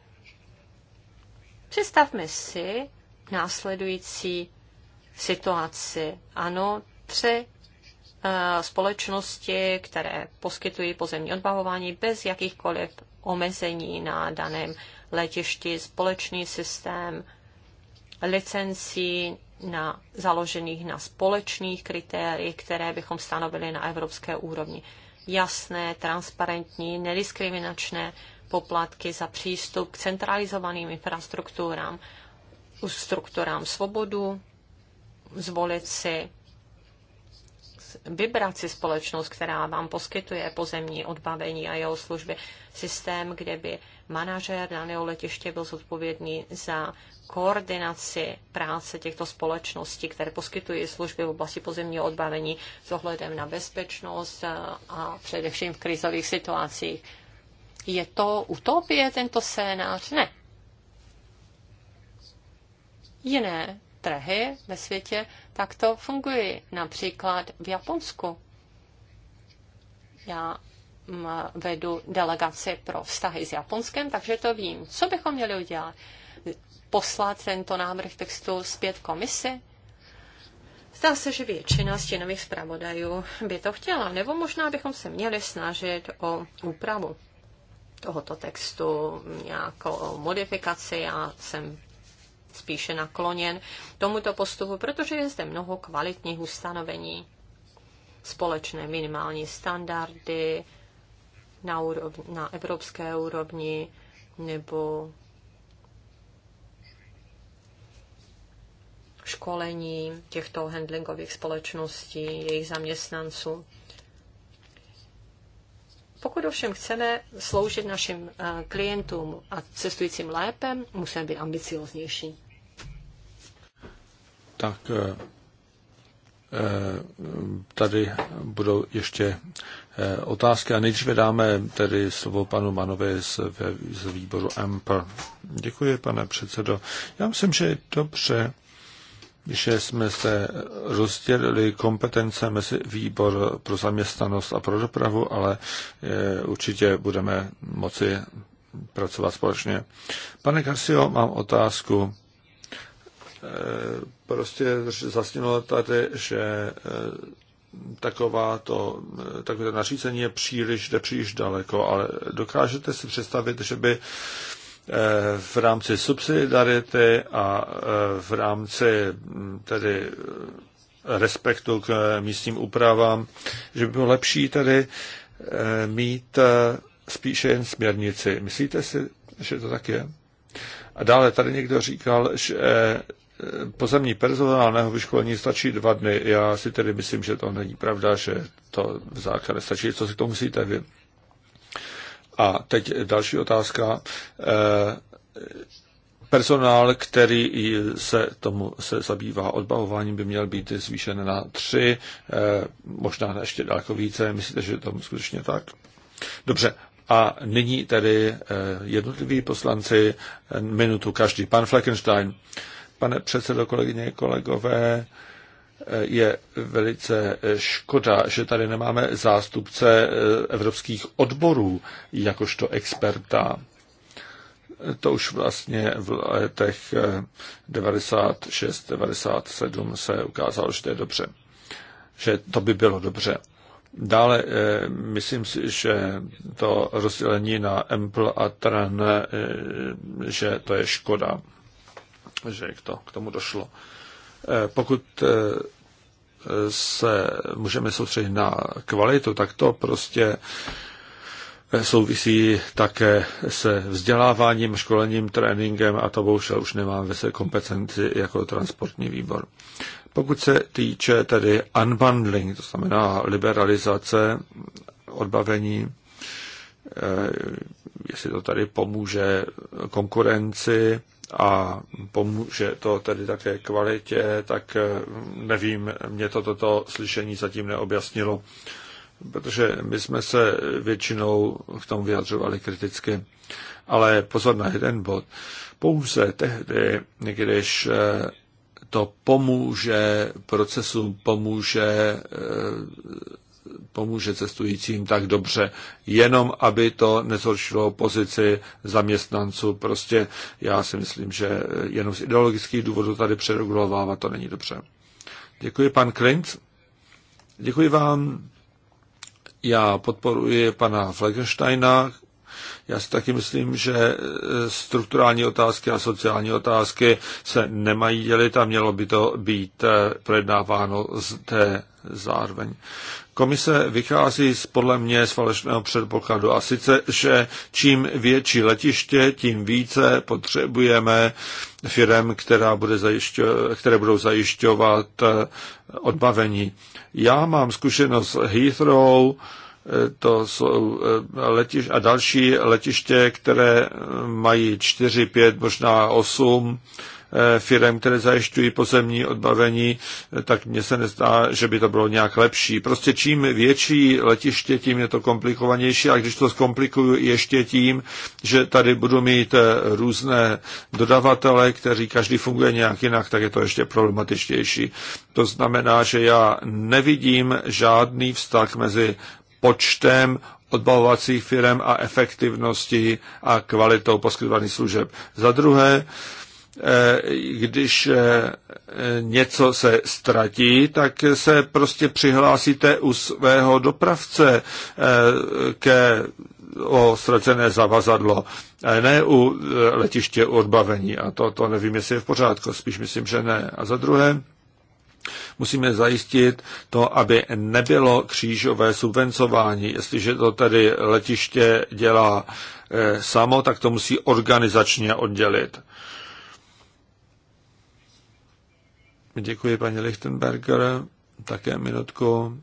Speaker 1: Představme si následující situaci. Ano, tři Eh, společnosti, které poskytují pozemní odbavování bez jakýchkoliv omezení na daném letišti, společný systém licencí na, založených na společných kritériích, které bychom stanovili na evropské úrovni. Jasné, transparentní, nediskriminačné poplatky za přístup k centralizovaným infrastrukturám, strukturám svobodu, zvolit si vybrat si společnost, která vám poskytuje pozemní odbavení a jeho služby. Systém, kde by manažer daného letiště byl zodpovědný za koordinaci práce těchto společností, které poskytují služby v oblasti pozemního odbavení s ohledem na bezpečnost a především v krizových situacích. Je to utopie, tento scénář? Ne. Jiné trhy ve světě takto funguje. Například v Japonsku. Já mm, vedu delegaci pro vztahy s Japonskem, takže to vím. Co bychom měli udělat? Poslat tento návrh textu zpět komisi? Zdá se, že většina stěnových zpravodajů by to chtěla, nebo možná bychom se měli snažit o úpravu tohoto textu, nějakou modifikaci. Já jsem spíše nakloněn tomuto postupu, protože je zde mnoho kvalitních ustanovení. Společné minimální standardy na, úrovni, na evropské úrovni nebo školení těchto handlingových společností, jejich zaměstnanců. Pokud ovšem chceme sloužit našim eh, klientům a cestujícím lépe, musíme být ambicioznější.
Speaker 3: Tak eh, eh, tady budou ještě otázky a nejdříve dáme tedy slovo panu Manovi z, z výboru AMPR. Děkuji, pane předsedo. Já myslím, že je dobře, že jsme se rozdělili kompetence mezi výbor pro zaměstnanost a pro dopravu, ale eh, určitě budeme moci pracovat společně. Pane Garcio, mám otázku. Eh, prostě zasnělo tady, že eh, taková to, takové to nařízení je příliš, jde příliš daleko, ale dokážete si představit, že by Eh, v rámci subsidiarity a eh, v rámci hm, tedy eh, respektu k místním úpravám, že by bylo lepší tedy mít spíše jen směrnici. Myslíte si, že to tak je? A dále tady někdo říkal, že pozemní personál na vyškolení stačí dva dny. Já si tedy myslím, že to není pravda, že to v základě stačí. Co si to myslíte vy? A teď další otázka. Eh, personál, který se tomu se zabývá odbavováním, by měl být zvýšen na tři, eh, možná ještě daleko více. Myslíte, že je tomu skutečně tak? Dobře. A nyní tedy eh, jednotliví poslanci, minutu každý. Pan Fleckenstein. Pane předsedo, kolegyně, kolegové, je velice škoda, že tady nemáme zástupce e, evropských odborů jakožto experta. To už vlastně v letech 96-97 e, se ukázalo, že to je dobře. Že to by bylo dobře. Dále e, myslím si, že to rozdělení na Empl a TREN, že to je škoda, že k, to, k tomu došlo. Eh, pokud eh, se můžeme soustředit na kvalitu, tak to prostě eh, souvisí také se vzděláváním, školením, tréninkem a to bohužel už nemám ve své kompetenci jako transportní výbor. Pokud se týče tedy unbundling, to znamená liberalizace odbavení, jestli to tady pomůže konkurenci, a pomůže to tedy také kvalitě, tak eh, nevím, mě to toto slyšení zatím neobjasnilo, protože my jsme se většinou k tomu vyjadřovali kriticky. Ale pozor na jeden bod. Pouze tehdy, když eh, to pomůže procesu, pomůže eh, pomůže cestujícím tak dobře, jenom aby to nezhoršilo pozici zaměstnanců. Prostě já si myslím, že jenom z ideologických důvodů tady přeregulovávat to není dobře. Děkuji, pan Klint. Děkuji vám. Já podporuji pana Fleckensteina. Já si taky myslím, že strukturální otázky a sociální otázky se nemají dělit a mělo by to být eh, projednáváno zde zároveň. Komise vychází z podle mě z falešného předpokladu a sice, že čím větší letiště, tím více potřebujeme firm, která bude zajišťo, které budou zajišťovat eh, odbavení. Já mám zkušenost s Heathrow, eh, to jsou eh, letiš a další letiště, které mají 4, 5, možná 8 Eh, firm, které zajišťují pozemní odbavení, eh, tak mně se nezdá, že by to bylo nějak lepší. Prostě čím větší letiště, tím je to komplikovanější a když to zkomplikuju ještě tím, že tady budu mít eh, různé dodavatele, kteří každý funguje nějak jinak, tak je to ještě problematičtější. To znamená, že já nevidím žádný vztah mezi počtem odbavovacích firm a efektivností a kvalitou poskytovaných služeb. Za druhé, když eh, něco se ztratí, tak se prostě přihlásíte u svého dopravce eh, ke o ztracené zavazadlo, ne u eh, letiště u odbavení. A to, to nevím, jestli je v pořádku, spíš myslím, že ne. A za druhé, musíme zajistit to, aby nebylo křížové subvencování. Jestliže to tedy letiště dělá samo, tak to musí organizačně oddělit. Děkuji, paní Lichtenberger. Také minutku.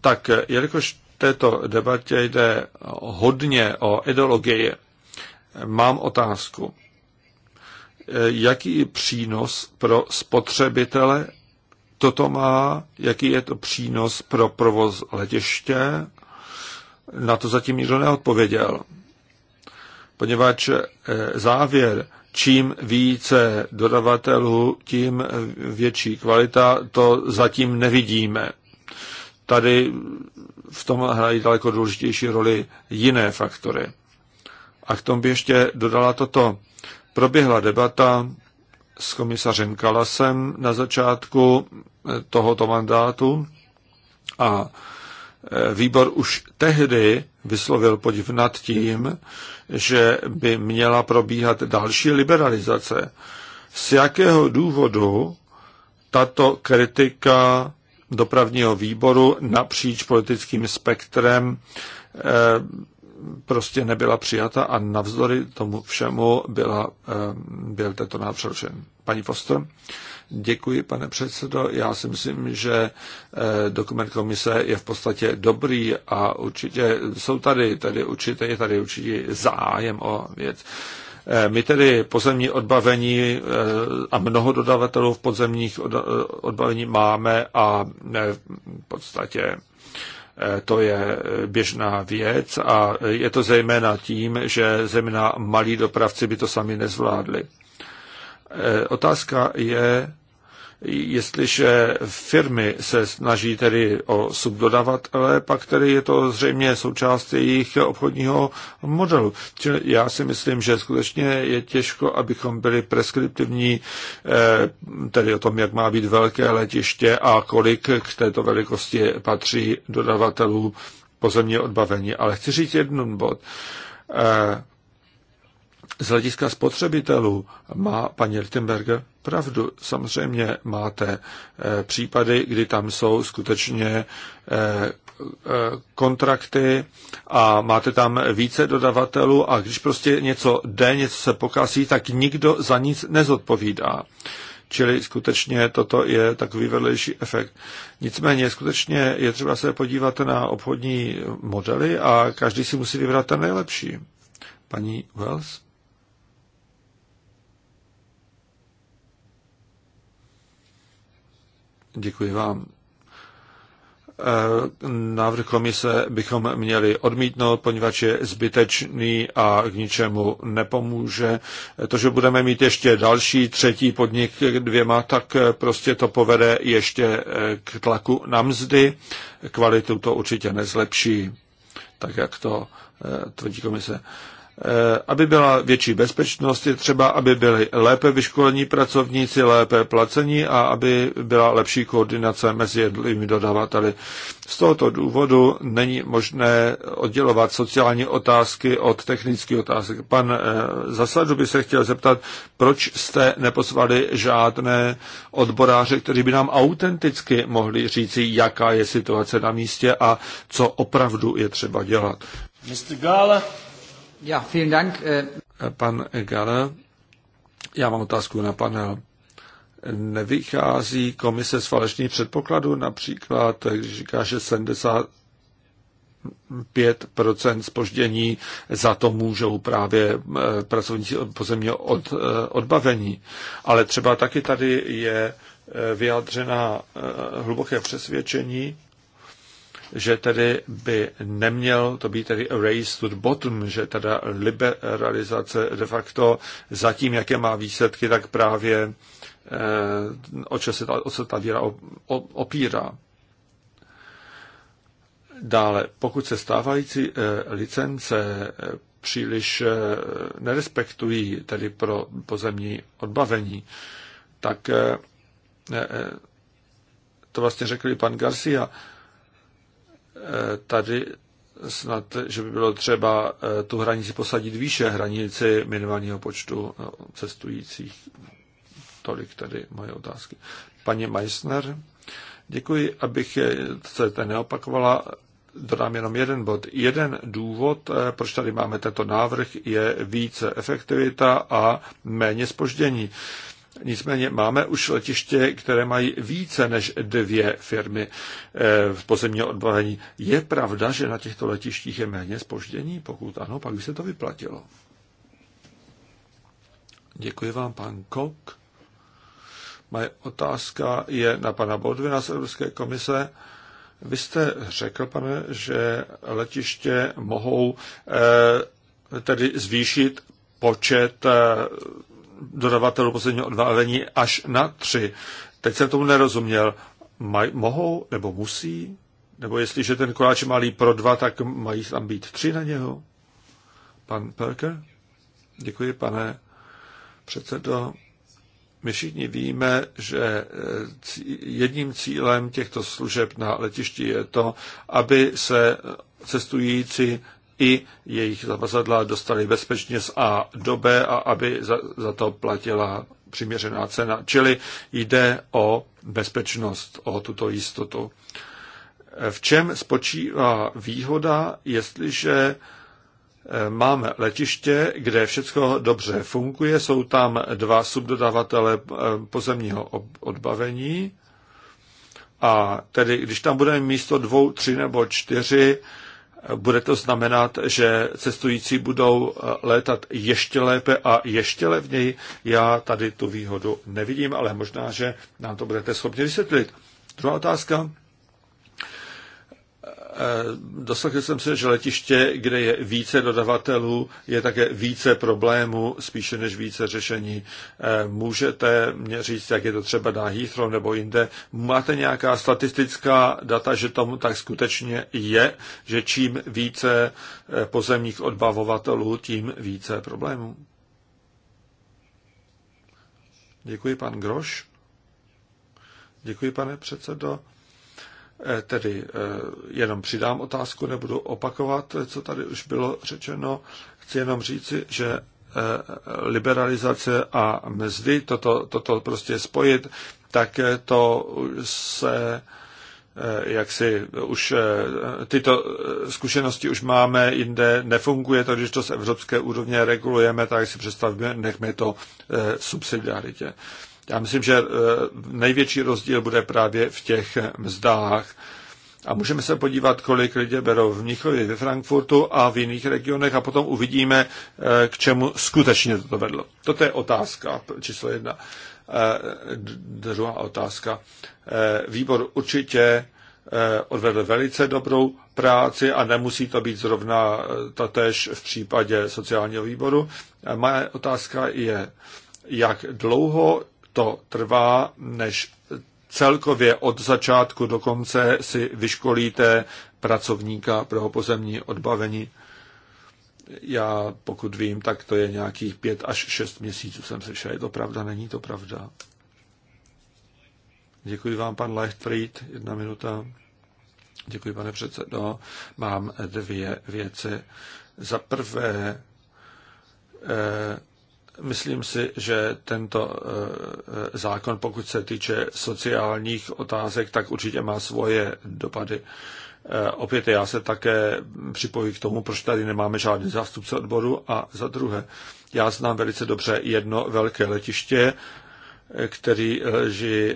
Speaker 3: Tak, jelikož v této debatě jde hodně o ideologii, mám otázku. Jaký přínos pro spotřebitele toto má, jaký je to přínos pro provoz letiště, na to zatím nikdo neodpověděl. Poněvadž eh, závěr čím více dodavatelů, tím větší kvalita, to zatím nevidíme. Tady v tom hrají daleko důležitější roli jiné faktory. A k tomu by ještě dodala toto. Proběhla debata s komisařem Kalasem na začátku tohoto mandátu a Eh, výbor už tehdy vyslovil podiv nad tím, že by měla probíhat další liberalizace. Z jakého důvodu tato kritika dopravního výboru napříč politickým spektrem eh, prostě nebyla přijata a navzdory tomu všemu byla, eh, byl tento návrh Paní Foster, Děkuji, pane předsedo. Já si myslím, že eh, dokument komise je v podstatě dobrý a určitě jsou tady, tady určitě, je tady určitě zájem o věc. Eh, my tedy pozemní odbavení eh, a mnoho dodavatelů v podzemních odbavení máme a v podstatě to je běžná věc a je to zejména tím, že zejména malí dopravci by to sami nezvládli. Eh, otázka je, jestliže firmy se snaží tedy o subdodavatele, pak tedy je to zřejmě součást jejich obchodního modelu. Čili já si myslím, že skutečně je těžko, abychom byli preskriptivní, eh, tedy o tom, jak má být velké letiště a kolik k této velikosti patří dodavatelů pozemní odbavení. Ale chci říct jeden bod. Eh, z hlediska spotřebitelů má paní Lichtenberger pravdu. Samozřejmě máte eh, případy, kdy tam jsou skutečně eh, eh, kontrakty a máte tam více dodavatelů a když prostě něco jde, něco se pokazí, tak nikdo za nic nezodpovídá. Čili skutečně toto je takový vedlejší efekt. Nicméně skutečně je třeba se podívat na obchodní modely a každý si musí vybrat ten nejlepší. Paní Wells? Děkuji vám. Eh, návrh komise bychom měli odmítnout, poněvadž je zbytečný a k ničemu nepomůže. To, že budeme mít ještě další, třetí podnik dvěma, tak prostě to povede ještě eh, k tlaku na mzdy. Kvalitu to určitě nezlepší, tak jak to eh, tvrdí komise. Eh, aby byla větší bezpečnost, je třeba, aby byly lépe vyškolení pracovníci, lépe placení a aby byla lepší koordinace mezi jednotlivými dodavateli. Z tohoto důvodu není možné oddělovat sociální otázky od technických otázek. Pan eh, Zasadu by se chtěl zeptat, proč jste neposvali žádné odboráře, kteří by nám autenticky mohli říci, jaká je situace na místě a co opravdu je třeba dělat.
Speaker 2: Mr. Gala. Ja, vielen Dank. Äh,
Speaker 3: Pan Gala, já mám otázku na panel. Nevychází komise z falešných předpokladů, například, když říká, že 70 5% spoždění za to můžou právě e, pracovníci pozemního od, e, odbavení. Ale třeba taky tady je e, vyjádřena hluboké přesvědčení, že tedy by neměl to být tedy race to the bottom, že teda liberalizace de facto zatím, jaké má výsledky, tak právě eh, o, co se se o ta víra opírá. Dále, pokud se stávající eh, licence eh, příliš eh, nerespektují tedy pro pozemní odbavení, tak eh, eh to vlastně řekl i pan Garcia, eh, Eh, tady snad, že by bylo třeba eh, tu hranici posadit výše hranici minimálního počtu no, cestujících. Tolik tady moje otázky. Paní Meissner, děkuji, abych eh, se neopakovala. Dodám jenom jeden bod. Jeden důvod, proč tady máme tento návrh, je více efektivita a méně spoždění. Nicméně máme už letiště, které mají více než dvě firmy eh, v pozemního odbavení. Je pravda, že na těchto letištích je méně spoždění? Pokud ano, pak by se to vyplatilo. Děkuji vám, pan Kok. Moje otázka je na pana Bodvina z Evropské komise. Vy jste řekl, pane, že letiště mohou eh, tedy zvýšit počet eh, dodavatelů posledního odválení až na tři. Teď jsem tomu nerozuměl. Maj, mohou nebo musí? Nebo jestliže ten koláč je malý pro dva, tak mají tam být tři na něho? Pan Perker? Děkuji, pane předsedo. My všichni víme, že eh, jedním cílem těchto služeb na letišti je to, aby se eh, cestující i jejich zavazadla dostali bezpečně z A do B a aby za, za to platila přiměřená cena. Čili jde o bezpečnost, o tuto jistotu. V čem spočívá výhoda, jestliže eh, máme letiště, kde všechno dobře funguje, jsou tam dva subdodavatele eh, pozemního odbavení a tedy když tam budeme místo dvou, tři nebo čtyři bude to znamenat, že cestující budou eh, létat ještě lépe a ještě levněji? Já tady tu výhodu nevidím, ale možná, že nám to budete schopni vysvětlit. Druhá otázka. Eh, doslechl jsem se, že letiště, kde je více dodavatelů, je také více problémů, spíše než více řešení. Eh, můžete mě říct, jak je to třeba na Heathrow nebo jinde? Máte nějaká statistická data, že tomu tak skutečně je, že čím více eh, pozemních odbavovatelů, tím více problémů? Děkuji, pan Groš. Děkuji, pane předsedo. Eh, tedy eh, jenom přidám otázku, nebudu opakovat, co tady už bylo řečeno. Chci jenom říci, že eh, liberalizace a mezdy, toto, toto prostě spojit, tak to se jak si už tyto zkušenosti už máme, jinde nefunguje to, když to z evropské úrovně regulujeme, tak si představíme, nechme to subsidiaritě. Já myslím, že eh, největší rozdíl bude právě v těch mzdách. A můžeme se podívat, kolik lidé berou v Mnichově, ve Frankfurtu a v jiných regionech a potom uvidíme, eh, k čemu skutečně to vedlo. Toto je otázka číslo jedna. Eh, druhá otázka. Výbor určitě odvedl velice dobrou práci a nemusí to být zrovna tatež v případě sociálního výboru. Moje otázka je, jak dlouho to trvá, než celkově od začátku do konce si vyškolíte pracovníka pro pozemní odbavení. Já, pokud vím, tak to je nějakých pět až šest měsíců jsem slyšel. Je to pravda, není to pravda? Děkuji vám, pan Leichtfried. Jedna minuta. Děkuji, pane předsedo. Mám dvě věci. Za prvé, eh, Myslím si, že tento eh, eh, zákon, pokud se týče sociálních otázek, tak určitě má svoje dopady. Eh, opět já se také připojí k tomu, proč tady nemáme žádný zástupce odboru. A za druhé, já znám velice dobře jedno velké letiště, který leží,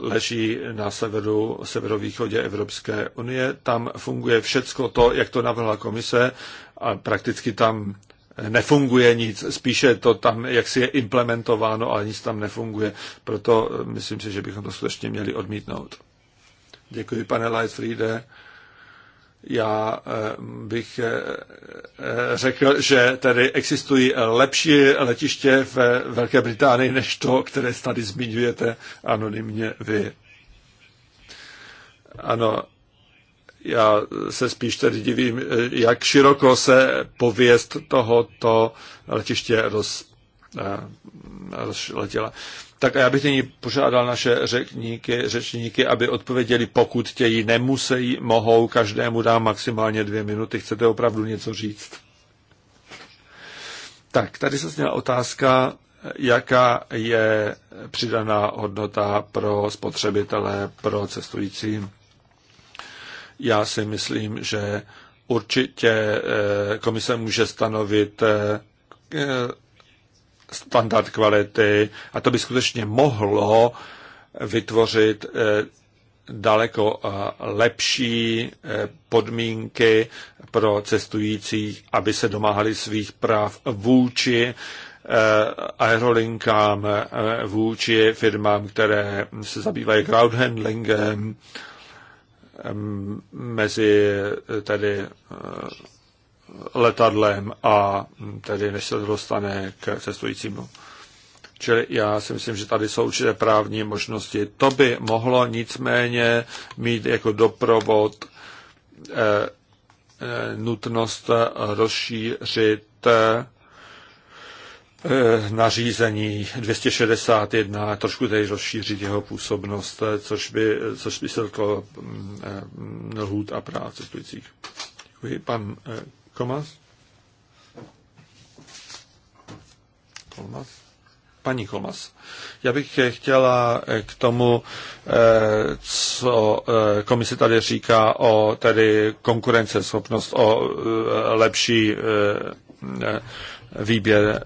Speaker 3: leží na severu, severovýchodě Evropské unie. Tam funguje všecko to, jak to navrhla komise a prakticky tam nefunguje nic, spíše to tam, jak si je implementováno, ale nic tam nefunguje. Proto eh, myslím si, že bychom to skutečně měli odmítnout. Děkuji, pane Lightfriede. Já eh, bych eh, řekl, že tady existují lepší letiště v Velké Británii než to, které tady zmiňujete anonymně vy. Ano, já se spíš tedy divím, jak široko se pověst tohoto letiště roz, eh, rozletěla. Tak a já bych nyní požádal naše řekníky, řečníky, aby odpověděli, pokud tějí nemusí, mohou, každému dám maximálně dvě minuty. Chcete opravdu něco říct? Tak, tady se sněla otázka, jaká je přidaná hodnota pro spotřebitele, pro cestující. Já si myslím, že určitě eh, komise může stanovit eh, standard kvality a to by skutečně mohlo vytvořit eh, daleko lepší podmínky pro cestující, aby se domáhali svých práv vůči aerolinkám, vůči firmám, které se zabývají crowdhandlingem mezi eh, tedy eh, letadlem a mm, tedy než se dostane k cestujícímu. Čili já si myslím, že tady jsou určité právní možnosti. To by mohlo nicméně mít jako doprovod eh, nutnost rozšířit Eh, nařízení 261 trošku tady rozšířit jeho působnost, eh, což by, eh, což by se dotklo mm, lhůt a práv cestujících. Děkuji. Pan Komas? Kolmas? Paní Kolmas. Já bych chtěla k tomu, co komise tady říká o tedy konkurenceschopnost, o lepší výběr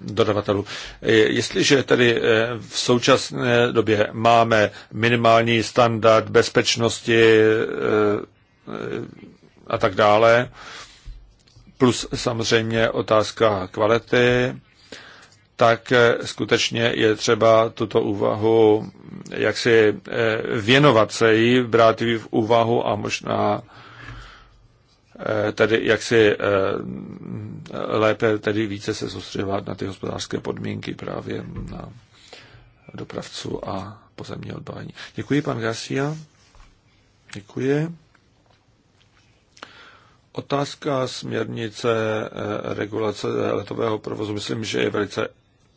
Speaker 3: dodavatelů. E, jestliže tedy e, v současné době máme minimální standard bezpečnosti e, a tak dále, plus samozřejmě otázka kvality, tak skutečně je třeba tuto úvahu jak si věnovat se jí, brát ji v úvahu a možná Eh, tedy jak si eh, lépe, tedy více se soustředovat na ty hospodářské podmínky právě na dopravců a pozemní odbání. Děkuji, pan Garcia. Děkuji. Otázka směrnice eh, regulace letového provozu, myslím, že je velice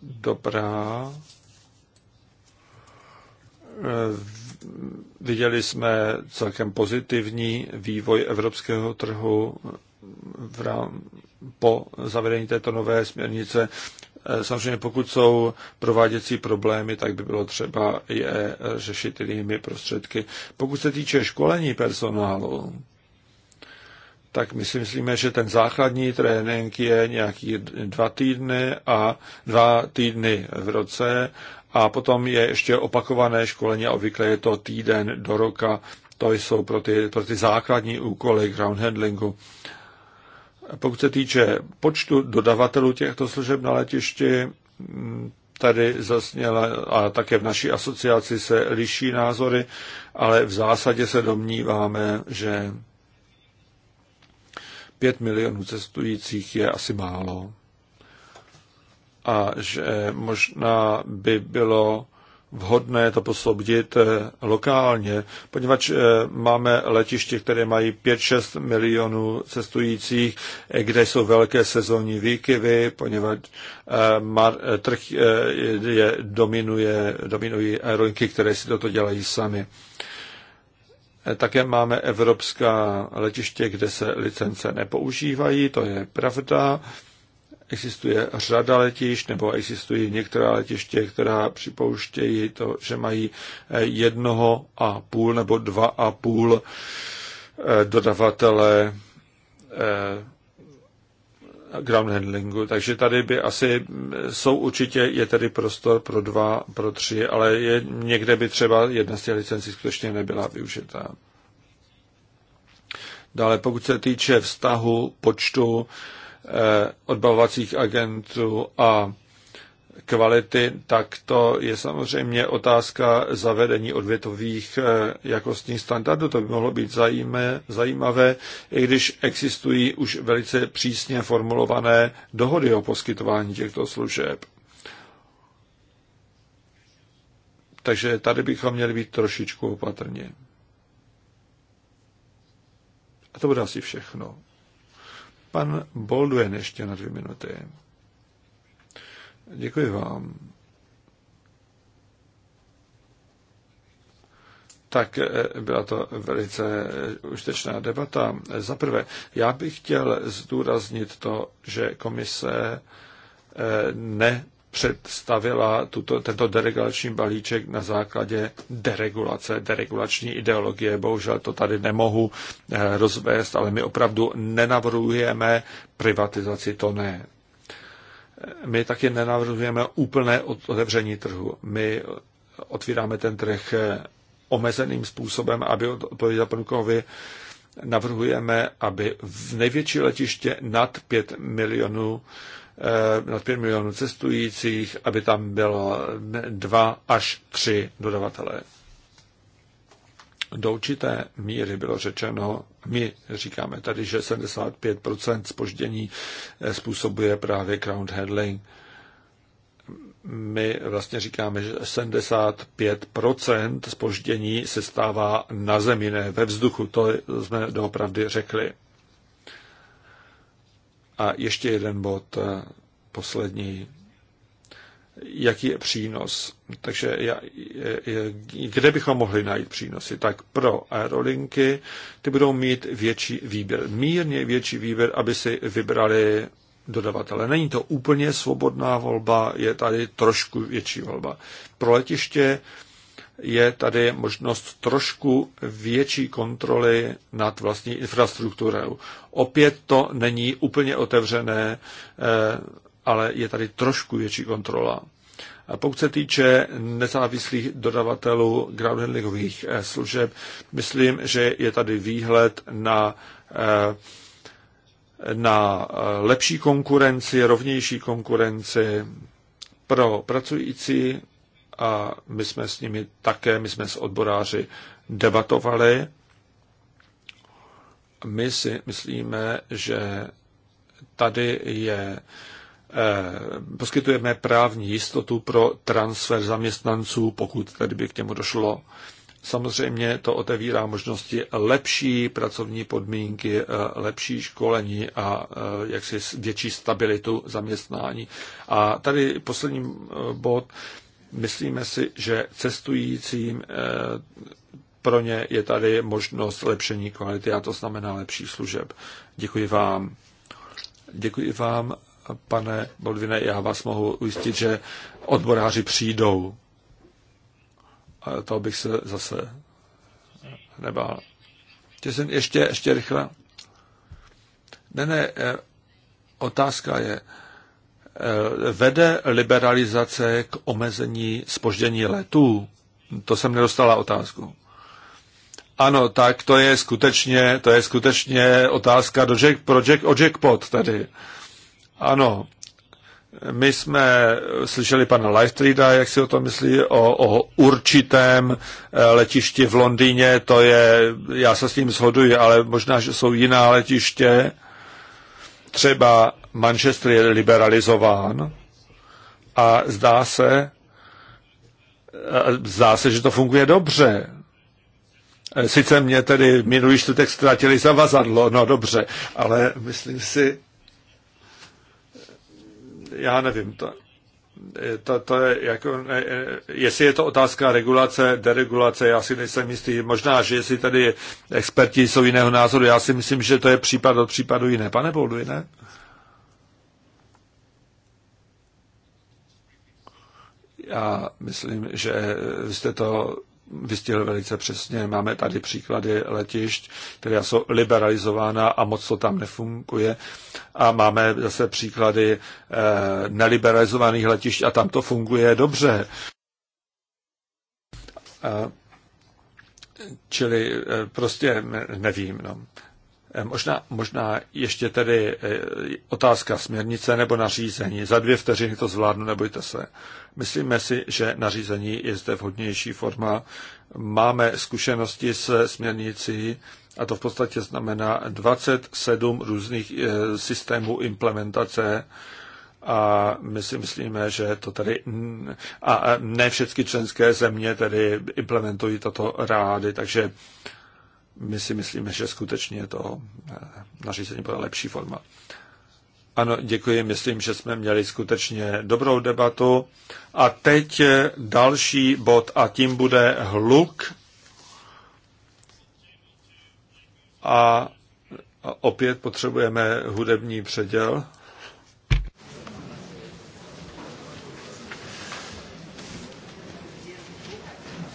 Speaker 3: dobrá Viděli jsme celkem pozitivní vývoj evropského trhu v rám, po zavedení této nové směrnice. Eh, samozřejmě pokud jsou prováděcí problémy, tak by bylo třeba je řešit jinými prostředky. Pokud se týče školení personálu, tak my si myslíme, že ten základní trénink je nějaký dva týdny a dva týdny v roce a potom je ještě opakované školení a obvykle je to týden do roka. To jsou pro ty, pro ty základní úkoly ground handlingu. Pokud se týče počtu dodavatelů těchto služeb na letišti, tady zasněla a také v naší asociaci se liší názory, ale v zásadě se domníváme, že 5 milionů cestujících je asi málo a že možná by bylo vhodné to posoudit eh, lokálně, poněvadž eh, máme letiště, které mají 5-6 milionů cestujících, eh, kde jsou velké sezónní výkyvy, poněvadž trh je, dominuje, dominují aerolinky, které si toto dělají sami. Také máme evropská letiště, kde se licence nepoužívají, to je pravda. Existuje řada letišť, nebo existují některá letiště, která připouštějí to, že mají eh, jednoho a půl nebo dva a půl eh, dodavatele eh, ground handlingu. Takže tady by asi jsou určitě, je tady prostor pro dva, pro tři, ale je, někde by třeba jedna z těch licencí skutečně nebyla využitá. Dále, pokud se týče vztahu počtu Eh, odbavovacích agentů a kvality, tak to je samozřejmě otázka zavedení odvětových eh, jakostních standardů. To by mohlo být zajímavé, i když existují už velice přísně formulované dohody o poskytování těchto služeb. Takže tady bychom měli být trošičku opatrně. A to bude asi všechno. Pan Bolduen ještě na dvě minuty. Děkuji vám. tak eh, byla to velice eh, užitečná debata. Eh, za prvé, já bych chtěl zdůraznit to, že komise ne představila tuto, tento deregulační balíček na základě deregulace, deregulační ideologie. Bohužel to tady nemohu eh, rozvést, ale my opravdu nenavrhujeme privatizaci, to ne. Eh, my taky nenavrhujeme úplné otevření trhu. My otvíráme ten trh eh, omezeným způsobem, aby odpověděl panu Kovi, navrhujeme, aby v největší letiště nad 5 milionů Eh, nad 5 milionů cestujících, aby tam bylo dva až tři dodavatelé. Do určité míry bylo řečeno, my říkáme tady, že 75% spoždění eh, způsobuje právě ground handling. My vlastně říkáme, že 75% spoždění se stává na zemi, ne ve vzduchu. To jsme doopravdy řekli. A ještě jeden bod, eh, poslední. Jaký je přínos? Takže kde bychom mohli najít přínosy? Tak pro aerolinky ty budou mít větší výběr, mírně větší výběr, aby si vybrali dodavatele. Není to úplně svobodná volba, je tady trošku větší volba. Pro letiště je tady možnost trošku větší kontroly nad vlastní infrastrukturou. Opět to není úplně otevřené, eh, ale je tady trošku větší kontrola. A pokud se týče nezávislých dodavatelů groundhandlingových eh, služeb, myslím, že je tady výhled na, eh, na lepší konkurenci, rovnější konkurenci pro pracující a my jsme s nimi také, my jsme s odboráři debatovali. My si myslíme, že tady je eh, poskytujeme právní jistotu pro transfer zaměstnanců, pokud tedy by k němu došlo. Samozřejmě to otevírá možnosti lepší pracovní podmínky, eh, lepší školení a eh, jaksi větší stabilitu zaměstnání. A tady poslední bod, Myslíme si, že cestujícím eh, pro ně je tady možnost lepšení kvality a to znamená lepší služeb. Děkuji vám. Děkuji vám, pane Boldvine. Já vás mohu ujistit, že odboráři přijdou. A to bych se zase nebál. Jason, ještě, ještě rychle. Ne, ne, eh, otázka je, Eh, vede liberalizace k omezení spoždění letů? To jsem nedostala otázku. Ano, tak to je skutečně, to je skutečně otázka do jack, pro jack, o jackpot tady. Ano, my jsme slyšeli pana Lightreada, jak si o tom myslí, o, o určitém eh, letišti v Londýně, to je, já se s tím shoduji, ale možná, že jsou jiná letiště, třeba Manchester je liberalizován a zdá se, zdá se, že to funguje dobře. Sice mě tedy minulý čtvrtek ztratili zavazadlo, no dobře, ale myslím si, já nevím, to, to, to je jako, jestli je to otázka regulace, deregulace, já si nejsem jistý. Možná, že jestli tady experti jsou jiného názoru, já si myslím, že to je případ od případu jiné. Pane Boldu, ne? Já myslím, že jste to vystihl velice přesně. Máme tady příklady letišť, která jsou liberalizována a moc to tam nefunguje. A máme zase příklady eh, neliberalizovaných letišť a tam to funguje dobře. A, čili eh, prostě nevím. No. Eh, možná, možná ještě tedy eh, otázka směrnice nebo nařízení. Za dvě vteřiny to zvládnu, nebojte se. Eh, Myslíme si, že nařízení je zde vhodnější forma. Máme zkušenosti se směrnicí a to v podstatě znamená 27 různých eh, systémů implementace a my si myslíme, že to tady a ne všechny členské země tedy implementují tato rády, takže my si myslíme, že skutečně to eh, nařízení bude lepší forma. Ano, děkuji. Myslím, že jsme měli skutečně dobrou debatu. A teď další bod a tím bude hluk. A opět potřebujeme hudební předěl.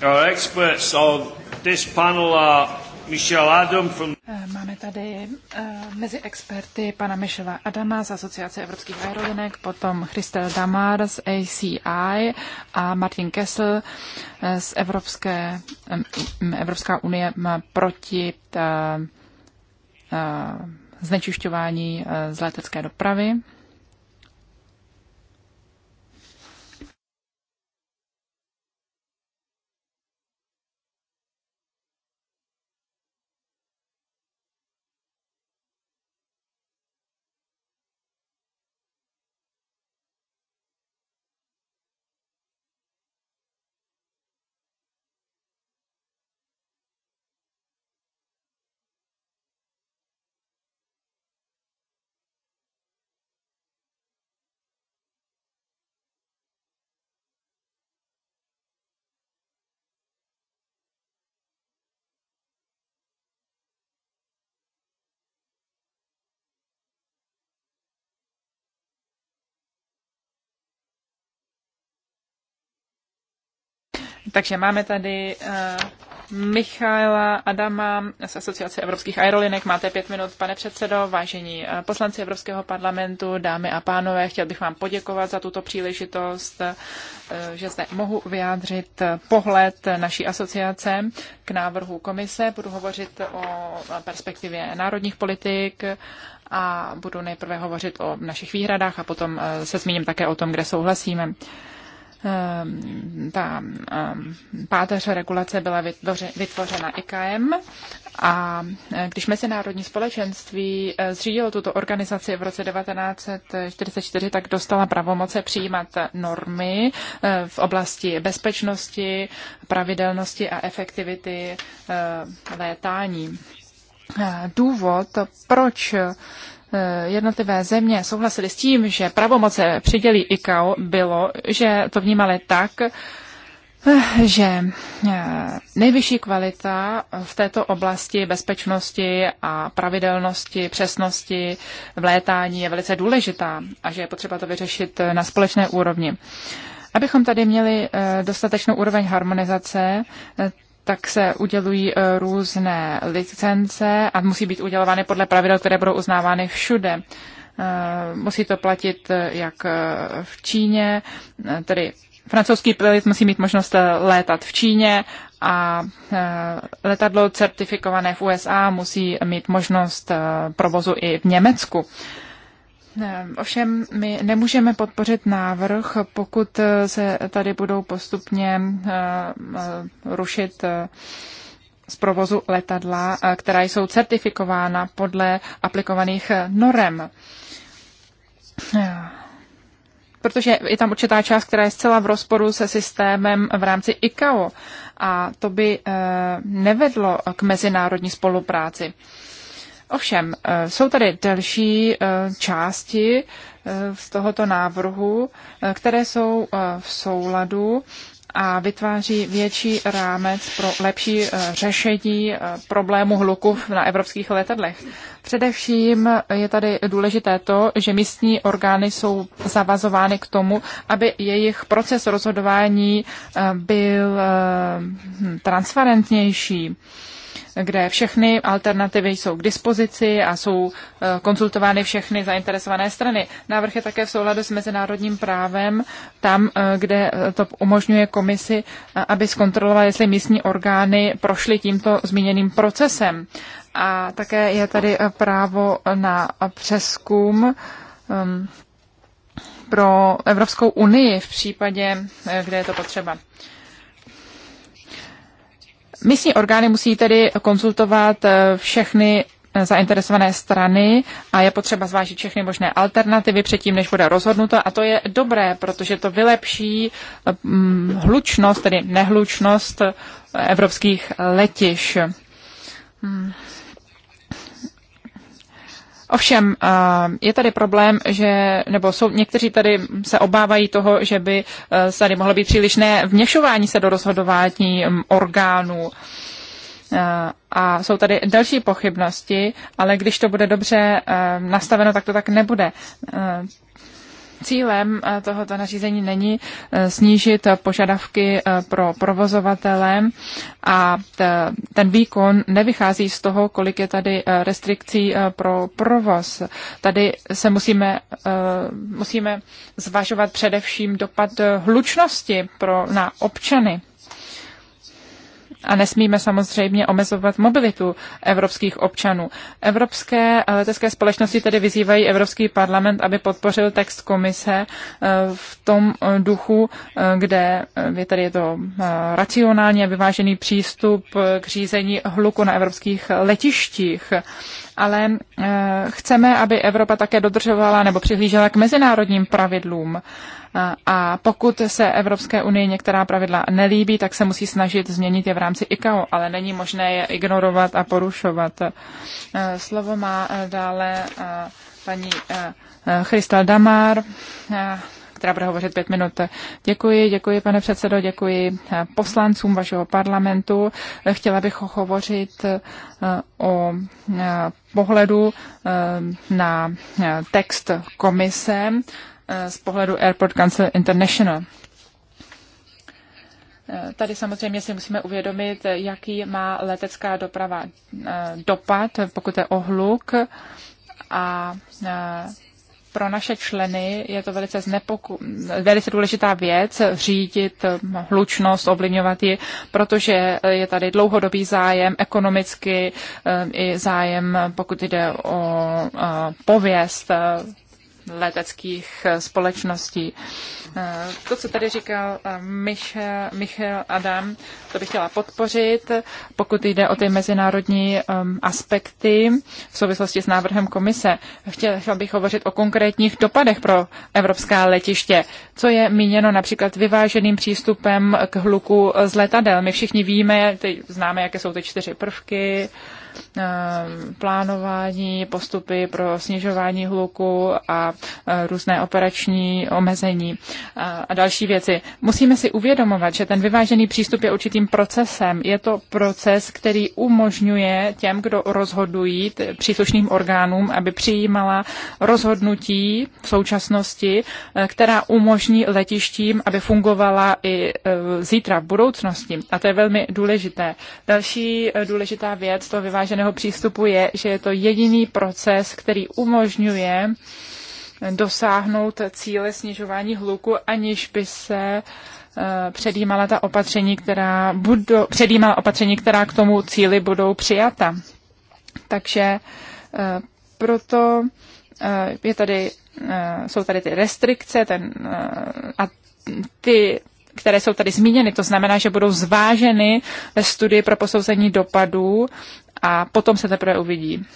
Speaker 3: Our experts on this panel are Michel Adam from...
Speaker 2: Eh, máme tady uh, mezi experty pana Michela Adama z Asociace evropských aerolinek, potom Christel Damar z ACI a Martin Kessel eh, z Evropské, um, Evropská unie proti uh, uh, znečišťování z letecké dopravy. Takže máme tady eh, Michaela Adama z Asociace evropských aerolinek. Máte pět minut, pane předsedo, vážení eh, poslanci Evropského parlamentu, dámy a pánové. Chtěl bych vám poděkovat za tuto příležitost, eh, že zde mohu vyjádřit pohled naší asociace k návrhu komise. Budu hovořit o perspektivě národních politik a budu nejprve hovořit o našich výhradách a potom se zmíním také o tom, kde souhlasíme. Ehm, ta ehm, páteř regulace byla vytvořena IKM a e, když mezinárodní společenství e, zřídilo tuto organizaci v roce 1944, tak dostala pravomoce přijímat normy e, v oblasti bezpečnosti, pravidelnosti a efektivity létání důvod, proč Eh, jednotlivé země souhlasily s tím, že pravomoce přidělí ICAO, bylo, že to vnímali tak, eh, že eh, nejvyšší kvalita v této oblasti bezpečnosti a pravidelnosti, přesnosti létání je velice důležitá a že je potřeba to vyřešit na společné úrovni. Abychom tady měli dostatečnou úroveň harmonizace, tak se udělují eh, různé licence a musí být udělovány podle pravidel, které budou uznávány všude. Eh, musí to platit eh, jak v Číně, tedy francouzský pilot musí mít možnost létat v Číně a letadlo certifikované v USA musí mít možnost provozu i v Německu. Ehm, ovšem my nemůžeme podpořit návrh, pokud eh, se tady budou postupně eh, eh, rušit z provozu letadla, která jsou certifikována podle aplikovaných norem. Protože je tam určitá část, která je zcela v rozporu se systémem v rámci ICAO a to by nevedlo k mezinárodní spolupráci. Ovšem, eh, jsou tady další eh, části eh, z tohoto návrhu, které jsou v souladu a vytváří větší rámec pro lepší řešení problému hluku na evropských letadlech. Především je tady důležité to, že místní orgány jsou zavazovány k tomu, aby jejich proces rozhodování byl hm, transparentnější kde všechny alternativy jsou k dispozici a jsou eh, konzultovány všechny zainteresované strany. Návrh je také v souladu s mezinárodním právem, tam, eh, kde eh, to umožňuje komisi, aby zkontrolovala, jestli místní orgány prošly tímto zmíněným procesem. A také je tady právo na přeskum ehm, pro Evropskou unii v případě, kde je to potřeba. Místní orgány musí tedy konzultovat eh, všechny eh, zainteresované strany a je potřeba zvážit všechny možné alternativy předtím, než bude rozhodnuto. A to je dobré, protože to vylepší eh, mm, hlučnost, tedy nehlučnost evropských letiš. Hmm. Ovšem, eh, je tady problém, že, nebo jsou, někteří tady se obávají toho, že by eh, tady mohlo být přílišné vněšování se do rozhodování mm, orgánů. Eh, a jsou tady další pochybnosti, ale když to bude dobře nastaveno, tak to tak nebude. Cílem eh, tohoto nařízení není eh, snížit požadavky eh, pro provozovatele a ten výkon nevychází z toho, kolik je tady restrikcí pro provoz. Tady se musíme, musíme zvažovat především dopad hlučnosti pro, na občany a nesmíme samozřejmě omezovat mobilitu evropských občanů. Evropské eh, letecké společnosti tedy vyzývají Evropský parlament, aby podpořil text komise eh, v tom eh, duchu, kde je tady to racionálně vyvážený přístup k řízení hluku na evropských letištích ale eh, chceme, aby Evropa také dodržovala nebo přihlížela k mezinárodním pravidlům. Eh, a pokud se Evropské unii některá pravidla nelíbí, tak se musí snažit změnit je v rámci ICAO, ale není možné je ignorovat a porušovat. Eh, slovo má dále paní Christel Damar která bude hovořit pět minut. Děkuji, děkuji, pane předsedo, děkuji eh, poslancům vašeho parlamentu. Eh, chtěla bych hovořit eh, o pohledu na text komise z pohledu Airport Council International. Tady samozřejmě si musíme uvědomit, jaký má letecká doprava dopad, pokud je ohluk a pro naše členy je to velice, znepoku, velice důležitá věc řídit hm, hlučnost, ovlivňovat ji, protože eh, je tady dlouhodobý zájem ekonomicky eh, i zájem, pokud jde o eh, pověst leteckých společností. Eh, to, co tady říkal eh, Michal Adam, to bych chtěla podpořit, pokud jde o ty mezinárodní aspekty v souvislosti s návrhem komise. Chtěla bych hovořit o konkrétních dopadech pro evropská letiště. Co je míněno například vyváženým přístupem k hluku z letadel? My všichni víme, známe, jaké jsou ty čtyři prvky, Eh, plánování, postupy pro snižování hluku a eh, různé operační omezení eh, a další věci. Musíme si uvědomovat, že ten vyvážený přístup je určitým procesem. Je to proces, který umožňuje těm, kdo rozhodují příslušným orgánům, aby přijímala rozhodnutí v současnosti, která umožní letištím, aby fungovala i zítra v budoucnosti. A to je velmi důležité. Další důležitá věc to vyvážení vyváženého přístupu je, že je to jediný proces, který umožňuje dosáhnout cíle snižování hluku, aniž by se eh, předjímala ta opatření, která budou, předjímala opatření, která k tomu cíli budou přijata. Takže eh, proto eh, je tady, jsou tady ty restrikce ten, a ty které jsou tady zmíněny. To znamená, že budou zváženy ve studii pro posouzení dopadů a potom se teprve uvidí.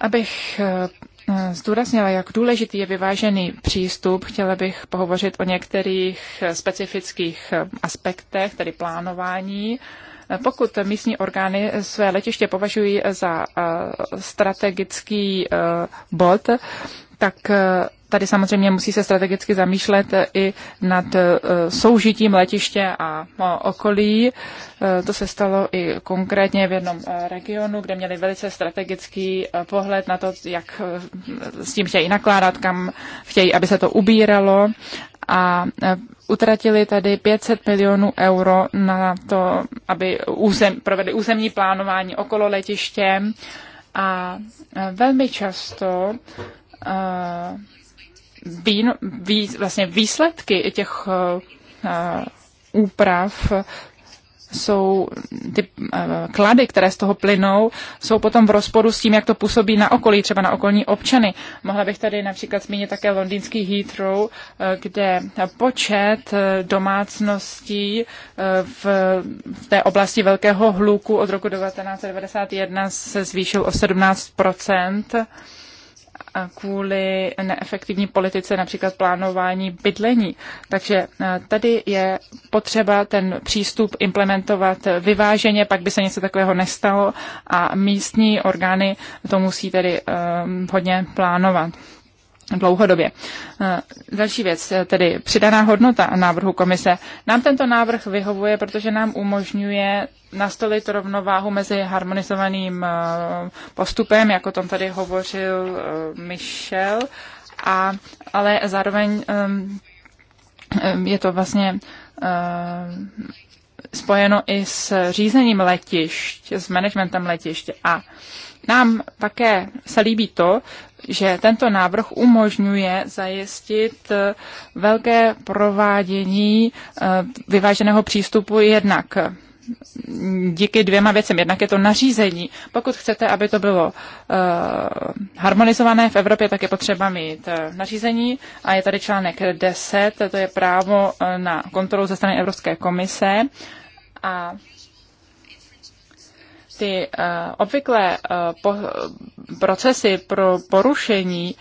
Speaker 2: Abych eh, zdůraznila, jak důležitý je vyvážený přístup, chtěla bych pohovořit o některých specifických aspektech, tedy plánování. Pokud místní orgány své letiště považují za eh, strategický eh, bod, tak tady samozřejmě musí se strategicky zamýšlet eh, i nad eh, soužitím letiště a eh, okolí. To se stalo i konkrétně v jednom regionu, kde měli velice strategický pohled na to, jak s tím chtějí nakládat, kam chtějí, aby se to ubíralo. A utratili tady 500 milionů euro na to, aby územ, provedli územní plánování okolo letiště. A velmi často vý, vlastně výsledky těch uh, úprav jsou ty eh, klady, které z toho plynou, jsou potom v rozporu s tím, jak to působí na okolí, třeba na okolní občany. Mohla bych tady například zmínit také londýnský Heathrow, kde počet domácností v té oblasti velkého hluku od roku 1991 se zvýšil o 17 kvůli neefektivní politice, například plánování bydlení. Takže eh, tady je potřeba ten přístup implementovat vyváženě, pak by se něco takového nestalo a místní orgány to musí tedy eh, hodně plánovat dlouhodobě. Eh, další věc, eh, tedy přidaná hodnota návrhu komise. Nám tento návrh vyhovuje, protože nám umožňuje nastolit rovnováhu mezi harmonizovaným eh, postupem, jako tom tady hovořil Michel, a, ale zároveň ehm, ehm, je to vlastně ehm, spojeno i s řízením letišť, s managementem letiště. A nám také se líbí to, že tento návrh umožňuje zajistit eh, velké provádění eh, vyváženého přístupu jednak mm, díky dvěma věcem. Jednak je to nařízení. Pokud chcete, aby to bylo eh, harmonizované v Evropě, tak je potřeba mít nařízení. A je tady článek 10, to je právo na kontrolu ze strany Evropské komise. A ty eh, obvyklé eh, procesy pro porušení,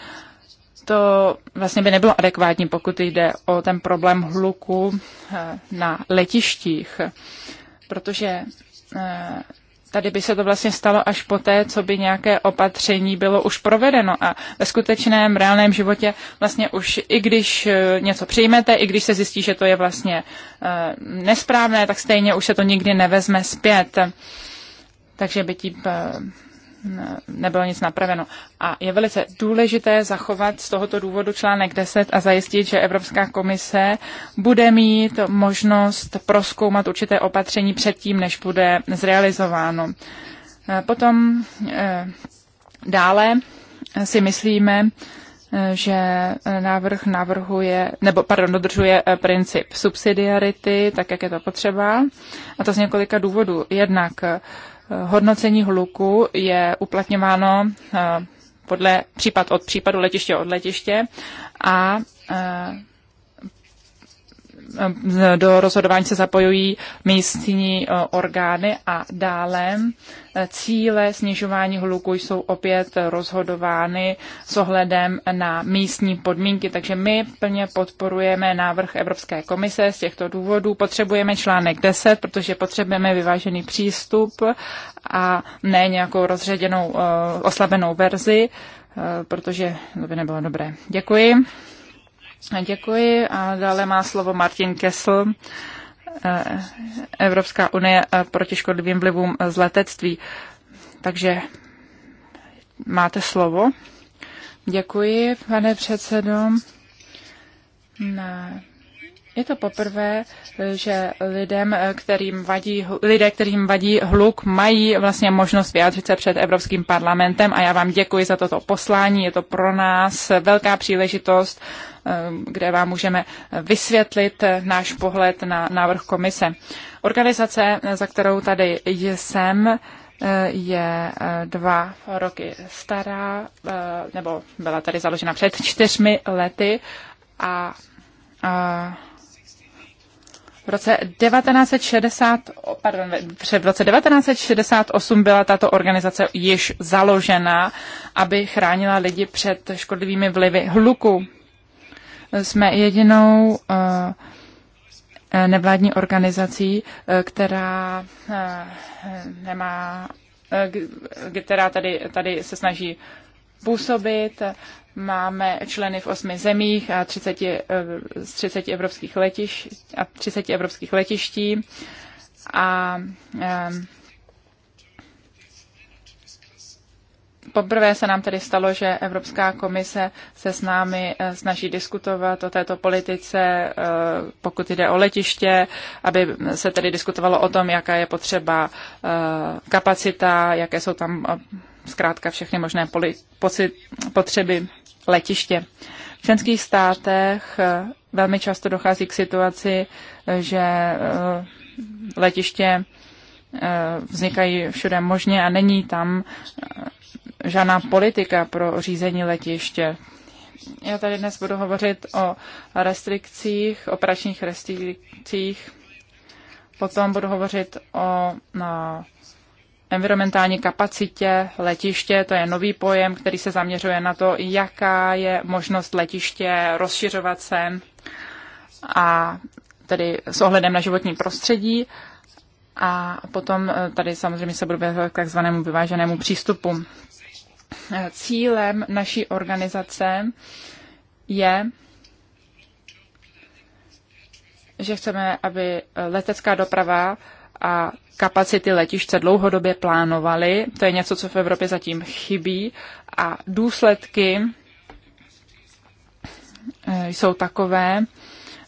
Speaker 2: to vlastně by nebylo adekvátní, pokud jde o ten problém hluku eh, na letištích, protože tady by se to vlastně stalo až poté, co by nějaké opatření bylo už provedeno a ve skutečném reálném životě vlastně už i když něco přijmete, i když se zjistí, že to je vlastně nesprávné, tak stejně už se to nikdy nevezme zpět takže by tím eh, nebylo nic napraveno. A je velice důležité zachovat z tohoto důvodu článek 10 a zajistit, že Evropská komise bude mít možnost proskoumat určité opatření předtím, než bude zrealizováno. Eh, potom eh, dále si myslíme, že návrh navrhuje, nebo pardon, dodržuje princip subsidiarity, tak jak je to potřeba. A to z několika důvodů. Jednak hodnocení hluku je uplatňováno eh, podle případ od případu, letiště od letiště a eh, Eh, do rozhodování se zapojují místní eh, orgány a dále eh, cíle snižování hluku jsou opět rozhodovány s ohledem na místní podmínky. Takže my plně podporujeme návrh Evropské komise z těchto důvodů. Potřebujeme článek 10, protože potřebujeme vyvážený přístup a ne nějakou rozředěnou, oslabenou verzi, protože to by nebylo dobré. Děkuji. Děkuji a dále má slovo Martin Kessel, eh, Evropská unie eh, proti škodlivým vlivům eh, z letectví. Takže máte slovo. Děkuji, pane předsedo. Ne. Je to poprvé, že lidem, kterým vadí, lidé, kterým vadí hluk, mají vlastně možnost vyjádřit se před Evropským parlamentem a já vám děkuji za toto poslání. Je to pro nás velká příležitost, eh, kde vám můžeme vysvětlit náš pohled na návrh komise. Organizace, za kterou tady jsem, eh, je eh, dva roky stará, nebo byla tady založena před čtyřmi lety a, a v roce 1960, pardon, před roce 1968 byla tato organizace již založena, aby chránila lidi před škodlivými vlivy hluku. Jsme jedinou eh, nevládní organizací, eh, která eh, nemá která tady, tady se snaží působit. Máme členy v osmi zemích a 30, eh, z 30 evropských, letiš, a 30 evropských letiští. A eh, poprvé se nám tedy stalo, že Evropská komise se s námi eh, snaží diskutovat o této politice, pokud jde o letiště, aby se tedy diskutovalo o tom, jaká je potřeba kapacita, jaké jsou tam zkrátka všechny možné poli, pocit, potřeby letiště. V členských státech eh, velmi často dochází k situaci, eh, že eh, letiště vznikají všude možně a není tam žádná politika pro řízení letiště. Já tady dnes budu hovořit o restrikcích, operačních restrikcích, potom budu hovořit o na environmentální kapacitě letiště, to je nový pojem, který se zaměřuje na to, jaká je možnost letiště rozšiřovat se a tedy s ohledem na životní prostředí. A potom eh, tady samozřejmě se bude k takzvanému vyváženému přístupu. Eh, cílem naší organizace je, že chceme, aby eh, letecká doprava a kapacity letišť se dlouhodobě plánovaly. To je něco, co v Evropě zatím chybí. A důsledky eh, jsou takové,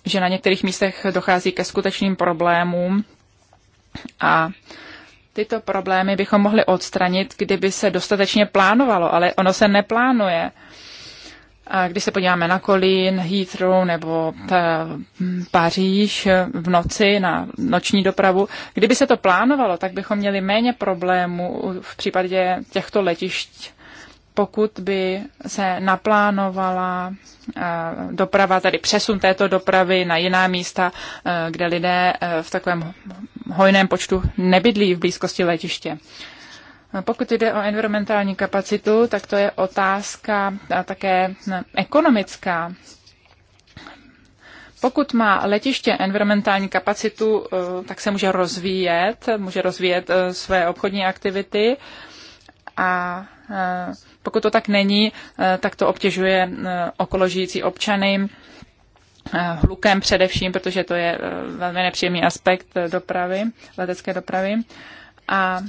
Speaker 2: že na některých místech dochází ke skutečným problémům a tyto problémy bychom mohli odstranit, kdyby se dostatečně plánovalo, ale ono se neplánuje. A když se podíváme na Kolín, Heathrow nebo eh, Paříž eh, v noci na noční dopravu, kdyby se to plánovalo, tak bychom měli méně problémů v případě těchto letišť, pokud by se naplánovala eh, doprava, tedy přesun této dopravy na jiná místa, kde lidé v takovém hojném počtu nebydlí v blízkosti letiště. Pokud jde o environmentální kapacitu, tak to je otázka také hm, ekonomická. Pokud má letiště environmentální kapacitu, eh, tak se může rozvíjet, může rozvíjet eh, své obchodní aktivity a eh, pokud to tak není, tak to obtěžuje okolo žijící občany hlukem především, protože to je velmi nepříjemný aspekt dopravy, letecké dopravy. A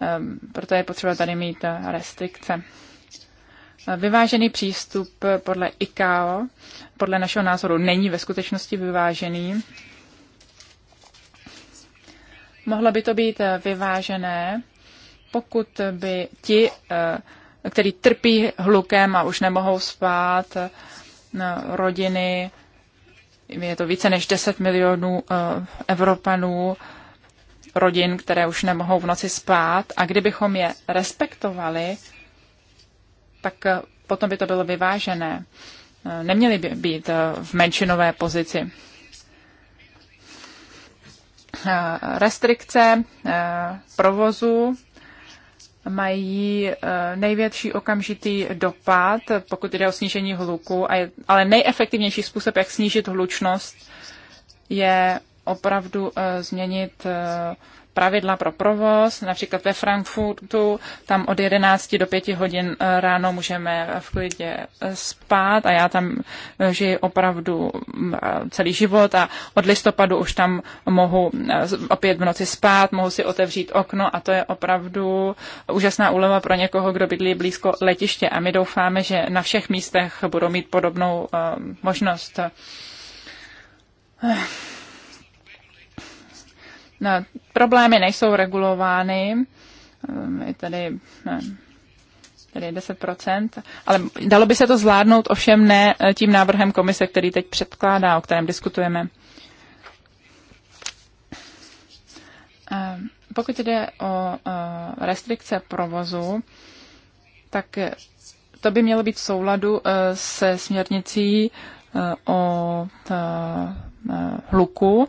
Speaker 2: Ehm, proto je potřeba tady mít eh, restrikce. Eh, vyvážený přístup eh, podle ICAO podle našeho názoru není ve skutečnosti vyvážený. Mohlo by to být vyvážené, pokud by ti, který trpí hlukem a už nemohou spát, rodiny, je to více než 10 milionů Evropanů, rodin, které už nemohou v noci spát a kdybychom je respektovali, tak eh, potom by to bylo vyvážené. Eh, Neměli by být eh, v menšinové pozici. Restrikce provozu mají největší okamžitý dopad, pokud jde o snížení hluku, ale nejefektivnější způsob, jak snížit hlučnost, je opravdu eh, změnit eh, pravidla pro provoz. Například ve Frankfurtu tam od 11 do 5 hodin eh, ráno můžeme v klidě spát a já tam žiji opravdu mm, celý život a od listopadu už tam mohu opět v noci spát, mohu si otevřít okno a to je opravdu úžasná úleva pro někoho, kdo bydlí blízko letiště a my doufáme, že na všech místech budou mít podobnou možnost na, problémy nejsou regulovány, ehm, je tady, ne, tady 10%, ale dalo by se to zvládnout, ovšem ne eh, tím návrhem komise, který teď předkládá, o kterém diskutujeme. Ehm, pokud jde o eh, restrikce provozu, tak to by mělo být v souladu eh, se směrnicí o hluku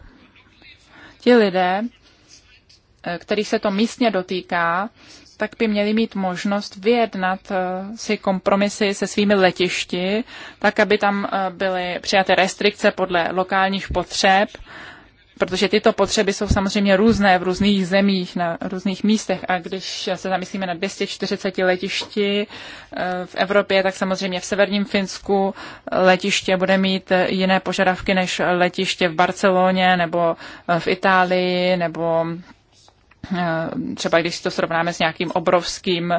Speaker 2: ti lidé, eh, kterých se to místně dotýká, tak by měli mít možnost vyjednat eh, si kompromisy se svými letišti, tak aby tam eh, byly přijaté restrikce podle lokálních potřeb protože tyto potřeby jsou samozřejmě různé v různých zemích, na různých místech. A když se zamyslíme na 240 letišti eh, v Evropě, tak samozřejmě v severním Finsku letiště bude mít jiné požadavky než letiště v Barceloně nebo eh, v Itálii nebo eh, třeba když si to srovnáme s nějakým obrovským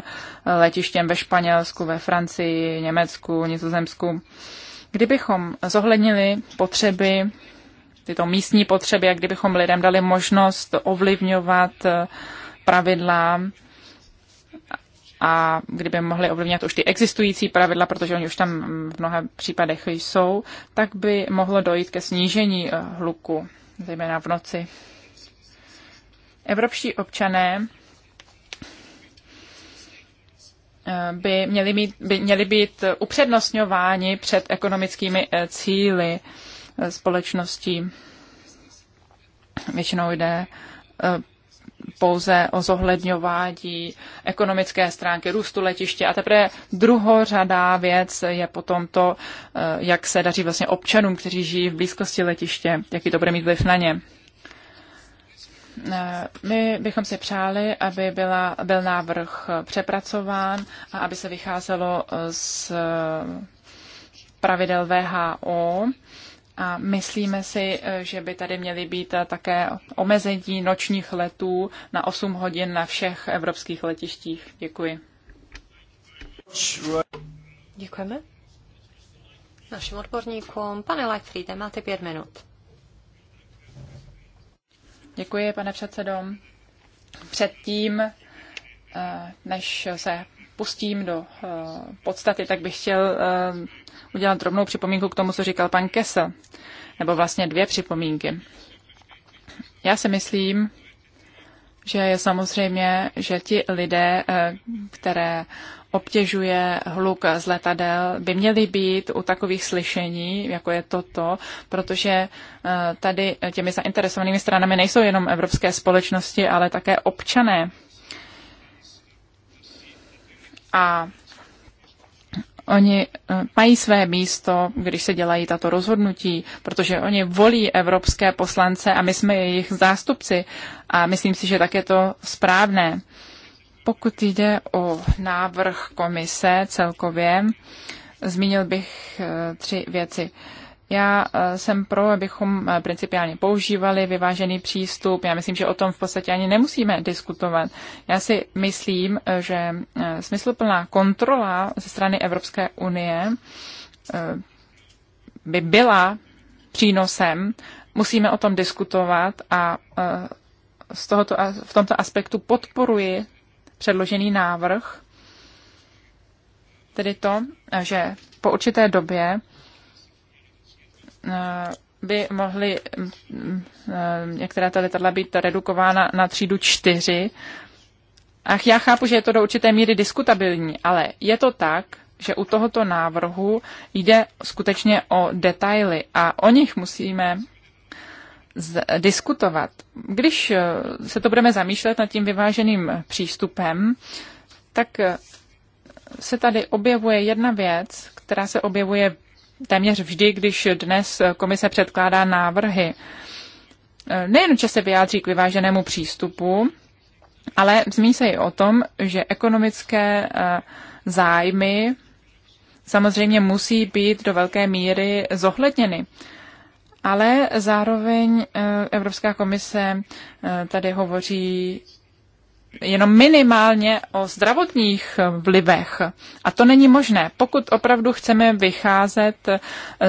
Speaker 2: letištěm ve Španělsku, ve Francii, Německu, Nizozemsku. Kdybychom zohlednili potřeby tyto místní potřeby, jak kdybychom lidem dali možnost ovlivňovat eh, pravidla a kdyby mohli ovlivňovat už ty existující pravidla, protože oni už tam v mnoha případech jsou, tak by mohlo dojít ke snížení eh, hluku, zejména v noci. Evropští občané eh, by měli, mít, by měli být upřednostňováni před ekonomickými cíly společností. Většinou jde e, pouze o zohledňování ekonomické stránky růstu letiště a teprve druhořadá věc je potom to, e, jak se daří vlastně občanům, kteří žijí v blízkosti letiště, jaký to bude mít vliv na ně. E, my bychom si přáli, aby byla, byl návrh přepracován a aby se vycházelo z pravidel VHO a myslíme si, eh, že by tady měly být eh, také omezení nočních letů na 8 hodin na všech evropských letištích. Děkuji.
Speaker 1: Děkujeme. Našim odborníkům, pane Lightfriede, máte pět minut. Děkuji, pane
Speaker 2: předsedo. Předtím, eh, než se pustím do podstaty, tak bych chtěl udělat drobnou připomínku k tomu, co říkal pan Kessel, nebo vlastně dvě připomínky. Já si myslím, že je samozřejmě, že ti lidé, eh, které obtěžuje hluk z letadel, by měly být u takových slyšení, jako je toto, protože eh, tady těmi zainteresovanými stranami nejsou jenom evropské společnosti, ale také občané. A Oni eh, mají své místo, když se dělají tato rozhodnutí, protože oni volí evropské poslance a my jsme jejich zástupci a myslím si, že tak je to správné. Pokud jde o návrh komise celkově, zmínil bych eh, tři věci. Já e, jsem pro, abychom e, principiálně používali vyvážený přístup. Já myslím, že o tom v podstatě ani nemusíme diskutovat. Já si myslím, e, že smysluplná kontrola ze strany Evropské unie by byla přínosem. Musíme o tom diskutovat a z tohoto, v tomto aspektu podporuji předložený návrh, tedy to, že po určité době by mohly některá ta letadla být redukována na třídu čtyři. Ach, já chápu, že je to do určité míry diskutabilní, ale je to tak, že u tohoto návrhu jde skutečně o detaily a o nich musíme diskutovat. Když eh, se to budeme zamýšlet nad tím vyváženým přístupem, tak eh, se tady objevuje jedna věc, která se objevuje téměř vždy, když dnes komise předkládá návrhy. Nejen, že se vyjádří k vyváženému přístupu, ale zmíní se i o tom, že ekonomické eh, zájmy samozřejmě musí být do velké míry zohledněny. Ale zároveň eh, Evropská komise eh, tady hovoří jenom minimálně o zdravotních vlivech. A to není možné. Pokud opravdu chceme vycházet eh,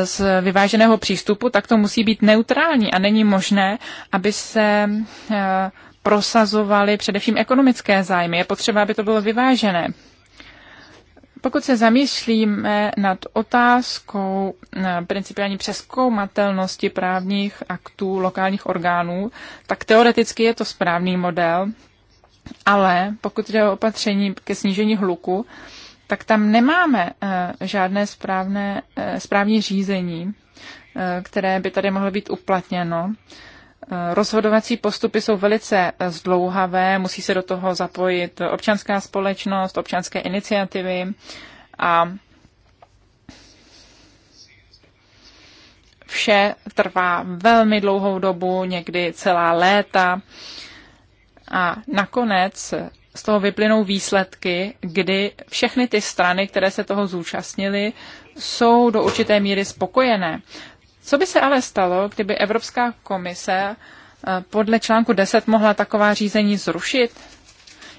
Speaker 2: z vyváženého přístupu, tak to musí být neutrální a není možné, aby se eh, prosazovaly především ekonomické zájmy. Je potřeba, aby to bylo vyvážené. Pokud se zamýšlíme nad otázkou eh, principiální přeskoumatelnosti právních aktů lokálních orgánů, tak teoreticky je to správný model, ale pokud jde o opatření ke snížení hluku, tak tam nemáme eh, žádné správné, eh, správní řízení, eh, které by tady mohlo být uplatněno. Rozhodovací postupy jsou velice zdlouhavé, musí se do toho zapojit občanská společnost, občanské iniciativy a vše trvá velmi dlouhou dobu, někdy celá léta. Uh, a nakonec z toho vyplynou výsledky, kdy všechny ty strany, které se toho zúčastnily, jsou do určité míry spokojené. Co by se ale stalo, kdyby Evropská komise eh, podle článku 10 mohla taková řízení zrušit?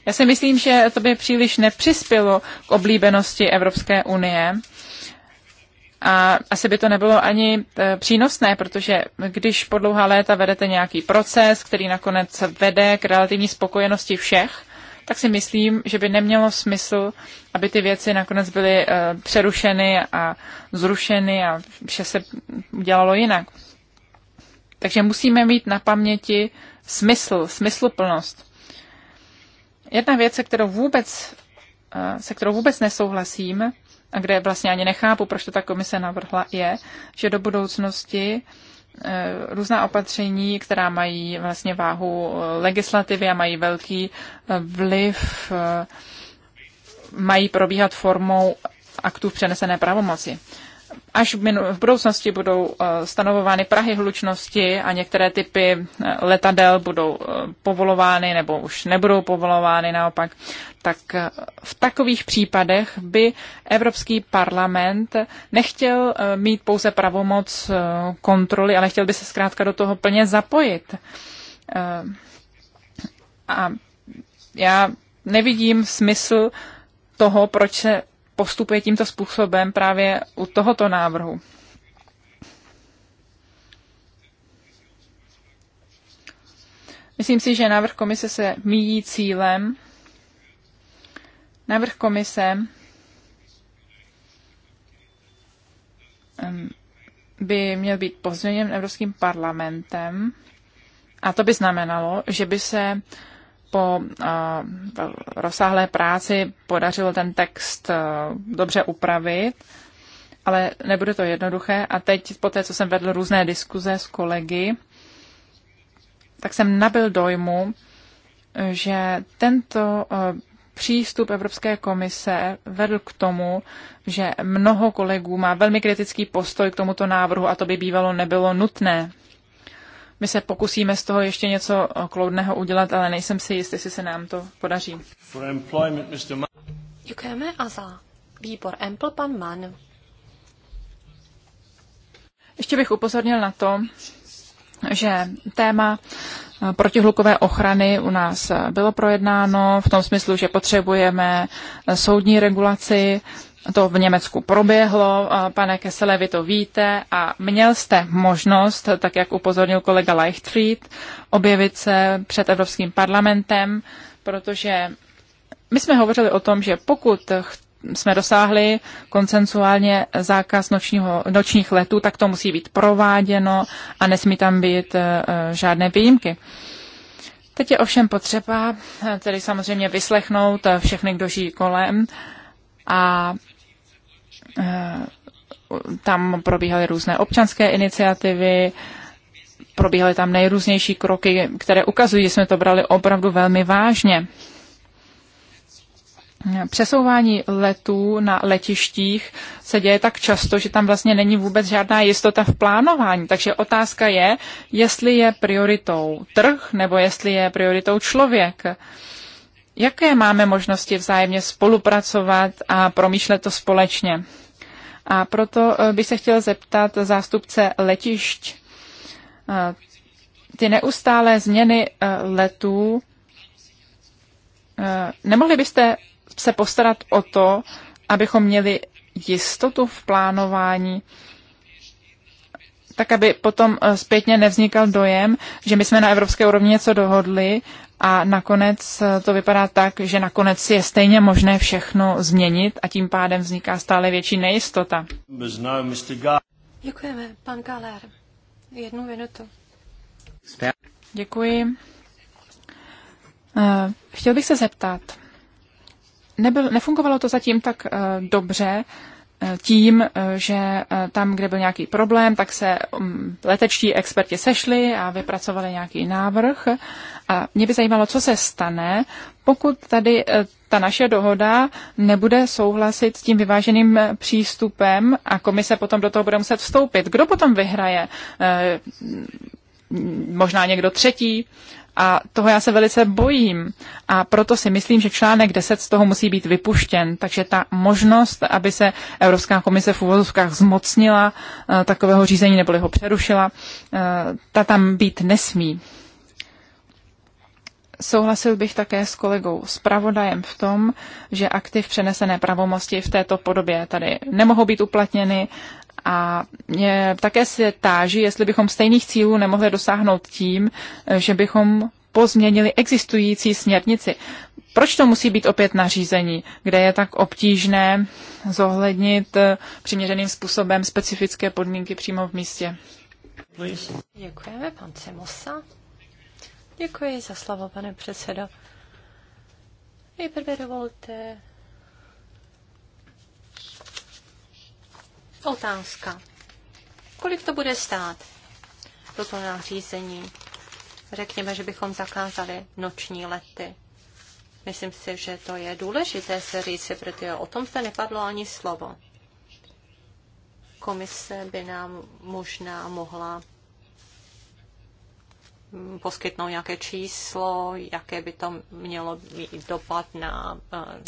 Speaker 2: Já si myslím, že to by příliš nepřispělo k oblíbenosti Evropské unie a asi by to nebylo ani e, přínosné, protože když po dlouhá léta vedete nějaký proces, který nakonec vede k relativní spokojenosti všech, tak si myslím, že by nemělo smysl, aby ty věci nakonec byly e, přerušeny a zrušeny a vše se udělalo jinak. Takže musíme mít na paměti smysl, smysluplnost. Jedna věc, se kterou vůbec, e, se kterou vůbec nesouhlasím, a kde vlastně ani nechápu, proč to ta komise navrhla, je, že do budoucnosti eh, různá opatření, která mají vlastně váhu eh, legislativy a mají velký eh, vliv, mají probíhat formou aktů přenesené pravomoci až v, minu- v budoucnosti budou eh, stanovovány prahy hlučnosti a některé typy eh, letadel budou eh, povolovány nebo už nebudou povolovány naopak, tak v takových případech by Evropský parlament nechtěl mít pouze pravomoc kontroly, ale chtěl by se zkrátka do toho plně zapojit. A já nevidím smysl toho, proč se postupuje tímto způsobem právě u tohoto návrhu. Myslím si, že návrh komise se míjí cílem. Návrh komise by měl být pozměněn Evropským parlamentem a to by znamenalo, že by se po rozsáhlé práci podařilo ten text dobře upravit, ale nebude to jednoduché. A teď, po té, co jsem vedl různé diskuze s kolegy, tak jsem nabil dojmu, že tento přístup Evropské komise vedl k tomu, že mnoho kolegů má velmi kritický postoj k tomuto návrhu a to by bývalo nebylo nutné. My se pokusíme z toho ještě něco eh, kloudného udělat, ale nejsem si jistý, jestli se nám to podaří.
Speaker 3: Děkujeme a
Speaker 1: za výbor Empl pan Mann.
Speaker 2: Ještě bych upozornil na to, že téma eh, protihlukové ochrany u nás eh, bylo projednáno v tom smyslu, že potřebujeme soudní regulaci to v Německu proběhlo, pane Kesele, vy to víte a měl jste možnost, tak jak upozornil kolega Leichtfried, objevit se před Evropským parlamentem, protože my jsme hovořili o tom, že pokud jsme dosáhli koncensuálně zákaz nočního, nočních letů, tak to musí být prováděno a nesmí tam být e, žádné výjimky. Teď je ovšem potřeba tedy samozřejmě vyslechnout e, všechny, kdo žijí kolem a Eh, tam probíhaly různé občanské iniciativy, probíhaly tam nejrůznější kroky, které ukazují, že jsme to brali opravdu velmi vážně. Přesouvání letů na letištích se děje tak často, že tam vlastně není vůbec žádná jistota v plánování. Takže otázka je, jestli je prioritou trh nebo jestli je prioritou člověk jaké máme možnosti vzájemně spolupracovat a promýšlet to společně. A proto eh, bych se chtěl zeptat zástupce letišť. Eh, ty neustálé změny eh, letů, nemohli byste se postarat o to, abychom měli jistotu v plánování, tak aby potom zpětně nevznikal dojem, že my jsme na evropské úrovni něco dohodli a nakonec eh, to vypadá tak, že nakonec je stejně možné všechno změnit a tím pádem vzniká stále větší nejistota.
Speaker 1: Děkujeme, pan Galer. Jednu minutu.
Speaker 2: Děkuji. Eh, chtěl bych se zeptat. Nebyl, nefungovalo to zatím tak eh, dobře, tím, že tam, kde byl nějaký problém, tak se mm, letečtí experti sešli a vypracovali nějaký návrh a mě by zajímalo, co se stane, pokud tady eh, ta naše dohoda nebude souhlasit s tím vyváženým eh, přístupem a komise potom do toho bude muset vstoupit. Kdo potom vyhraje? Eh, možná někdo třetí? A toho já se velice bojím. A proto si myslím, že článek 10 z toho musí být vypuštěn. Takže ta možnost, aby se Evropská komise v úvozovkách zmocnila takového řízení nebo ho přerušila, ta tam být nesmí. Souhlasil bych také s kolegou zpravodajem v tom, že aktiv přenesené pravomosti v této podobě tady nemohou být uplatněny a mě také se táží, jestli bychom stejných cílů nemohli dosáhnout tím, že bychom pozměnili existující směrnici. Proč to musí být opět nařízení, kde je tak obtížné zohlednit eh, přiměřeným způsobem specifické podmínky přímo v místě?
Speaker 1: Děkujeme, pan Cemosa. Děkuji za slovo, pane předsedo. Nejprve dovolte otázka. Kolik to bude stát? Toto nařízení. Řekněme, že bychom zakázali noční lety. Myslím si, že to je důležité se říci, protože o tom se nepadlo ani slovo. Komise by nám možná mohla poskytnout nějaké číslo, jaké by to mělo mít dopad na eh,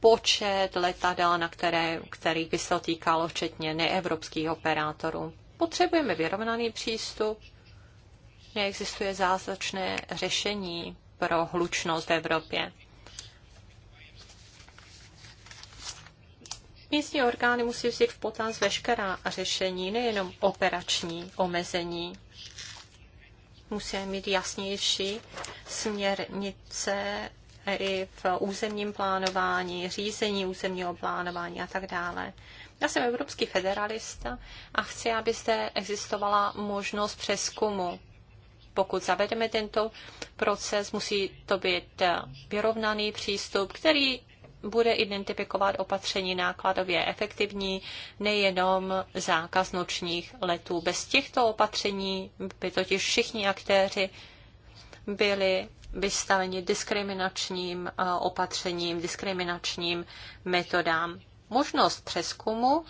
Speaker 1: počet letadel, na které, kterých by se to týkalo, včetně neevropských operátorů. Potřebujeme vyrovnaný přístup. Neexistuje zázračné řešení pro hlučnost v Evropě. Místní orgány musí vzít v potaz veškerá řešení, nejenom operační omezení musíme mít jasnější směrnice i v územním plánování, řízení územního plánování a tak dále. Já jsem evropský federalista a chci, aby zde existovala možnost přeskumu. Pokud zavedeme tento proces, musí to být vyrovnaný přístup, který bude identifikovat opatření nákladově efektivní, nejenom zákaz nočních letů. Bez těchto opatření by totiž všichni aktéři byli vystaveni diskriminačním eh, opatřením, diskriminačním metodám. Možnost přeskumu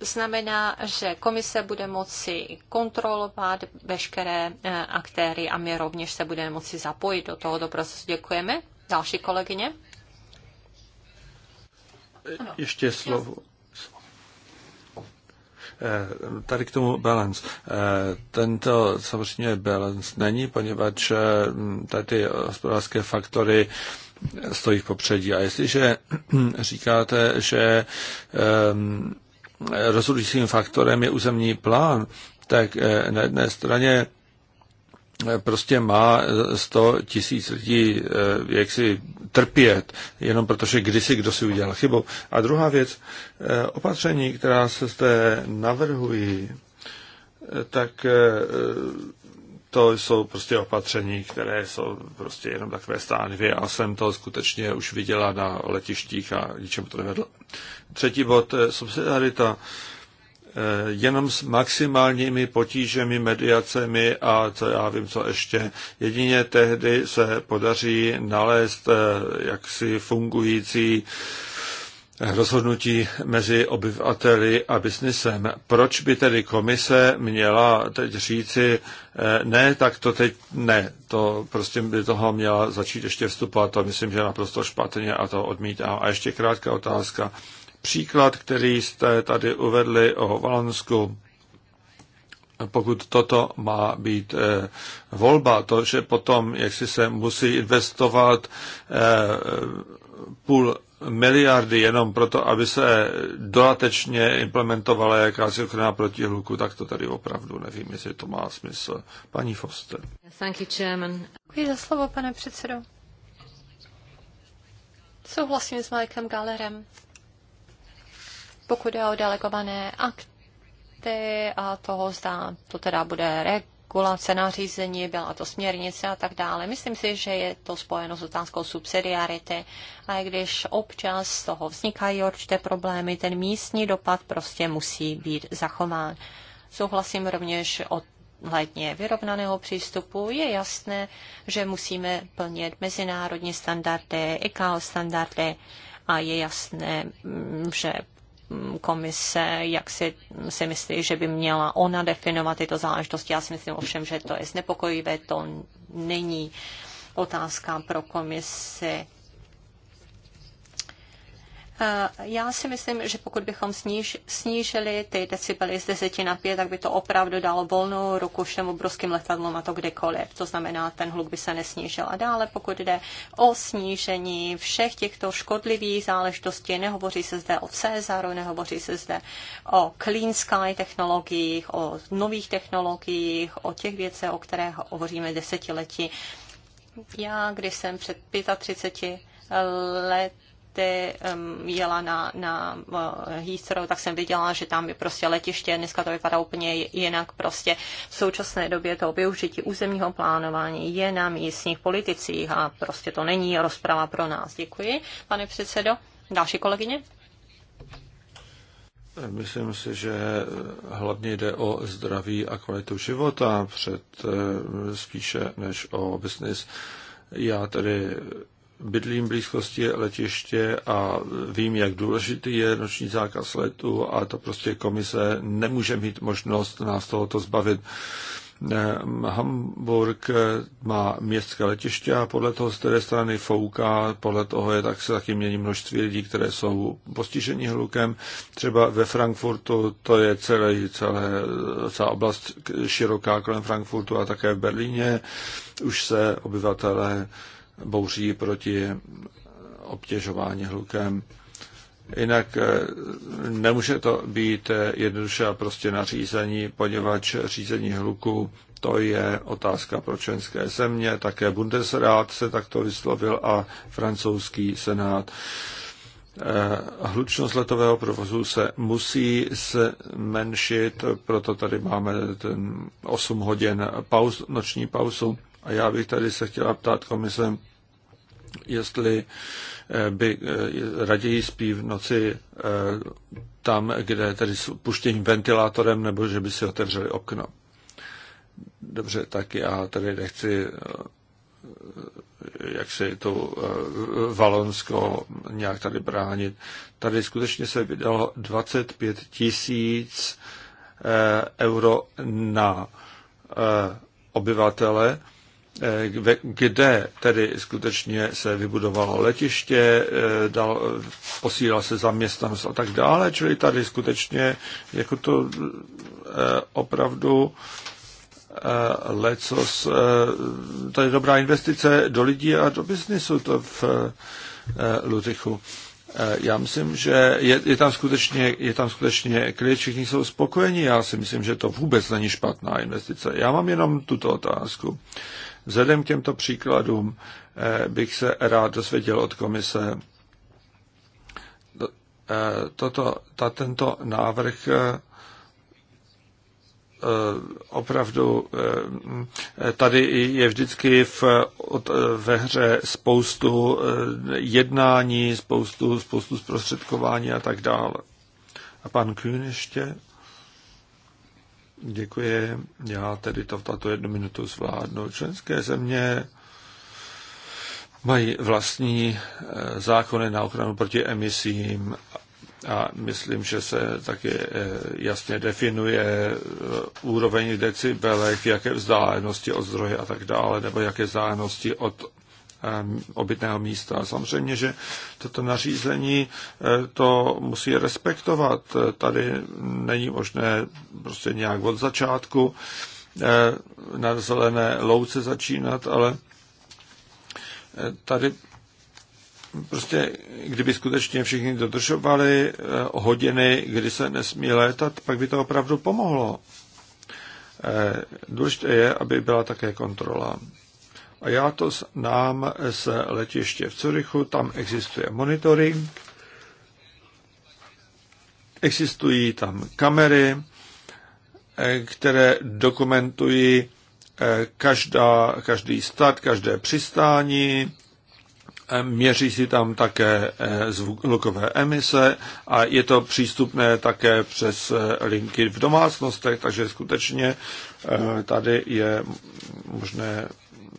Speaker 1: znamená, že komise bude moci kontrolovat veškeré eh, aktéry a my rovněž se budeme moci zapojit do tohoto procesu. Děkujeme. Další kolegyně?
Speaker 3: E, ještě slovo. E, tady k tomu balance. E, tento samozřejmě balance není, poněvadž tady hospodářské faktory stojí v popředí. A jestliže říkáte, že rozhodujícím faktorem je územní plán, tak na jedné straně prostě má 100 eh, tisíc lidí eh, jak si trpět, jenom protože kdysi kdo si udělal chybu. A druhá věc, eh, opatření, která se zde navrhují, tak to jsou prostě opatření, které jsou prostě jenom takové stánvě a jsem to skutečně už viděla na letištích a ničemu to nevedlo. Třetí bod, subsidiarita. Eh, jenom s maximálními potížemi, mediacemi a co já vím, co ještě. Jedině tehdy se podaří nalézt eh, jaksi fungující rozhodnutí mezi obyvateli a biznisem. Proč by tedy komise měla teď říci, eh, ne, tak to teď ne, to prostě by toho měla začít ještě vstupovat, to myslím, že je naprosto špatně a to odmítám. A ještě krátká otázka. Příklad, který jste tady uvedli o Valonsku, pokud toto má být eh, volba, to, že potom, jak si se musí investovat eh, půl miliardy jenom proto, aby se dodatečně implementovala jakási ochrana proti hluku, tak to tady opravdu nevím, jestli to má smysl. Paní Foster.
Speaker 1: Thank you, Chairman. Děkuji za slovo, pane předsedo. Souhlasím s Mikem Gallerem. Pokud je o delegované akty a toho zda to teda bude regulace nařízení, byla to směrnice a tak dále. Myslím si, že je to spojeno s otázkou subsidiarity. A i když občas z toho vznikají určité problémy, ten místní dopad prostě musí být zachován. Souhlasím rovněž o hledně vyrovnaného přístupu, je jasné, že musíme plnit mezinárodní standardy, ICAO standardy a je jasné, že komise, jak si, si myslí, že by měla ona definovat tyto záležitosti. Já si myslím ovšem, že to je znepokojivé, to není otázka pro komisi Eh, já si myslím, že pokud bychom sníž, snížili ty decibely z 10 na 5, tak by to opravdu dalo volnou ruku všem obrovským letadlům a to kdekoliv. To znamená, ten hluk by se nesnížil. A dále, pokud jde o snížení všech těchto škodlivých záležitostí, nehovoří se zde o Cezaru, nehovoří se zde o Clean Sky technologiích, o nových technologiích, o těch věcech, o kterých hovoříme desetiletí. Já, když jsem před 35 let lety jela na, na Heathrow, tak jsem viděla, že tam je prostě letiště, dneska to vypadá úplně jinak prostě. V současné době to využití územního plánování je na místních politicích a prostě to není rozprava pro nás. Děkuji, pane předsedo. Další kolegyně?
Speaker 3: Myslím si, že hlavně jde o zdraví a kvalitu života před eh, spíše než o biznis. Já tedy bydlím v blízkosti letiště a vím, jak důležitý je noční zákaz letu a to prostě komise nemůže mít možnost nás tohoto zbavit. Eh, Hamburg eh, má městské letiště a podle toho, z té strany fouká, podle toho je tak se taky mění množství lidí, které jsou postiženi hlukem. Třeba ve Frankfurtu to je celé, celé, celá oblast široká kolem Frankfurtu a také v Berlíně už se obyvatelé bouří proti obtěžování hlukem. Jinak eh, nemůže to být eh, jednoduše a prostě nařízení, poněvadž řízení hluku to je otázka pro členské země. Také Bundesrat se takto vyslovil a francouzský senát. Eh, hlučnost letového provozu se musí zmenšit, proto tady máme ten 8 hodin pauz, noční pauzu. A já bych tady se chtěla ptát komise, jestli eh, by eh, raději spí v noci eh, tam, kde tedy s puštěním ventilátorem, nebo že by si otevřeli okno. Dobře, tak já tady nechci jak se to Valonsko nějak tady bránit. Tady skutečně se vydalo 25 tisíc euro na obyvatele Eh, kde tedy skutečně se vybudovalo letiště, eh, dal, posílal se zaměstnanost a tak dále, čili tady skutečně jako to eh, opravdu lecos, to je dobrá investice do lidí a do biznisu to v Lutychu. Já myslím, že je, je, tam skutečně, je tam skutečně klid, všichni jsou spokojeni, já si myslím, že to vůbec není špatná investice. Já mám jenom tuto otázku. Vzhledem k těmto příkladům eh, bych se rád dozvěděl od komise, eh, toto, ta, tento návrh eh, opravdu tady je vždycky v, ve hře spoustu jednání, spoustu, spoustu zprostředkování a tak dále. A pan Kühn ještě? Děkuji. Já tedy to v tato jednu minutu zvládnu. Členské země mají vlastní eh, zákony na ochranu proti emisím a myslím, že se taky eh, jasně definuje eh, úroveň v decibelech, jaké vzdálenosti od zdroje a tak dále, nebo jaké vzdálenosti od Ehm, obytného místa. Samozřejmě, že toto nařízení eh, to musí respektovat. Tady není možné prostě nějak od začátku eh, na zelené louce začínat, ale eh, tady prostě, kdyby skutečně všichni dodržovali hodiny, kdy se nesmí létat, pak by to opravdu pomohlo. Důležité je, aby byla také kontrola. A já to znám z letiště v Curychu, tam existuje monitoring, existují tam kamery, eh, které dokumentují eh, každá, každý stát, každé přistání, eh, měří si tam také zvukové emise a je to přístupné také přes linky v domácnostech, takže skutečně tady je možné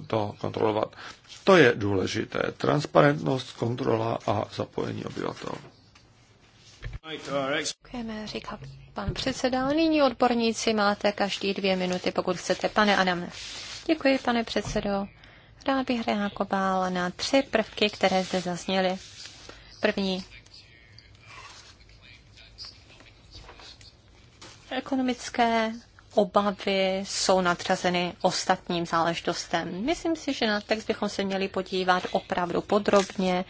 Speaker 3: to kontrolovat. To je důležité. Transparentnost, kontrola a zapojení obyvatel.
Speaker 1: Děkujeme, říká pan předseda. Nyní odborníci máte každý dvě minuty, pokud chcete. Pane Adame. Děkuji, pane předsedo. Rád bych reagoval na tři prvky, které zde zazněly. První. Ekonomické obavy jsou nadřazeny ostatním záležitostem. Myslím si, že na text bychom se měli podívat opravdu podrobně.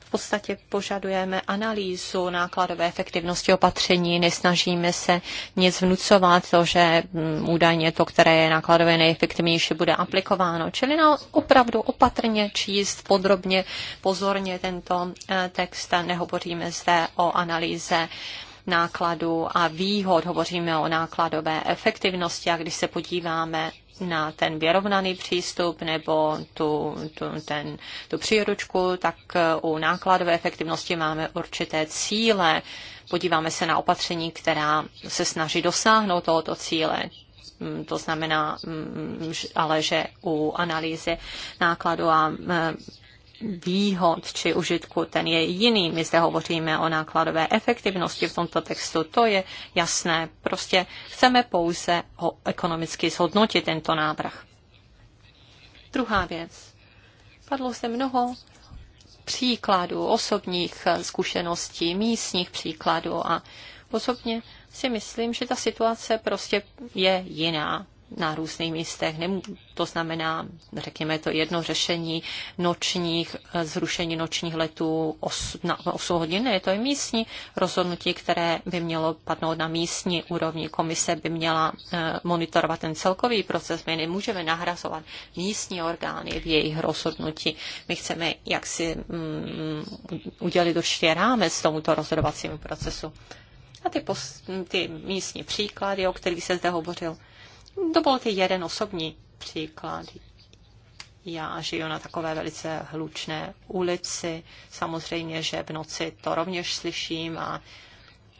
Speaker 1: V podstatě požadujeme analýzu nákladové efektivnosti opatření, nesnažíme se nic vnucovat, to, že mm, údajně to, které je nákladově nejefektivnější, bude aplikováno. Čili na opravdu opatrně číst podrobně, pozorně tento eh, text, nehovoříme zde o analýze nákladů a výhod, hovoříme o nákladové efektivnosti a když se podíváme na ten vyrovnaný přístup nebo tu, tu, ten, tu příručku, tak eh, u nákladové efektivnosti máme určité cíle. Podíváme se na opatření, která se snaží dosáhnout tohoto cíle. Mm, to znamená mm, mm, ale, že u analýzy nákladu a eh, výhod či užitku, ten je jiný. My zde hovoříme o nákladové efektivnosti v tomto textu, to je jasné. Prostě chceme pouze ho ekonomicky zhodnotit tento návrh. Druhá věc. Padlo se mnoho příkladů, osobních zkušeností, místních příkladů a osobně si myslím, že ta situace prostě je jiná na různých místech. To znamená, řekněme, to jedno řešení nočních, eh, zrušení nočních letů na 8 hodin. To je místní rozhodnutí, které by mělo padnout na místní úrovni. Komise by měla eh, monitorovat ten celkový proces. My nemůžeme nahrazovat místní orgány v jejich rozhodnutí. My chceme jaksi si mm, udělit určitě rámec tomuto rozhodovacímu procesu. A ty, ty místní příklady, o kterých se zde hovořil, Dovolte jeden osobní příklad. Já žiju na takové velice hlučné ulici. Samozřejmě, že v noci to rovněž slyším a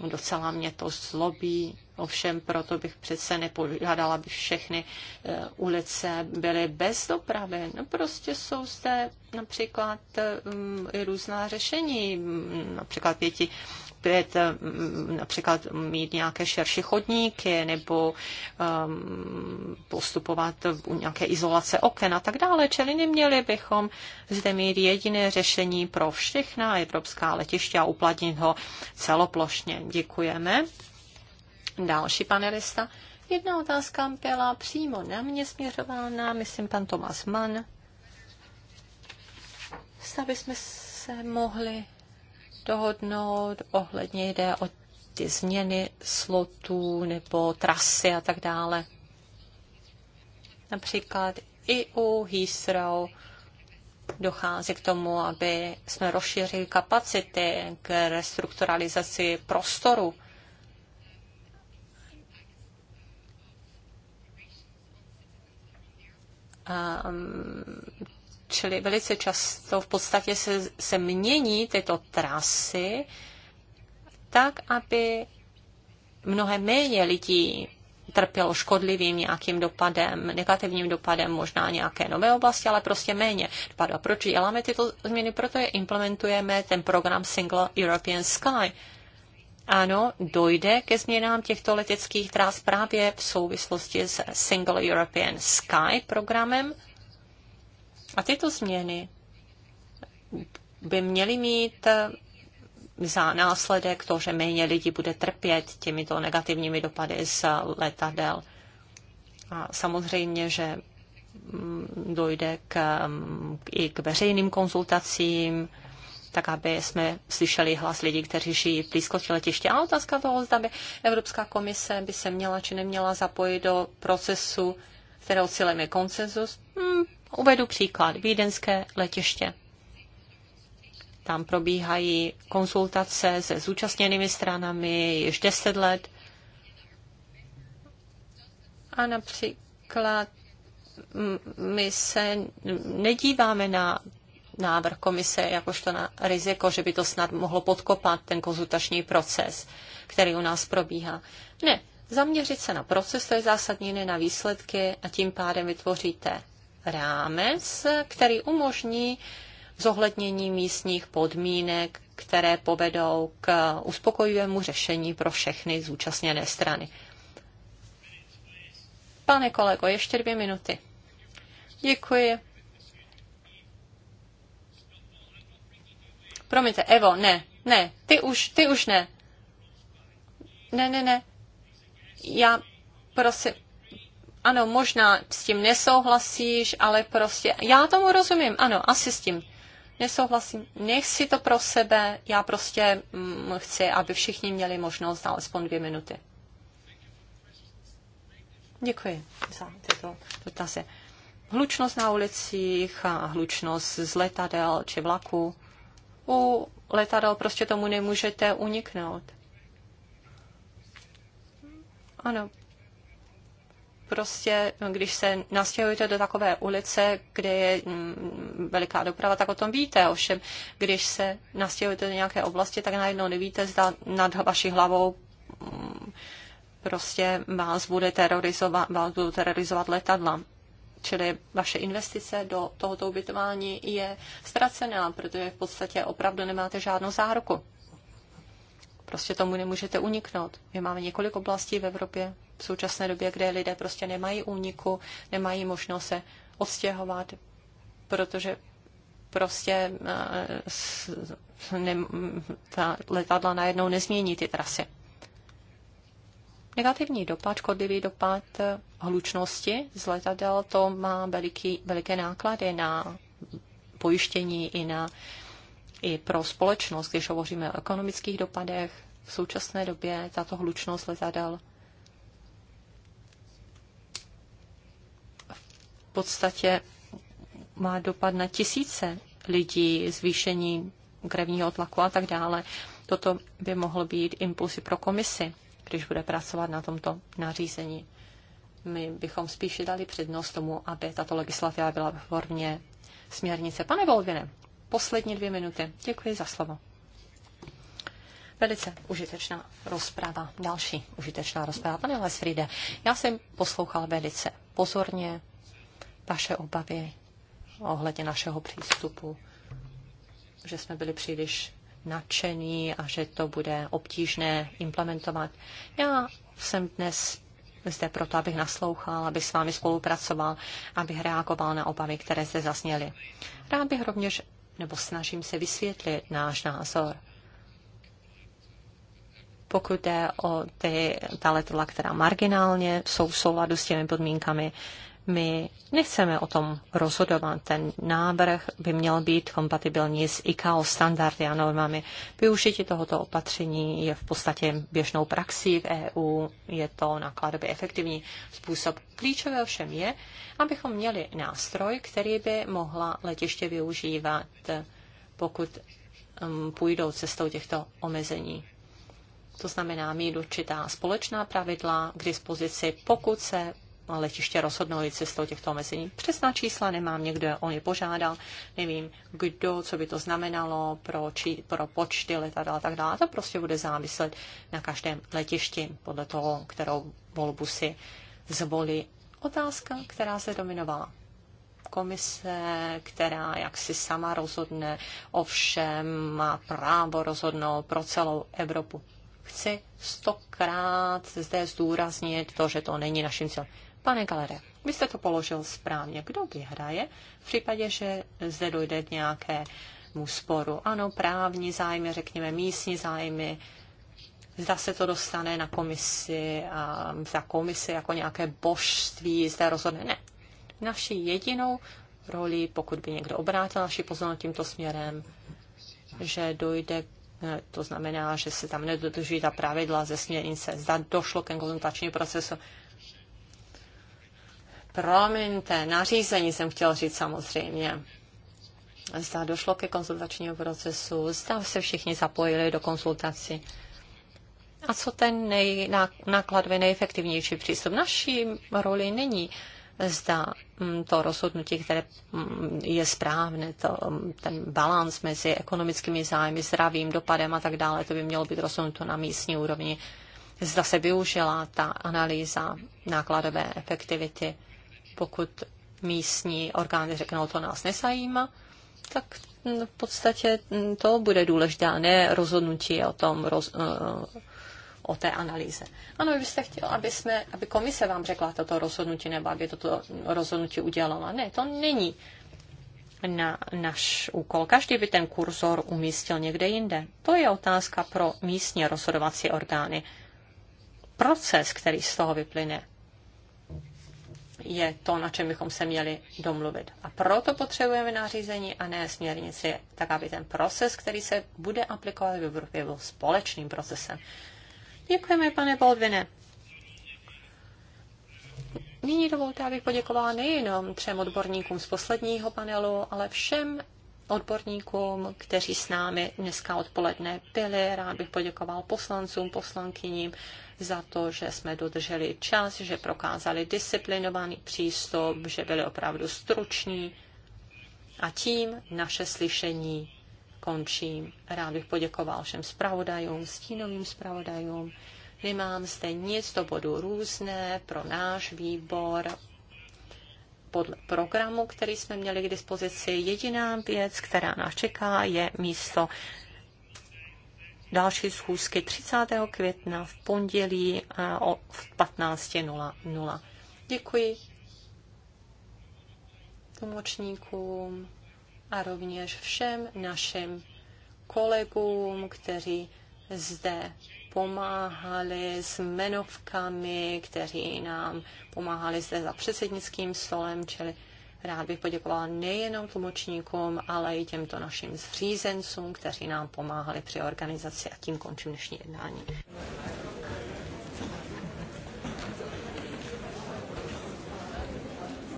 Speaker 1: docela mě to zlobí. Ovšem proto bych přece nepožádala, aby všechny eh, ulice byly bez dopravy. No prostě jsou zde například eh, mm, i různá řešení, mm, například pěti opět eh, například mít nějaké širší chodníky nebo ehm, postupovat u nějaké izolace oken a tak dále. Čili neměli bychom zde mít jediné řešení pro všechna evropská letiště a uplatnit ho celoplošně. Děkujeme. Další panelista. Jedna otázka byla přímo na mě směřována, myslím pan Tomas Mann. Zda bychom se mohli dohodnout ohledně jde o ty změny slotů nebo trasy a tak dále. Například i u Heathrow dochází k tomu, aby jsme rozšířili kapacity k restrukturalizaci prostoru. A mm, čili velice často v podstatě se, se mění tyto trasy tak, aby mnohem méně lidí trpělo škodlivým nějakým dopadem, negativním dopadem, možná nějaké nové oblasti, ale prostě méně dopadu. A proč děláme tyto změny? Proto je implementujeme ten program Single European Sky. Ano, dojde ke změnám těchto leteckých tras právě v souvislosti s Single European Sky programem, a tyto změny by měly mít eh, za následek to, že méně lidí bude trpět těmito negativními dopady z letadel. A samozřejmě, že mm, dojde k, mm, i k veřejným konzultacím, tak aby jsme slyšeli hlas lidí, kteří žijí v blízkosti letiště. A otázka toho, zda by Evropská komise by se měla či neměla zapojit do procesu, kterého cílem je koncenzus, hmm, Uvedu příklad. Vídenské letiště. Tam probíhají konsultace se zúčastněnými stranami již 10 let. A například my se nedíváme na návrh komise jakožto na riziko, že by to snad mohlo podkopat ten konzultační proces, který u nás probíhá. Ne, zaměřit se na proces, to je zásadní, ne na výsledky a tím pádem vytvoříte rámec, který umožní zohlednění místních podmínek, které povedou k uspokojivému řešení pro všechny zúčastněné strany. Pane kolego, ještě dvě minuty. Děkuji. Promiňte, Evo, ne, ne, ty už, ty už ne. Ne, ne, ne. Já prosím, ano, možná s tím nesouhlasíš, ale prostě, já tomu rozumím, ano, asi s tím nesouhlasím, nech si to pro sebe, já prostě mm, chci, aby všichni měli možnost alespoň dvě minuty. Děkuji za tyto dotazy. Hlučnost na ulicích a hlučnost z letadel či vlaku. U letadel prostě tomu nemůžete uniknout. Ano, prostě, když se nastěhujete do takové ulice, kde je mm, veliká doprava, tak o tom víte. Ovšem, když se nastěhujete do nějaké oblasti, tak najednou nevíte, zda nad vaší hlavou mm, prostě vás bude terorizovat, vás budou terorizovat letadla. Čili vaše investice do tohoto ubytování je ztracená, protože v podstatě opravdu nemáte žádnou záruku. Prostě tomu nemůžete uniknout. My máme několik oblastí v Evropě v současné době, kde lidé prostě nemají úniku, nemají možnost se odstěhovat, protože prostě eh, ne, ta letadla najednou nezmění ty trasy. Negativní dopad, škodlivý dopad eh, hlučnosti z letadel, to má veliký, veliké náklady na pojištění i na uh, i pro společnost, když hovoříme o ekonomických dopadech. V současné době tato hlučnost letadel v podstatě má dopad na tisíce lidí, zvýšení krevního tlaku a tak dále. Toto by mohlo být impulsy pro komisi, když bude pracovat na tomto nařízení. My bychom spíše dali přednost tomu, aby tato legislativa byla v formě směrnice. Pane Volvine, poslední dvě minuty. Děkuji za slovo. Velice užitečná rozprava, další užitečná rozprava. Pane Lesfride, já jsem poslouchal velice pozorně vaše obavy ohledně našeho přístupu, že jsme byli příliš nadšení a že to bude obtížné implementovat. Já jsem dnes zde proto, abych naslouchal, abych s vámi spolupracoval, abych reagoval na obavy, které zde zasněly. Rád bych rovněž nebo snažím se vysvětlit náš názor. Pokud jde o ty, ta letadla, která marginálně jsou v souladu s těmi podmínkami, my nechceme o tom rozhodovat. Ten návrh by měl být kompatibilní s ICAO standardy a normami. Využití tohoto opatření je v podstatě běžnou praxí v EU, je to nakladově efektivní způsob. Klíčové všem je, abychom měli nástroj, který by mohla letiště využívat, pokud um, půjdou cestou těchto omezení. To znamená mít určitá společná pravidla k dispozici, pokud se letiště rozhodnou jít cestou těchto omezení. Přesná čísla nemám, někdo o ně požádal, nevím kdo, co by to znamenalo pro, či, pro počty letadla a tak dále. To prostě bude záviset na každém letišti podle toho, kterou volbu si zvolí. Otázka, která se dominovala komise, která jak si sama rozhodne, ovšem má právo rozhodnout pro celou Evropu. Chci stokrát zde zdůraznit to, že to není naším cílem. Pane Galere, vy jste to položil správně. Kdo vyhraje v případě, že zde dojde k nějakému sporu? Ano, právní zájmy, řekněme místní zájmy, zda se to dostane na komisi a za komisi jako nějaké božství zde rozhodne. Ne. Naší jedinou roli, pokud by někdo obrátil naši pozornost tímto směrem, že dojde eh, to znamená, že se tam nedodrží ta pravidla ze směrnice. Zda došlo ke konzultačnímu procesu promiňte, nařízení jsem chtěl říct samozřejmě. Zda došlo ke konzultačního procesu, zda se všichni zapojili do konzultací. A co ten nejnákladově nejefektivnější přístup? Naší roli není zda mm, to rozhodnutí, které mm, je správné, to, mm, ten balans mezi ekonomickými zájmy, zdravým dopadem a tak dále, to by mělo být rozhodnuto na místní úrovni. Zda se využila ta analýza nákladové efektivity pokud místní orgány řeknou, to nás nezajímá, tak v podstatě to bude důležité, ne rozhodnutí o tom, roz, eh, o té analýze. Ano, vy byste chtěl, aby, jsme, aby komise vám řekla toto rozhodnutí, nebo aby toto rozhodnutí udělala. Ne, to není na náš úkol. Každý by ten kurzor umístil někde jinde. To je otázka pro místní rozhodovací orgány. Proces, který z toho vyplyne, je to, na čem bychom se měli domluvit. A proto potřebujeme nařízení a ne směrnici, tak aby ten proces, který se bude aplikovat v Evropě, byl společným procesem. Děkujeme, pane Baldvine. Nyní dovolte, abych poděkovala nejenom třem odborníkům z posledního panelu, ale všem odborníkům, kteří s námi dneska odpoledne byli. Rád bych poděkoval poslancům, poslankyním za to, že jsme dodrželi čas, že prokázali disciplinovaný přístup, že byli opravdu struční. A tím naše slyšení končím. Rád bych poděkoval všem zpravodajům, stínovým zpravodajům. Nemám zde nic do bodu různé pro náš výbor podle programu, který jsme měli k dispozici, jediná věc, která nás čeká, je místo další schůzky 30. května v pondělí eh, o 15.00. Děkuji tlumočníkům a rovněž všem našim kolegům, kteří zde pomáhali s menovkami, kteří nám pomáhali zde za předsednickým stolem, čili rád bych poděkovala nejenom tlumočníkům, ale i těmto našim zřízencům, kteří nám pomáhali při organizaci a tím končím dnešní jednání.